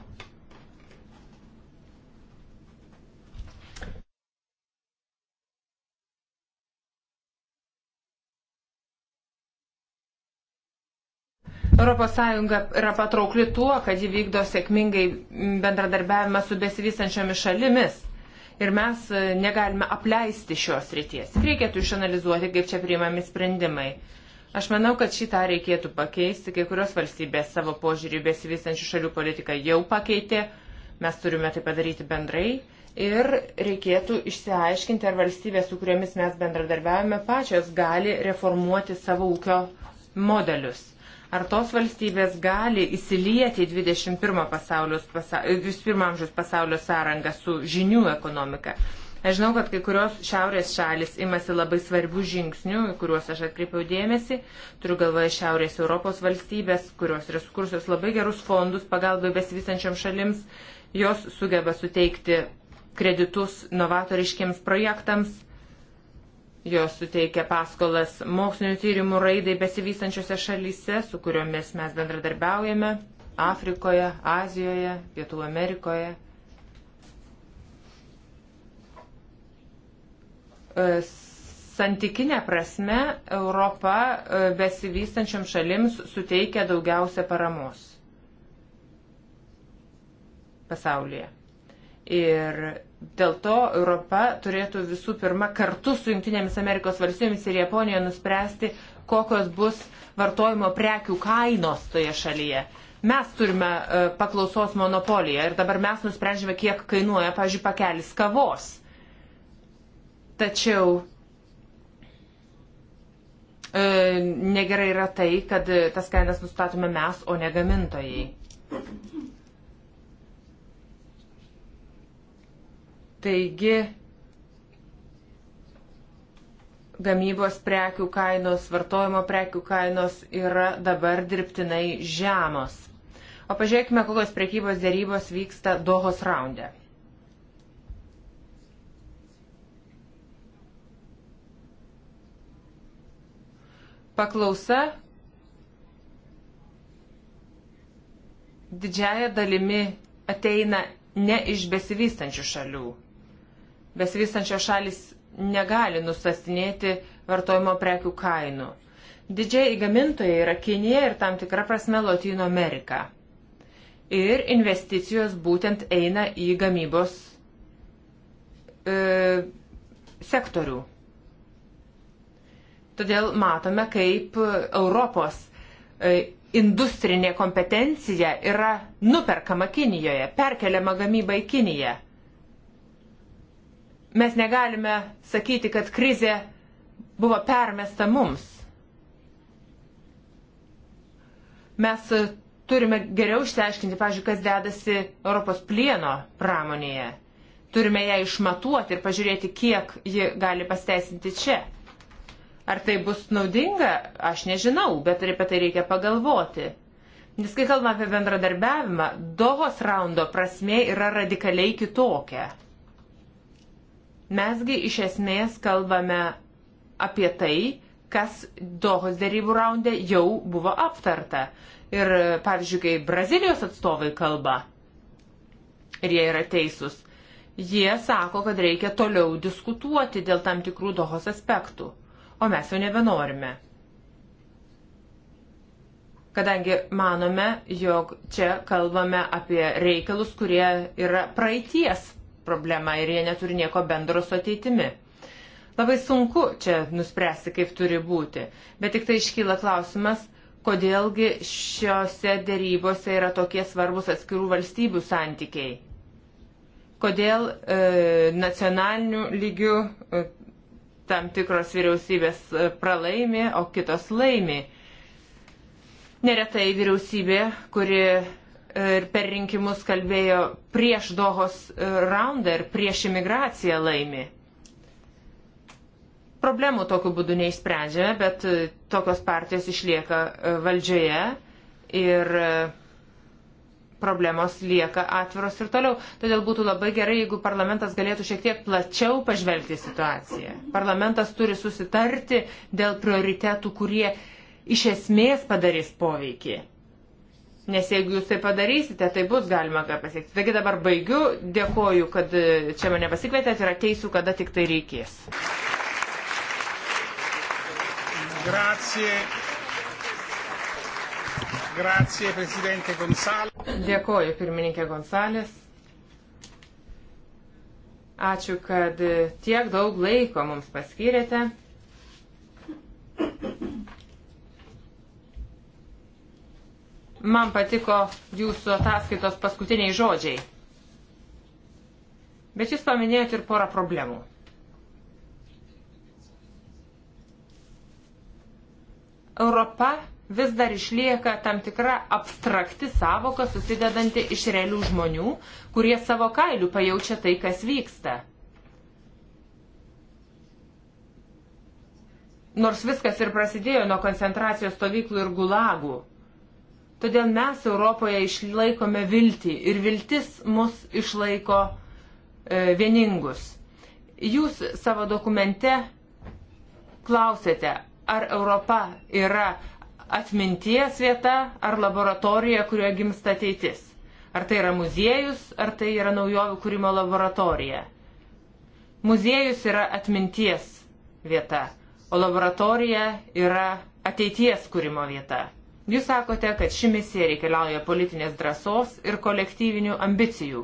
Speaker 2: ES yra patraukli tuo, kad ji vykdo sėkmingai bendradarbiavimą su besivystančiomis šalimis ir mes e, negalime apleisti šios ryties. Reikėtų išanalizuoti, kaip čia priimami sprendimai. Aš manau, kad šitą reikėtų pakeisti. Kai kurios valstybės savo požiūrį besivystančių šalių politiką jau pakeitė. Mes turime tai padaryti bendrai. Ir reikėtų išsiaiškinti, ar valstybės, su kuriomis mes bendradarbiavame, pačios gali reformuoti savo ūkio modelius. Ar tos valstybės gali įsilieti į 21 pasaulios, pasaulio, amžiaus pasaulio sąrangą su žinių ekonomika? Aš žinau, kad kai kurios šiaurės šalis imasi labai svarbių žingsnių, kuriuos aš atkreipiau dėmesį. Turiu galvoje šiaurės Europos valstybės, kurios yra sukursios labai gerus fondus pagalbai besivysančiam šalims. Jos sugeba suteikti kreditus novatoriškiams projektams Jos suteikia paskolas mokslinio tyrimų raidai besivystančiose šalyse, su kuriomis mes bendradarbiaujame - Afrikoje, Azijoje, Pietų Amerikoje. E, santykinė prasme Europa e, besivystančiam šalims suteikia daugiausia paramos pasaulyje. Ir Dėl to Europa turėtų visų pirma kartu su Junktinėmis Amerikos valstybėmis ir Japonija nuspręsti, kokios bus vartojimo prekių kainos toje šalyje. Mes turime e, paklausos monopoliją ir dabar mes nusprendžiame, kiek kainuoja, pažiūrėjau, pakelis kavos. Tačiau e, negerai yra tai, kad tas kainas nustatome mes, o ne gamintojai. Taigi gamybos prekių kainos, vartojimo prekių kainos yra dabar dirbtinai žemos. O pažiūrėkime, kokios prekybos dėrybos vyksta Dohos raunde. Paklausa didžiaja dalimi ateina ne iš besivystančių šalių, besivystančios šalis negali nustatinėti vartojimo prekių kainų. Didžiai gamintojai yra Kinija ir tam tikra prasme Latino Amerika. Ir investicijos būtent eina į gamybos e, sektorių. Todėl matome, kaip Europos e, industrinė kompetencija yra nuperkama Kinijoje, perkeliama gamyba į Kiniją. Mes negalime sakyti, kad krizė buvo permesta mums. Mes turime geriau išsiaiškinti, pažiūrėjau, kas dedasi Europos plieno pramonėje. Turime ją išmatuoti ir pažiūrėti, kiek ji gali pasteisinti čia. Ar tai bus naudinga, aš nežinau, bet apie tai reikia pagalvoti. Nes kai kalbame apie bendradarbiavimą, Dohos raundo prasmė yra radikaliai kitokia. Mesgi iš esmės kalbame apie tai, kas Dohos dėrybų raunde jau buvo aptarta. Ir pavyzdžiui, kai Brazilijos atstovai kalba, ir jie yra teisūs, jie sako, kad reikia toliau diskutuoti dėl tam tikrų Dohos aspektų, o mes jau nebenorime. Kadangi manome, jog čia kalbame apie reikalus, kurie yra praeities problema ir jie neturi nieko bendro su ateitimi. Labai sunku čia nuspręsti, kaip turi būti, bet tik tai iškyla klausimas, kodėlgi šiuose dėrybose yra tokie svarbus atskirų valstybių santykiai. Kodėl e, nacionalinių lygių e, tam tikros vyriausybės e, pralaimi, o kitos laimi. Neretai vyriausybė, kuri ir per rinkimus kalbėjo prieš Dohos raundą ir prieš imigraciją laimi. Problemų tokiu būdu neišsprendžiame, bet e, tokios partijos išlieka e, valdžioje ir e, problemos lieka atviros ir toliau. Todėl būtų labai gerai, jeigu parlamentas galėtų šiek tiek plačiau pažvelgti situaciją. Parlamentas turi susitarti dėl prioritetų, kurie iš esmės padarys poveikį Nes jeigu jūs tai padarysite, tai bus galima ką pasiekti. Taigi dabar baigiu, dėkoju, kad e, čia mane pasikvietėte ir ateisiu, kada tik tai reikės.
Speaker 1: Grazie. Grazie,
Speaker 2: prezidentė Gonsalės. Dėkoju, pirmininkė Gonsalės. Ačiū, kad e, tiek daug laiko mums paskyrėte. Man patiko jūsų ataskaitos paskutiniai žodžiai. Bet jūs paminėjote ir porą problemų. Europa vis dar išlieka tam tikra abstrakti savoka susidedanti iš realių žmonių, kurie savo kailių pajaučia tai, kas vyksta. Nors viskas ir prasidėjo nuo koncentracijos stovyklų ir gulagų, Todėl mes Europoje išlaikome viltį ir viltis mus išlaiko e, vieningus. Jūs savo dokumente klausėte, ar Europa yra atminties vieta ar laboratorija, kurioje gimsta ateitis. Ar tai yra muziejus, ar tai yra naujovių kūrimo laboratorija. Muziejus yra atminties vieta, o laboratorija yra ateities kūrimo vieta. Jūs sakote, kad ši misija reikalauja politinės drąsos ir kolektyvinių ambicijų,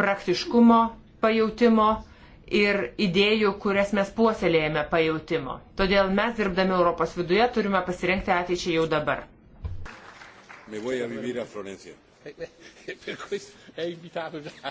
Speaker 2: praktiškumo, pajautimo ir idėjų, kurias mes puoselėjame pajautimo. Todėl mes, dirbdami Europos viduje, turime pasirinkti ateičiai jau dabar.
Speaker 1: Me voy a vivir a Florencia. per questo è invitato già.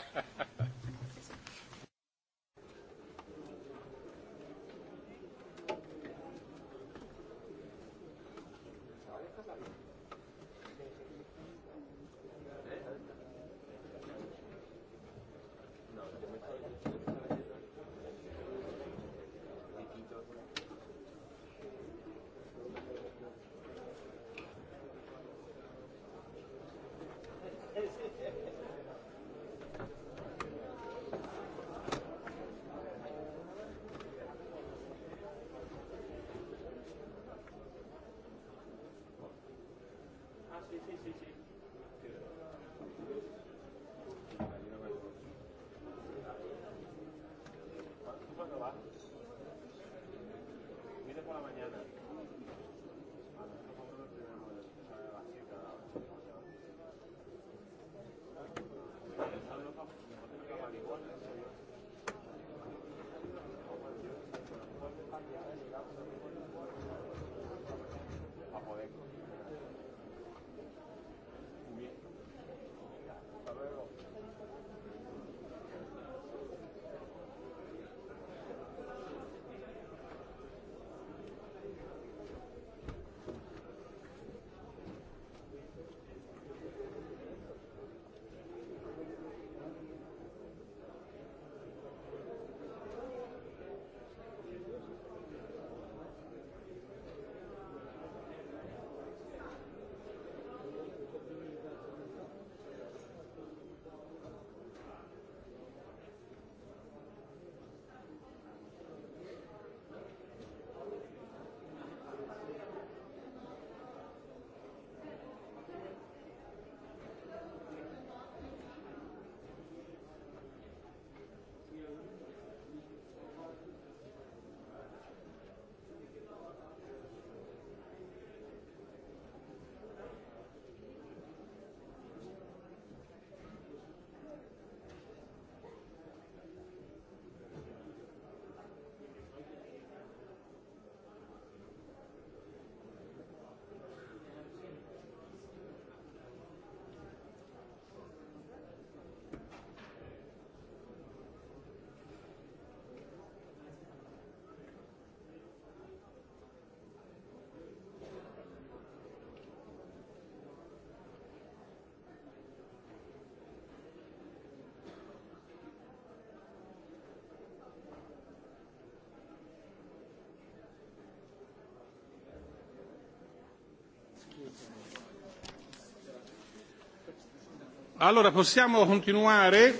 Speaker 1: Allora possiamo continuare.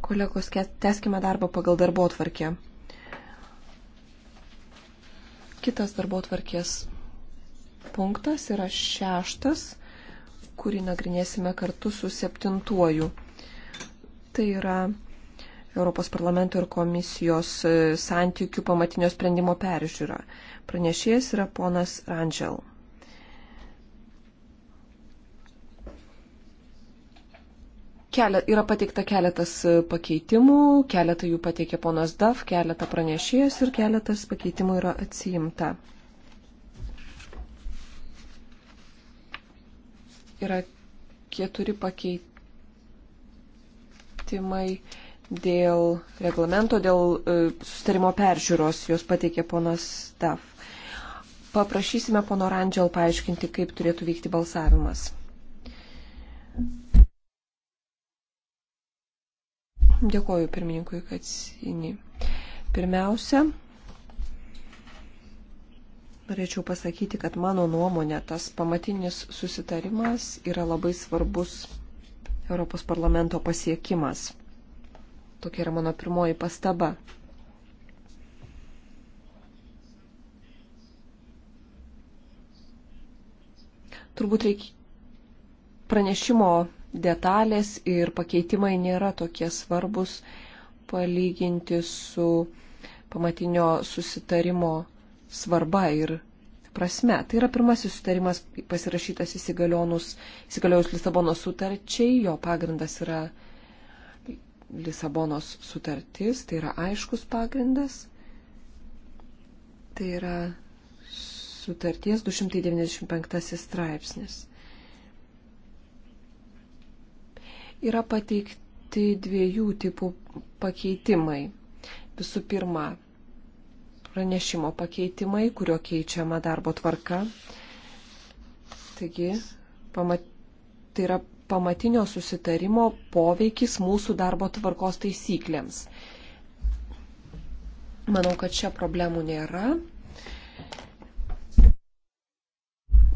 Speaker 3: Kolegos, teskime darbą pagal darbo atvarkę. Kitas darbo atvarkės punktas yra šeštas, kurį nagrinėsime kartu su septintuoju. Tai yra Europos parlamento ir komisijos e, santykių pamatinio sprendimo peržiūra. Pranešėjas yra ponas Rangel. Kelia, yra pateikta keletas e, pakeitimų, keletą jų pateikė ponas Daf, keletą pranešėjas ir keletas pakeitimų yra atsiimta. Yra keturi pakeitimai dėl reglamento, dėl e, sustarimo peržiūros, jos pateikė ponas Daf. Paprašysime pono Randžel paaiškinti, kaip turėtų vykti balsavimas. Dėkoju pirmininkui Katsinį. Pirmiausia, norėčiau pasakyti, kad mano nuomonė tas pamatinis susitarimas yra labai svarbus Europos parlamento pasiekimas. Tokia yra mano pirmoji pastaba. Turbūt reikia pranešimo detalės ir pakeitimai nėra tokie svarbus palyginti su pamatinio susitarimo svarba ir prasme. Tai yra pirmasis sutarimas pasirašytas įsigaliojus Lisabono sutarčiai, jo pagrindas yra Lisabonos sutartis, tai yra aiškus pagrindas. Tai yra sutarties 295 straipsnis. Yra pateikti dviejų tipų pakeitimai. Visų pirma, pranešimo pakeitimai, kurio keičiama darbo tvarka. Taigi, pamat, tai yra pamatinio susitarimo poveikis mūsų darbo tvarkos taisyklėms. Manau, kad čia problemų nėra.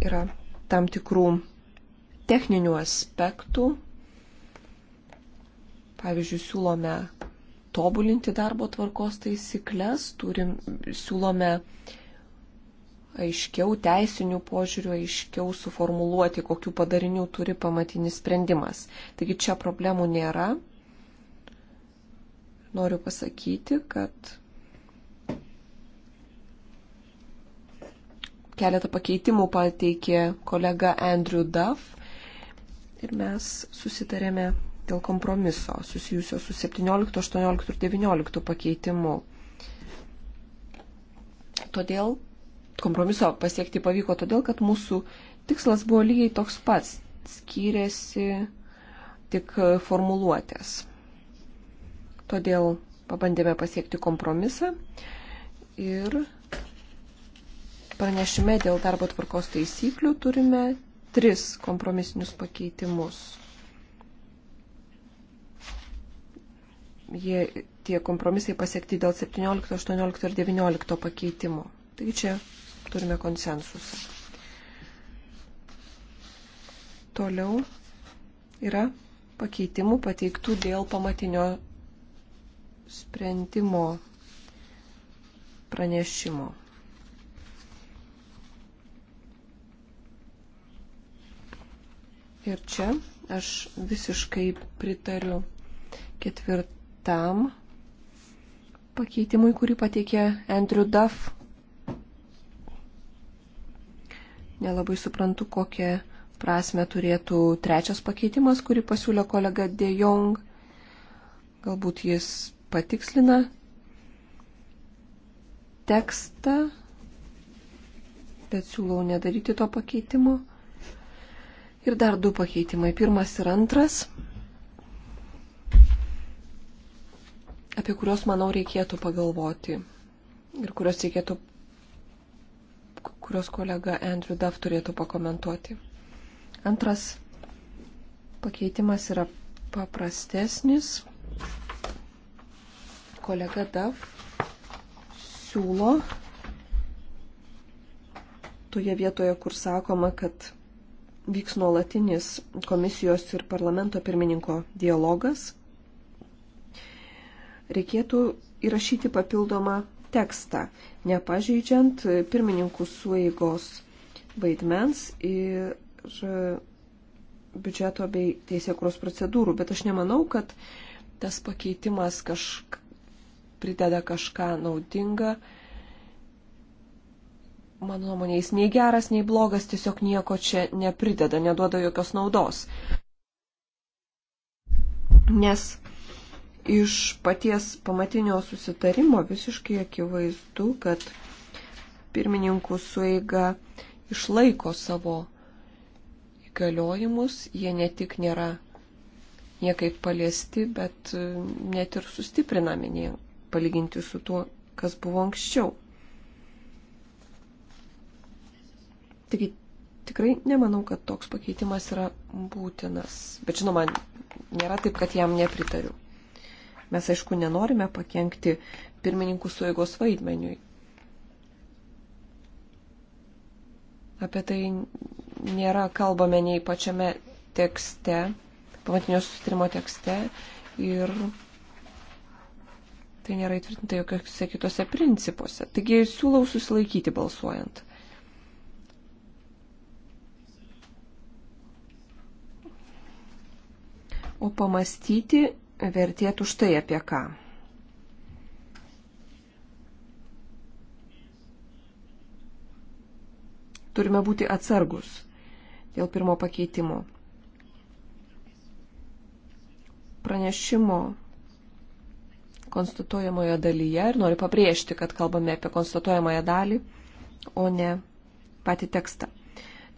Speaker 3: Yra tam tikrų techninių aspektų. Pavyzdžiui, siūlome tobulinti darbo tvarkos taisyklės, turim, siūlome uh, aiškiau teisinių požiūrių, aiškiau suformuluoti, kokiu padariniu turi pamatinis sprendimas. Taigi čia problemų nėra. Noriu pasakyti, kad keletą pakeitimų pateikė kolega Andrew Duff ir mes susitarėme dėl kompromiso susijusio su 17, 18 ir 19 pakeitimu. Todėl kompromiso pasiekti pavyko todėl, kad mūsų tikslas buvo lygiai toks pats, skyrėsi tik formuluotės. Todėl pabandėme pasiekti kompromisą ir pranešime dėl darbo tvarkos taisyklių turime tris kompromisinius pakeitimus. Jie, tie kompromisai pasiekti dėl 17, 18 ir 19 pakeitimo. Tai čia turime konsensusą. Toliau yra pakeitimų pateiktų dėl pamatinio sprendimo pranešimo. Ir čia aš visiškai pritariu ketvirtam pakeitimui, kurį pateikė Andrew Duff Nelabai suprantu, kokią prasme turėtų trečias pakeitimas, kurį pasiūlė kolega De Jong. Galbūt jis patikslina tekstą, bet siūlau nedaryti to pakeitimo. Ir dar du pakeitimai. Pirmas ir antras, apie kuriuos, manau, reikėtų pagalvoti ir kuriuos reikėtų kurios kolega Andrew Duff turėtų pakomentuoti. Antras pakeitimas yra paprastesnis. Kolega Duff siūlo toje vietoje, kur sakoma, kad vyks nuolatinis komisijos ir parlamento pirmininko dialogas, reikėtų įrašyti papildomą tekstą, nepažeidžiant pirmininkų sueigos vaidmens ir biudžeto bei teisėkros procedūrų. Bet aš nemanau, kad tas pakeitimas kažk... prideda kažką naudingą. Mano nuomonė, jis nei geras, nei blogas, tiesiog nieko čia neprideda, neduoda jokios naudos. Nes iš paties pamatinio susitarimo visiškai akivaizdu, kad pirmininkų sueiga išlaiko savo įgaliojimus, jie ne tik nėra niekaip paliesti, bet e, net ir sustiprinami, ne, palyginti su tuo, kas buvo anksčiau. Taigi tikrai nemanau, kad toks pakeitimas yra būtinas, bet žinoma, nėra taip, kad jam nepritariu. Mes, aišku, nenorime pakengti pirmininkų suėgos vaidmeniui. Apie tai nėra kalbame nei pačiame tekste, pamatinio sustrimo tekste ir tai nėra įtvirtinta jokiuose kitose principuose. Taigi siūlau susilaikyti balsuojant. O pamastyti vertėtų štai apie ką. Turime būti atsargus dėl pirmo pakeitimo. Pranešimo konstatuojamoje dalyje ir noriu pabrėžti, kad kalbame apie konstatuojamąją dalį, o ne patį tekstą.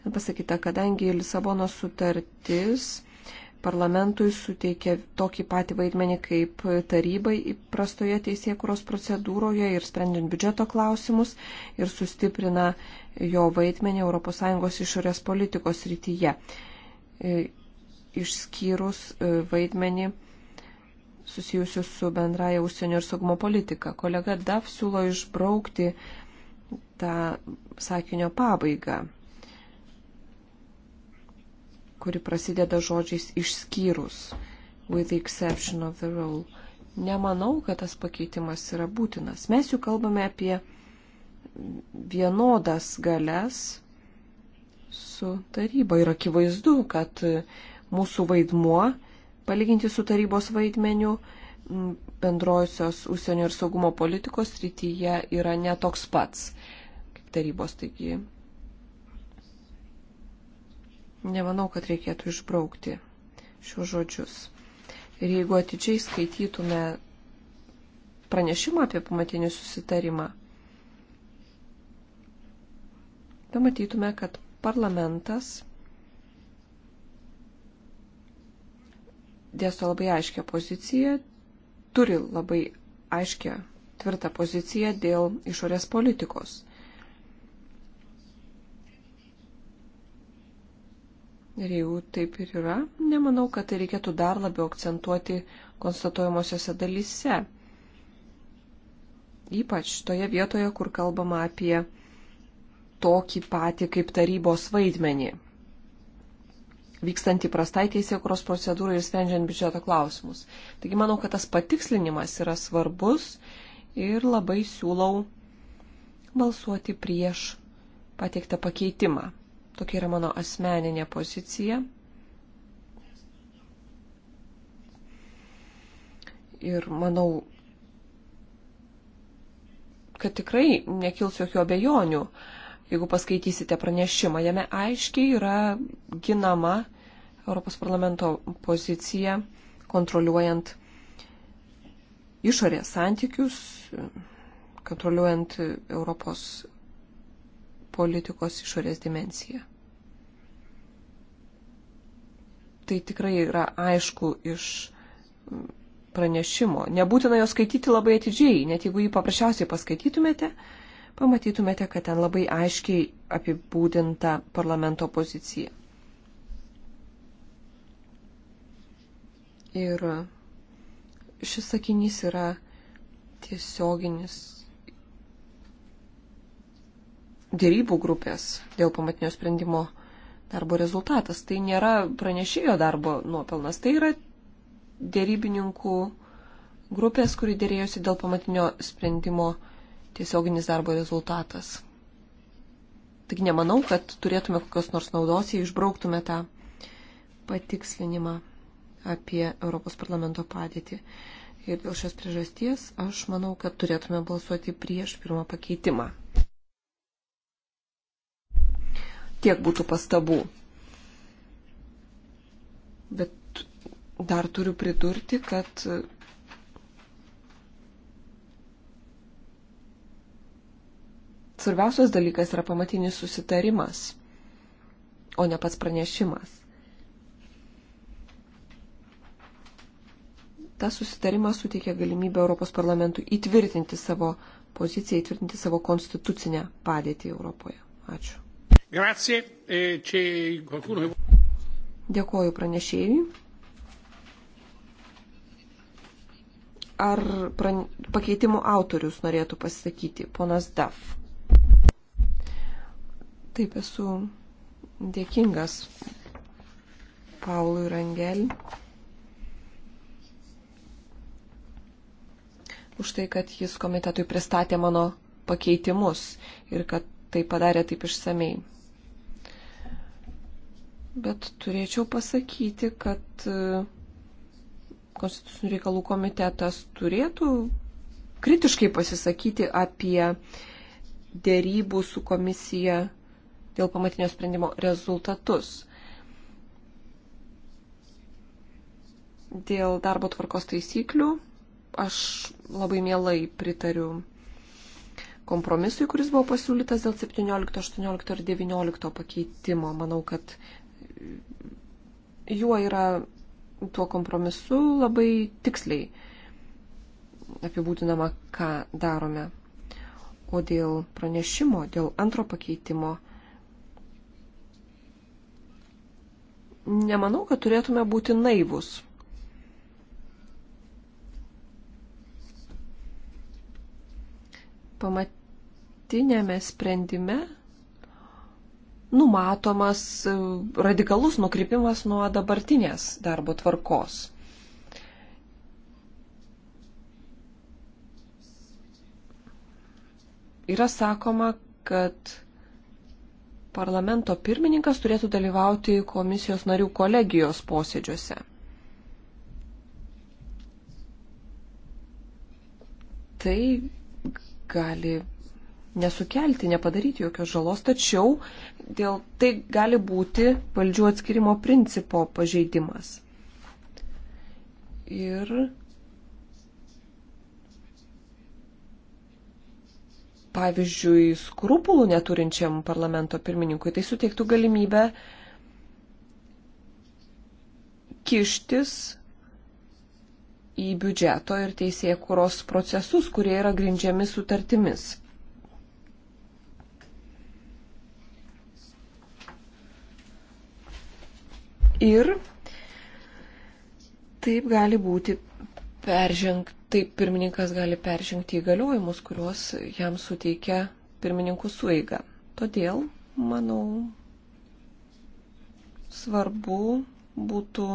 Speaker 3: Ten pasakyta, kadangi Lisabono sutartis parlamentui suteikia tokį patį vaidmenį kaip tarybai įprastoje teisėkuros procedūroje ir sprendžiant biudžeto klausimus ir sustiprina jo vaidmenį ES išorės politikos rytyje, e, išskyrus e, vaidmenį susijusius su bendraja užsienio ir saugumo politika. Kolega DAF siūlo išbraukti tą sakinio pabaigą kuri prasideda žodžiais išskyrus, with the exception of the rule. Nemanau, kad tas pakeitimas yra būtinas. Mes jau kalbame apie vienodas galias su taryba ir akivaizdu, kad mūsų vaidmuo, palyginti su tarybos vaidmeniu, bendrosios užsienio ir saugumo politikos rytyje yra netoks pats kaip tarybos. Taigi nemanau, kad reikėtų išbraukti šios žodžius. Ir jeigu atidžiai skaitytume pranešimą apie pamatinį susitarimą, pamatytume, kad parlamentas dėsto labai aiškę poziciją, turi labai aiškę tvirtą poziciją dėl išorės politikos. Ir jeigu taip ir yra, nemanau, kad tai reikėtų dar labiau akcentuoti konstatuojamosiose dalyse. Ypač toje vietoje, kur kalbama apie tokį patį kaip tarybos vaidmenį, vykstant įprastai teisėkuros procedūrai ir sprendžiant biudžeto klausimus. Taigi manau, kad tas patikslinimas yra svarbus ir labai siūlau balsuoti prieš pateiktą pakeitimą. Tokia yra mano asmeninė pozicija. Ir manau, kad tikrai nekils jokių abejonių, jeigu paskaitysite pranešimą. Jame aiškiai yra ginama Europos parlamento pozicija kontroliuojant išorės santykius, kontroliuojant Europos politikos išorės dimensiją. Tai tikrai yra aišku iš pranešimo. Nebūtina jo skaityti labai atidžiai, net jeigu jį paprasčiausiai paskaitytumėte, pamatytumėte, kad ten labai aiškiai apibūdinta parlamento pozicija. Ir šis sakinys yra tiesioginis dėrybų grupės dėl pamatinio sprendimo darbo rezultatas. Tai nėra pranešėjo darbo nuopelnas, tai yra dėrybininkų grupės, kuri dėrėjosi dėl pamatinio sprendimo tiesioginis darbo rezultatas. Tik nemanau, kad turėtume kokios nors naudos, jei išbrauktume tą patikslinimą apie Europos parlamento padėtį. Ir dėl šios priežasties aš manau, kad turėtume balsuoti prieš pirmą pakeitimą. tiek būtų pastabų. Bet dar turiu pridurti, kad svarbiausias dalykas yra pamatinis susitarimas, o ne pats pranešimas. Ta susitarimas suteikia galimybę Europos parlamentui įtvirtinti savo poziciją, įtvirtinti savo konstitucinę padėtį Europoje. Ačiū.
Speaker 1: Grazie. Čia e qualcuno.
Speaker 3: Dėkoju pranešėjui. Ar pran... pakeitimų autorius norėtų pasisakyti? Ponas Daf. Taip esu dėkingas Paului Rangel už tai, kad jis komitetui pristatė mano pakeitimus ir kad tai padarė taip išsamei bet turėčiau pasakyti, kad e, Konstitucinių reikalų komitetas turėtų kritiškai pasisakyti apie dėrybų su komisija dėl pamatinio sprendimo rezultatus. Dėl darbo tvarkos taisyklių aš labai mielai pritariu kompromisui, kuris buvo pasiūlytas dėl 17, 18 ir 19 pakeitimo. Manau, kad juo yra tuo kompromisu labai tiksliai apibūdinama, ką darome. O dėl pranešimo, dėl antro pakeitimo, nemanau, kad turėtume būti naivus. Pamatinėme sprendime numatomas e, radikalus nukrypimas nuo dabartinės darbo tvarkos. Yra sakoma, kad parlamento pirmininkas turėtų dalyvauti komisijos narių kolegijos posėdžiuose. Tai gali nesukelti, nepadaryti jokios žalos, tačiau dėl tai gali būti valdžių atskirimo principo pažeidimas. Ir pavyzdžiui, skrupulų neturinčiam parlamento pirmininkui tai suteiktų galimybę kištis į biudžeto ir teisėkuros procesus, kurie yra grindžiami sutartimis. ir taip gali būti peržengti, taip pirmininkas gali peržengti įgaliojimus, kuriuos jam suteikia pirmininkų suiga. Todėl, manau, svarbu būtų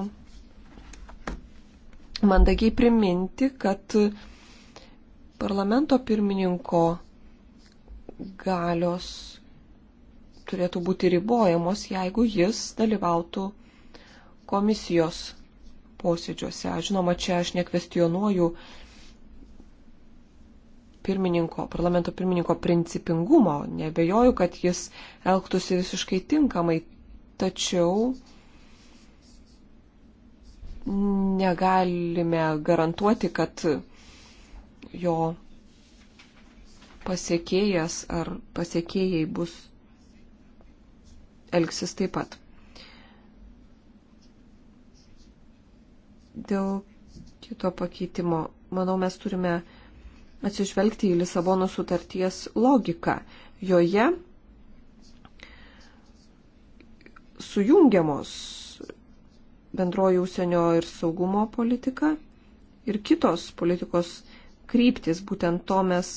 Speaker 3: mandagiai priminti, kad parlamento pirmininko galios turėtų būti ribojamos, jeigu jis dalyvautų komisijos posėdžiuose. Žinoma, čia aš nekvestionuoju pirmininko, parlamento pirmininko principingumo, nebejoju, kad jis elgtųsi visiškai tinkamai, tačiau negalime garantuoti, kad jo pasiekėjas ar pasiekėjai bus elgsis taip pat. dėl kito pakeitimo. Manau, mes turime atsižvelgti į Lisabono sutarties logiką. Joje sujungiamos bendroji užsienio ir saugumo politika ir kitos politikos kryptis, būtent to mes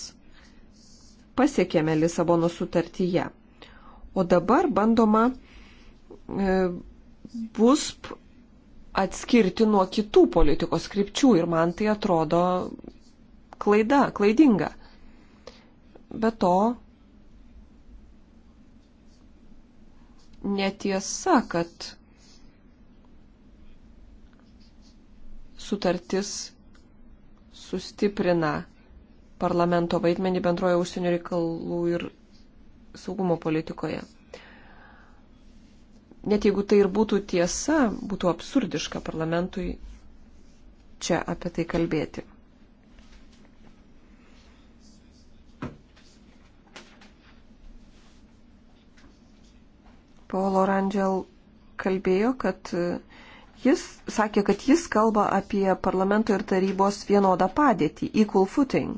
Speaker 3: pasiekėme Lisabono sutartyje. O dabar bandoma e, bus atskirti nuo kitų politikos krypčių ir man tai atrodo klaida, klaidinga. Be to, netiesa, kad sutartis sustiprina parlamento vaidmenį bendroje užsienio reikalų ir saugumo politikoje net jeigu tai ir būtų tiesa, būtų absurdiška parlamentui čia apie tai kalbėti. Paolo Rangel kalbėjo, kad jis sakė, kad jis kalba apie parlamento ir tarybos vienodą padėtį, equal footing.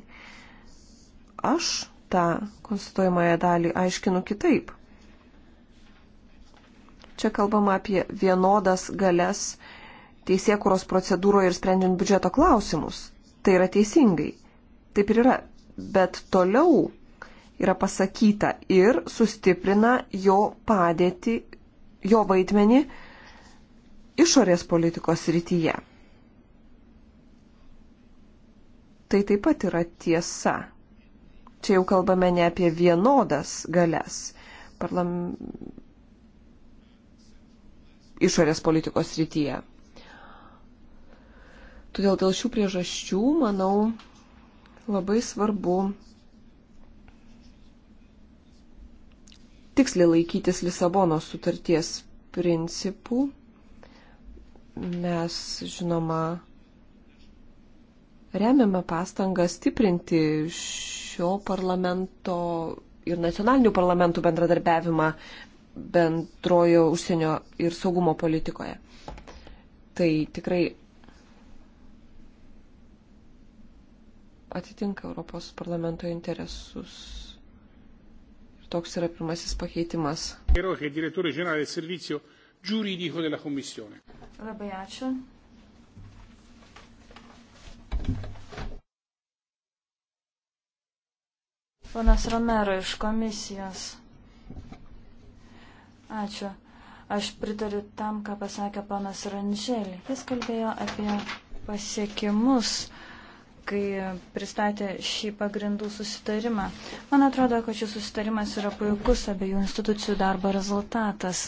Speaker 3: Aš tą konstatuojamąją dalį aiškinu kitaip. Čia kalbama apie vienodas galės teisėkuros procedūroje ir sprendžiant biudžeto klausimus. Tai yra teisingai. Taip ir yra. Bet toliau yra pasakyta ir sustiprina jo padėtį, jo vaidmenį išorės politikos rytyje. Tai taip pat yra tiesa. Čia jau kalbame ne apie vienodas galės. Parlam išorės politikos rytyje. Todėl dėl šių priežasčių, manau, labai svarbu tiksliai laikytis Lisabono sutarties principų. Mes, žinoma, remiame pastangą stiprinti šio parlamento ir nacionalinių parlamentų bendradarbiavimą bendrojo užsienio ir saugumo politikoje. Tai tikrai atitinka Europos parlamento interesus.
Speaker 1: Ir toks yra pirmasis pakeitimas.
Speaker 4: Labai ačiū. Ponas Romero iš komisijos. Ačiū. Aš pritariu tam, ką pasakė panas Ranželį. Jis kalbėjo apie pasiekimus, kai pristatė šį pagrindų susitarimą. Man atrodo, kad šis susitarimas yra puikus abiejų institucijų darbo rezultatas.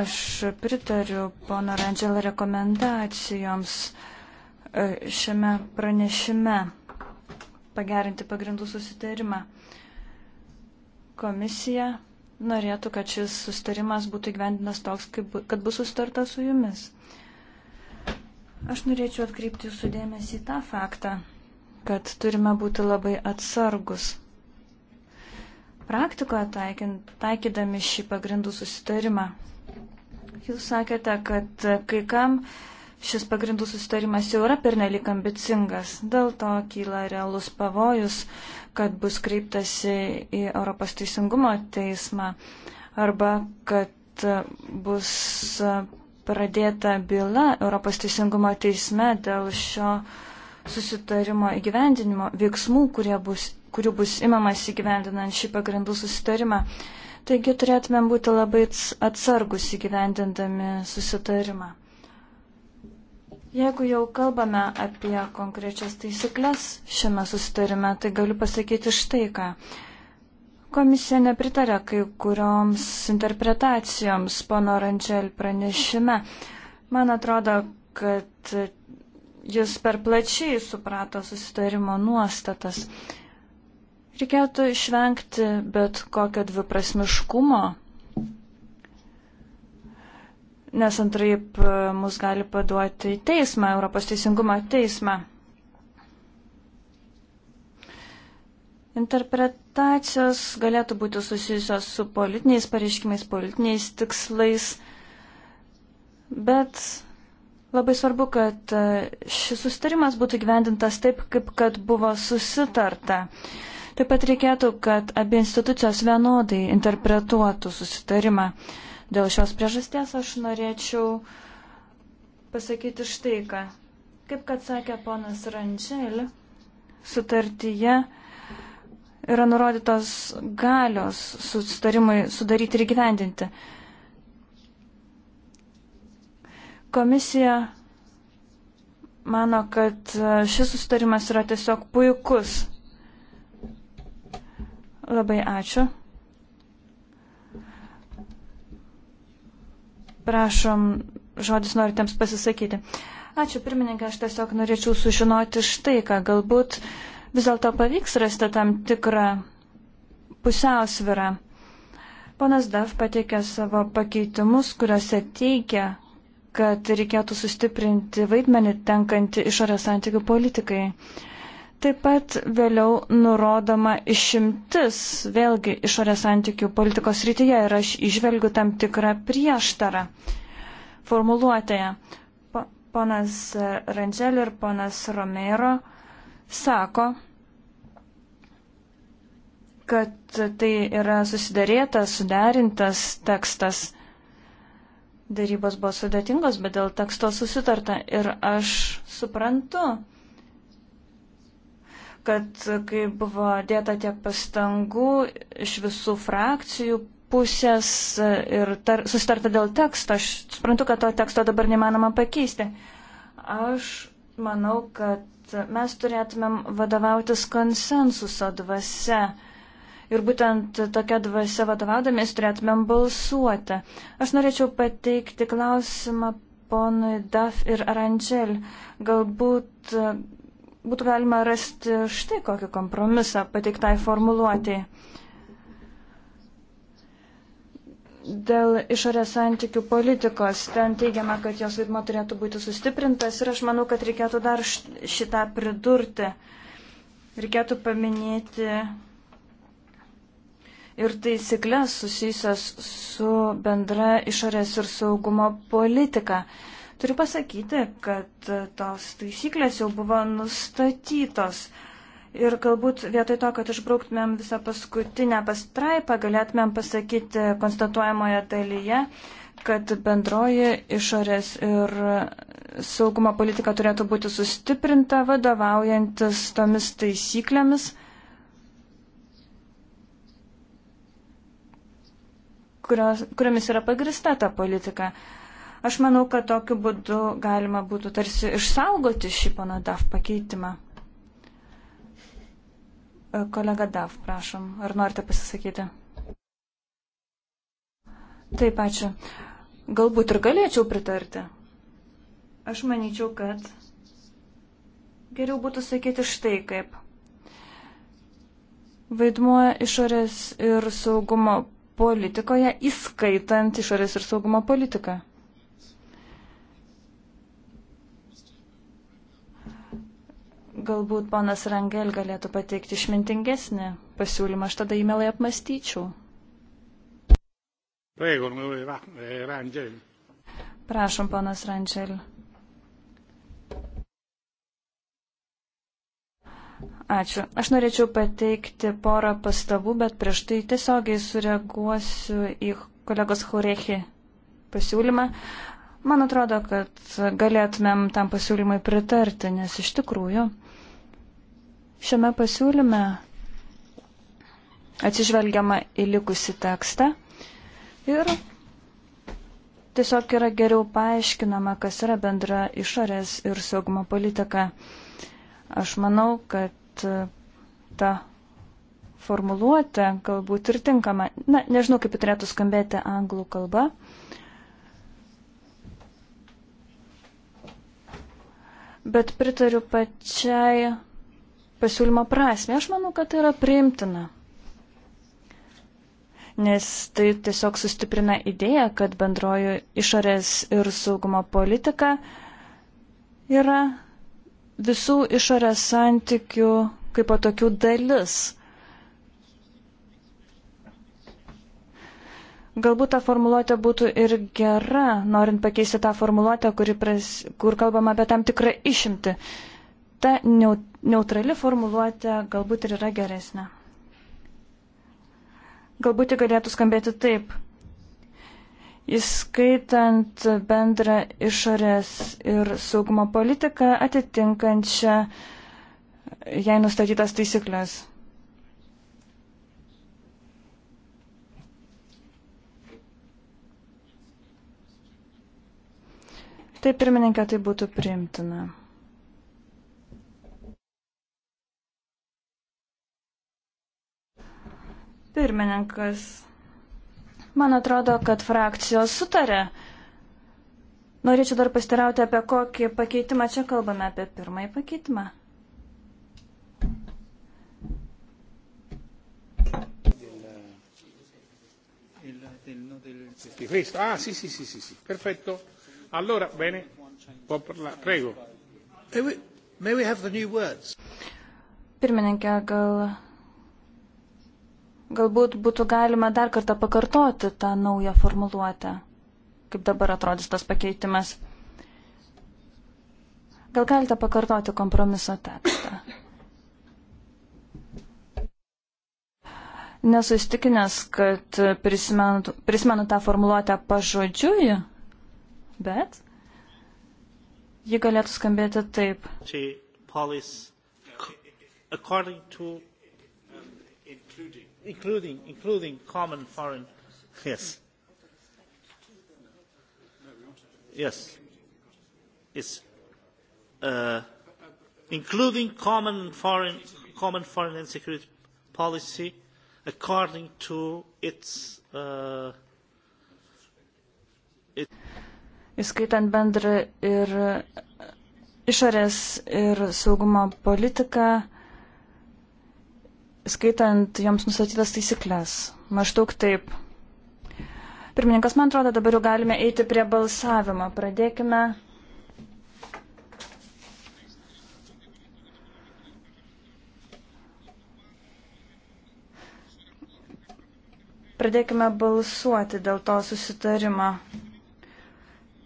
Speaker 4: Aš pritariu pono Ranželio rekomendacijoms e, šiame pranešime pagerinti pagrindų susitarimą. Komisija norėtų, kad šis sustarimas būtų įgyvendinas toks, kaip, kad bus sustarta su jumis. Aš norėčiau atkreipti jūsų dėmesį į tą faktą, kad turime būti labai atsargus. Praktikoje taikint, taikydami šį pagrindų susitarimą, jūs sakėte, kad kai kam šis pagrindų susitarimas jau yra pernelik ambicingas, dėl to kyla realus pavojus, kad bus kreiptasi į Europos teisingumo teismą arba kad bus pradėta byla Europos teisingumo teisme dėl šio susitarimo įgyvendinimo veiksmų, bus, kurių bus imamas įgyvendinant šį pagrindų susitarimą. Taigi turėtumėm būti labai atsargus įgyvendindami susitarimą. Jeigu jau kalbame apie konkrečias taisyklės šiame susitarime, tai galiu pasakyti štai ką. Komisija nepritarė kai kurioms interpretacijoms pono Rančel pranešime. Man atrodo, kad jis per plačiai suprato susitarimo nuostatas. Reikėtų išvengti bet kokio dviprasmiškumo nes antraip e, mus gali paduoti į teismą, Europos teisingumo teismą. Interpretacijos galėtų būti susijusios su politiniais pareiškimais, politiniais tikslais, bet labai svarbu, kad e, šis sustarimas būtų gyvendintas taip, kaip kad buvo susitarta. Taip pat reikėtų, kad abi institucijos vienodai interpretuotų susitarimą. Uh, Dėl šios priežasties aš norėčiau pasakyti štai ką. Kaip kad sakė ponas Rančelė, sutartyje yra nurodytos galios sustarimui sudaryti ir gyvendinti. Komisija mano, kad šis sustarimas yra tiesiog puikus. Labai ačiū. Prašom, žodis norintiems pasisakyti. Ačiū, pirmininkė, aš tiesiog norėčiau sužinoti štai, ką galbūt vis dėlto pavyks rasti tam tikrą pusiausvirą. Ponas Daf pateikė savo pakeitimus, kuriuose teigia, kad reikėtų sustiprinti vaidmenį tenkantį išorės santykių politikai. Uh, Taip pat vėliau nurodoma išimtis, vėlgi išorės santykių politikos rytyje ir aš išvelgiu tam tikrą prieštarą formuluotėje. Ponas Randžel ir ponas Romero sako, kad tai yra susidarėtas, suderintas tekstas. Darybos buvo sudėtingos, bet dėl teksto susitarta ir aš suprantu, kad kai buvo dėta tiek pastangų iš visų frakcijų pusės ir tar, susitarta dėl teksto, aš suprantu, kad to teksto dabar nemanoma pakeisti. Aš manau, kad mes turėtumėm vadovautis konsensuso dvasia. Ir būtent tokia dvasia vadovaudomės turėtumėm balsuoti. Aš norėčiau pateikti klausimą ponui Daf ir Aranžel. Galbūt būtų galima rasti štai kokį kompromisą pateiktai formuluotėjai. dėl išorės santykių politikos. Ten teigiama, kad jos vaidmo turėtų būti sustiprintas ir aš manau, kad reikėtų dar šitą pridurti. Reikėtų paminėti ir taisyklės susijusios su bendra išorės ir saugumo politika. Uh, Turiu pasakyti, kad tos taisyklės jau buvo nustatytos. Ir galbūt vietoj to, kad išbrauktumėm visą paskutinę pastraipą, galėtumėm pasakyti konstatuojamoje dalyje, kad bendroji išorės ir saugumo politika turėtų būti sustiprinta vadovaujantis tomis taisyklėmis, kurios, kuriomis yra pagrista ta politika. Uh, Aš manau, kad tokiu būdu galima būtų tarsi išsaugoti šį pono DAF pakeitimą. E, kolega DAF, prašom, ar norite pasisakyti? Taip, ačiū. Galbūt ir galėčiau pritarti. Aš manyčiau, kad geriau būtų sakyti štai kaip. Vaidmuo išorės ir saugumo politikoje, įskaitant išorės ir saugumo politiką. Galbūt ponas Rangel galėtų pateikti išmintingesnį pasiūlymą, aš tada įmelai apmastyčiau.
Speaker 1: Eh,
Speaker 4: Prašom, ponas Rangel. Ačiū. Aš norėčiau pateikti porą pastabų, bet prieš tai tiesiogiai sureaguosiu į kolegos Horechi pasiūlymą. Man atrodo, kad galėtumėm tam pasiūlymui pritarti, nes iš tikrųjų Šiame pasiūlyme atsižvelgiama į likusi tekstą ir tiesiog yra geriau paaiškinama, kas yra bendra išorės ir saugumo politika. Aš manau, kad e, ta formuluotė galbūt ir tinkama. Na, nežinau, kaip turėtų skambėti anglų kalba. Bet pritariu pačiai pasiūlymo prasme. Aš manau, kad tai yra priimtina. Nes tai tiesiog sustiprina idėją, kad bendroji išorės ir saugumo politika yra visų išorės santykių kaip po tokių dalis. Galbūt ta formuluotė būtų ir gera, norint pakeisti tą formuluotę, pras, kur kalbama apie tam tikrą išimti. Ta neut, neutrali formuluotė galbūt ir yra geresnė. Galbūt ji galėtų skambėti taip. Įskaitant bendrą išorės ir saugumo politiką atitinkančią jai nustatytas taisyklės. Taip, pirmininkė, tai būtų priimtina. Pirmininkas, man atrodo, kad frakcijos sutarė. Norėčiau dar pastirauti, apie kokį pakeitimą čia kalbame, apie pirmąjį pakeitimą.
Speaker 1: Questo? Ah, sì, sì, sì, sì, sì, perfetto. Allora, bene, può parlare, prego. May we, may we have the new words?
Speaker 4: Pirmininkė, gal Galbūt būtų galima dar kartą pakartoti tą naują formuluotę, kaip dabar atrodys tas pakeitimas. Gal galite pakartoti kompromiso tekstą? Nesu įstikinęs, kad prisimenu, prisimenu tą formuluotę pažodžiui, bet ji galėtų skambėti taip.
Speaker 1: Police, according to including, including common foreign. Yes. Yes. Yes. Uh, including common foreign, common foreign and security policy according to its. Uh, it
Speaker 4: Įskaitant bendrą ir uh, išorės ir saugumo politiką, uh, skaitant joms nustatytas taisyklės. Maždaug taip. Pirmininkas, man atrodo, dabar jau galime eiti prie balsavimo. Pradėkime. Pradėkime balsuoti dėl to susitarimo.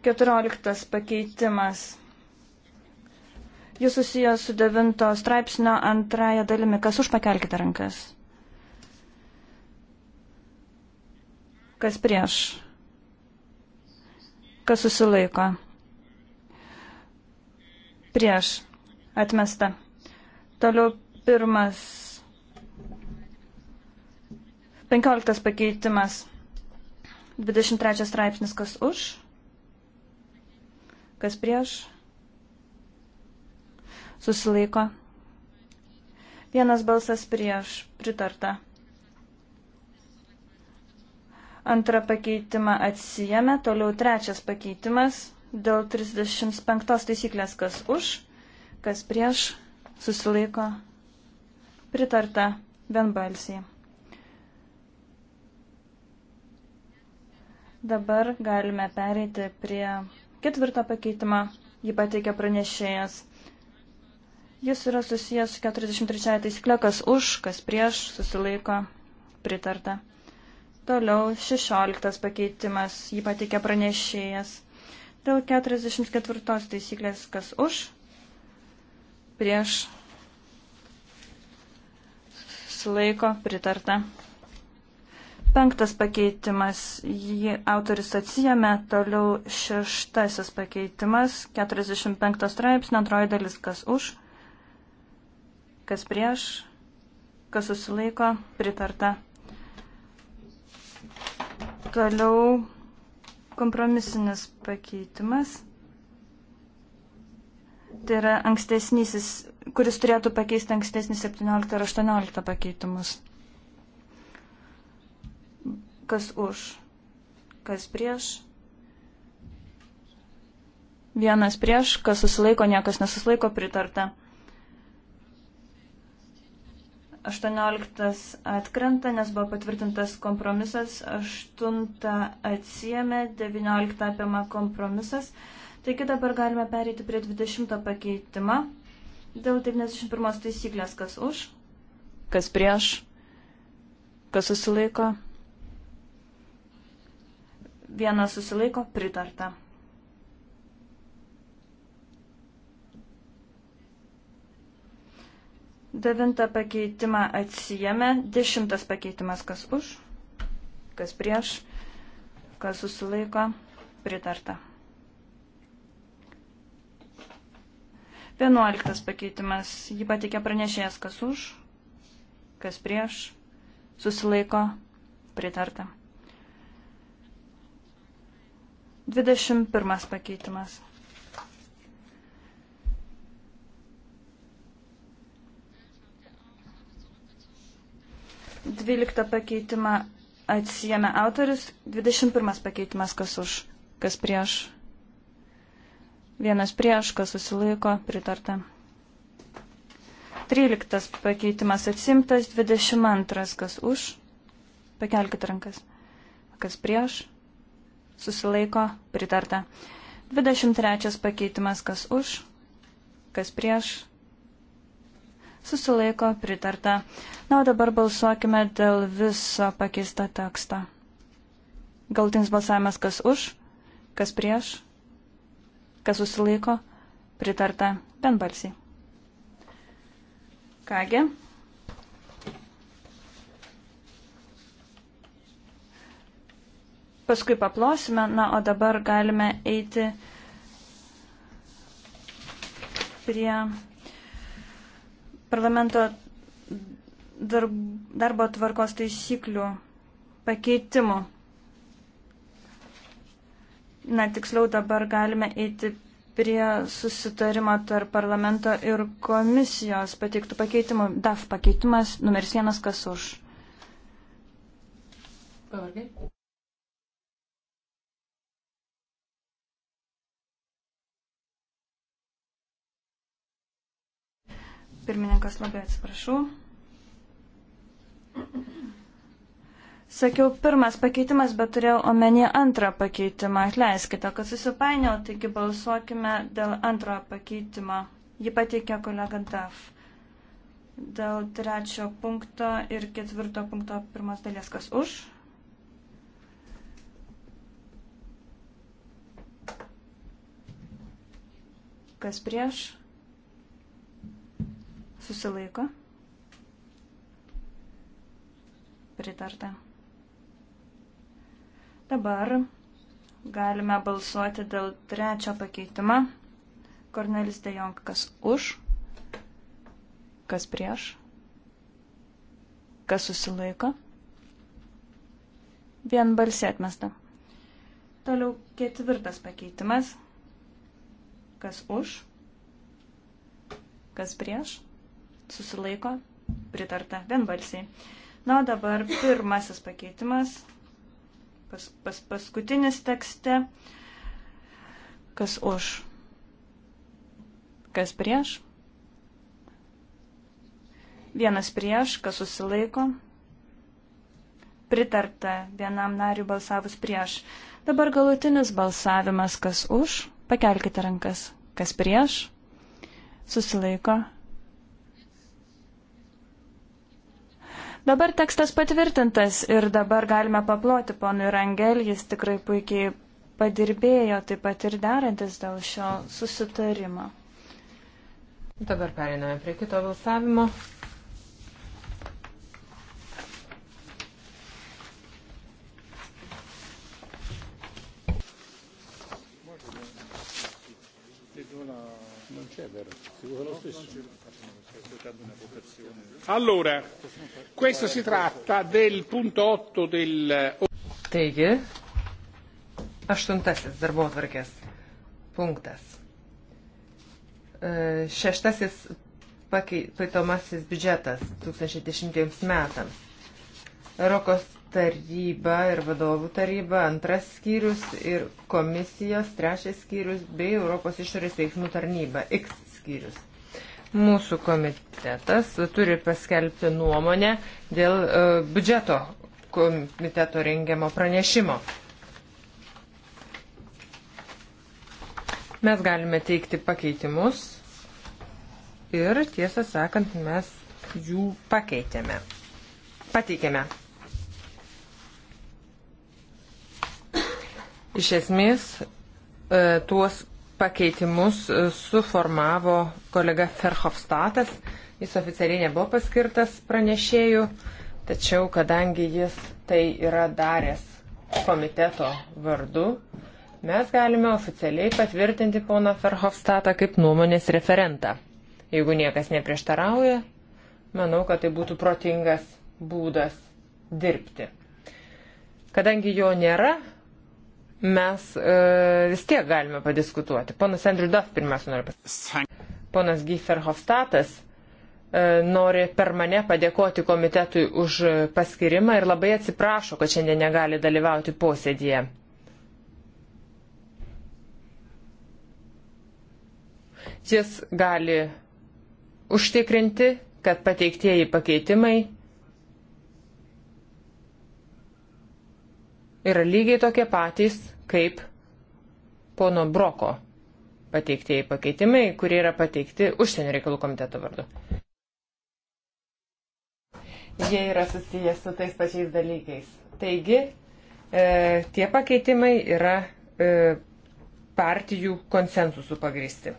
Speaker 4: 14 pakeitimas. Jis susijęs su devinto straipsnio antraja dalimi. Kas už pakelkite rankas? Kas prieš? Kas susilaiko? Prieš. Atmesta. Toliau pirmas 15 pakeitimas. 23 straipsnis kas už, kas prieš, susilaiko. Vienas balsas prieš pritarta. Antrą pakeitimą atsijame, toliau trečias pakeitimas dėl 35 taisyklės, kas už, kas prieš, susilaiko, pritarta vienbalsiai. Dabar galime pereiti prie ketvirto pakeitimą, jį pateikia pranešėjas. Jis yra susijęs su 43 taisykle, kas už, kas prieš, susilaiko, pritarta. Toliau 16 pakeitimas, jį patikė pranešėjas. Dėl 44 taisyklės, kas už, prieš, susilaiko, pritarta. Penktas pakeitimas, jį autoris atsijame, toliau šeštasis pakeitimas, 45 straipsnio, antroji dalis, kas už, kas prieš, kas susilaiko, pritarta. Toliau kompromisinis pakeitimas. Tai yra ankstesnysis, kuris turėtų pakeisti ankstesnį 17 ir 18 pakeitimus. Kas už, kas prieš. Vienas prieš, kas susilaiko, niekas nesusilaiko, pritarta. 18 atkrenta, nes buvo patvirtintas kompromisas, 8 atsijėmė, 19 apima kompromisas. Taigi dabar galime pereiti prie 20 pakeitimą. Dėl 91 taisyklės, kas už, kas prieš, kas susilaiko. Vienas susilaiko, pritarta. Devintą pakeitimą atsijėmė. Dešimtas pakeitimas kas už, kas prieš, kas susilaiko, pritarta. Vienuoliktas pakeitimas. Jį patikė pranešėjas kas už, kas prieš, susilaiko, pritarta. Dvidešimt pirmas pakeitimas. 12 pakeitimą atsijėmė autorius, 21 pakeitimas kas už, kas prieš. Vienas prieš, kas susilaiko, pritarta. 13 pakeitimas atsimtas, 22 kas už, pakelkite rankas, kas prieš, susilaiko, pritarta. 23 pakeitimas kas už, kas prieš, susilaiko pritarta. Na, o dabar balsuokime dėl viso pakeisto teksto. Galtinis balsavimas kas už, kas prieš, kas susilaiko, pritarta vienbalsiai. Kągi. Paskui paplosime, na, o dabar galime eiti prie parlamento darbo tvarkos taisyklių pakeitimų. Na, tiksliau dabar galime eiti prie susitarimo tarp parlamento ir komisijos pateiktų pakeitimų. DAF pakeitimas numeris vienas kas
Speaker 2: už. Pavargai.
Speaker 4: Pirmininkas, labai atsiprašau. Sakiau pirmas pakeitimas, bet turėjau omeny antrą pakeitimą. Atleiskite, kad susipainiau, taigi balsuokime dėl antrojo pakeitimo. Jį pateikė kolega DAF. Dėl trečio punkto ir ketvirto punkto pirmos dalies, kas už. Kas prieš? Susilaiko. Pritarta. Dabar galime balsuoti dėl trečio pakeitimo. Kornelis Dejong, kas už, kas prieš, kas susilaiko. Vien balsė atmesta. Toliau ketvirtas pakeitimas. Kas už, kas prieš, susilaiko, pritarta vienbalsiai. Na, dabar pirmasis pakeitimas, pas, pas, paskutinis tekste, kas už, kas prieš. Vienas prieš, kas susilaiko, pritarta vienam nariu balsavus prieš. Dabar galutinis balsavimas, kas už, pakelkite rankas, kas prieš, susilaiko, Dabar tekstas patvirtintas ir dabar galime paploti ponui Rangel, jis tikrai puikiai padirbėjo taip pat ir derantis dėl šio susitarimo.
Speaker 2: Dabar periname prie kito balsavimo.
Speaker 1: Non c'è vero, si usa lo stesso. Allora, questo si tratta del punto 8 del... Taigi,
Speaker 2: aštuntasis darbo atvarkės punktas. E, šeštasis pakeitomasis biudžetas 2010 metams. Europos taryba ir vadovų taryba, antras skyrius ir komisijos, trečias skyrius bei Europos išorės veiksmų tarnyba, X skyrius. Mūsų komitetas turi paskelbti nuomonę dėl e, biudžeto komiteto rengiamo pranešimo. Mes galime teikti pakeitimus ir tiesą sakant, mes jų pakeitėme. Pateikėme. Iš esmės, e, tuos pakeitimus e, suformavo kolega Ferhofstatas. Jis oficialiai nebuvo paskirtas pranešėjų, tačiau kadangi jis tai yra daręs komiteto vardu, mes galime oficialiai patvirtinti poną Ferhofstatą kaip nuomonės referentą. Jeigu niekas neprieštarauja, manau, kad tai būtų protingas būdas dirbti. Kadangi jo nėra, mes e, vis tiek galime padiskutuoti. Ponas Andrew Duff pirmiausia nori pasakyti. Ponas Giferhofstatas e, nori per mane padėkoti komitetui už paskirimą ir labai atsiprašo, kad šiandien negali dalyvauti posėdėje. Jis gali užtikrinti, kad pateiktieji pakeitimai yra lygiai tokie patys kaip pono Broko pateiktieji pakeitimai, kurie yra pateikti užsienio reikalų komiteto vardu. Jie yra susijęs su tais pačiais dalykais. Taigi, e, tie pakeitimai yra e, partijų konsensusų pagristi.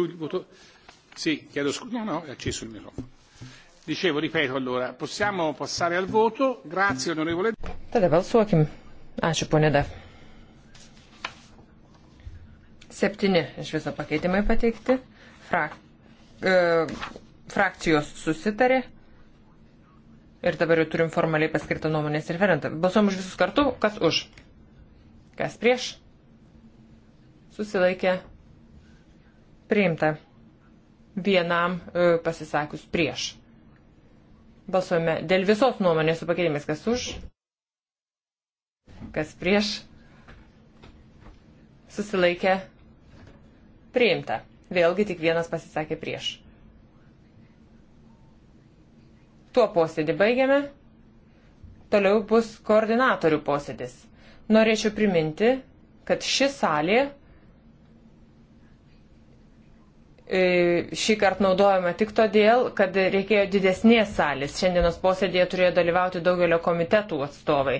Speaker 1: voto, voto... Sì, chiedo scusa, no, no, è acceso il microfono. Dicevo, ripeto allora, possiamo passare al voto. Grazie, onorevole.
Speaker 2: Tada balsuokim. Ačiū, ponė Daf. Septyni iš viso pakeitimai pateikti. Frak, e, frakcijos susitarė. Ir dabar jau turim formaliai paskirtą nuomonės referentą. Balsuom už visus kartu, kas už, kas prieš. Susilaikė Priimta. Vienam e, pasisakius prieš. Balsuojame dėl visos nuomonės su pakeitimais, kas už, kas prieš, susilaikė, priimta. Vėlgi tik vienas pasisakė prieš. Tuo posėdį baigiame. Toliau bus koordinatorių posėdis. Norėčiau priminti, kad ši salė E, šį kartą naudojama tik todėl, kad reikėjo didesnės salės. Šiandienos posėdėje turėjo dalyvauti daugelio komitetų atstovai.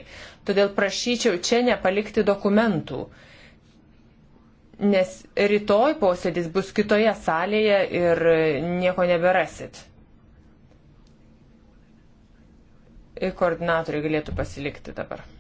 Speaker 2: Todėl prašyčiau čia nepalikti dokumentų, nes rytoj posėdis bus kitoje salėje ir nieko neberasit. E, koordinatoriai galėtų pasilikti dabar.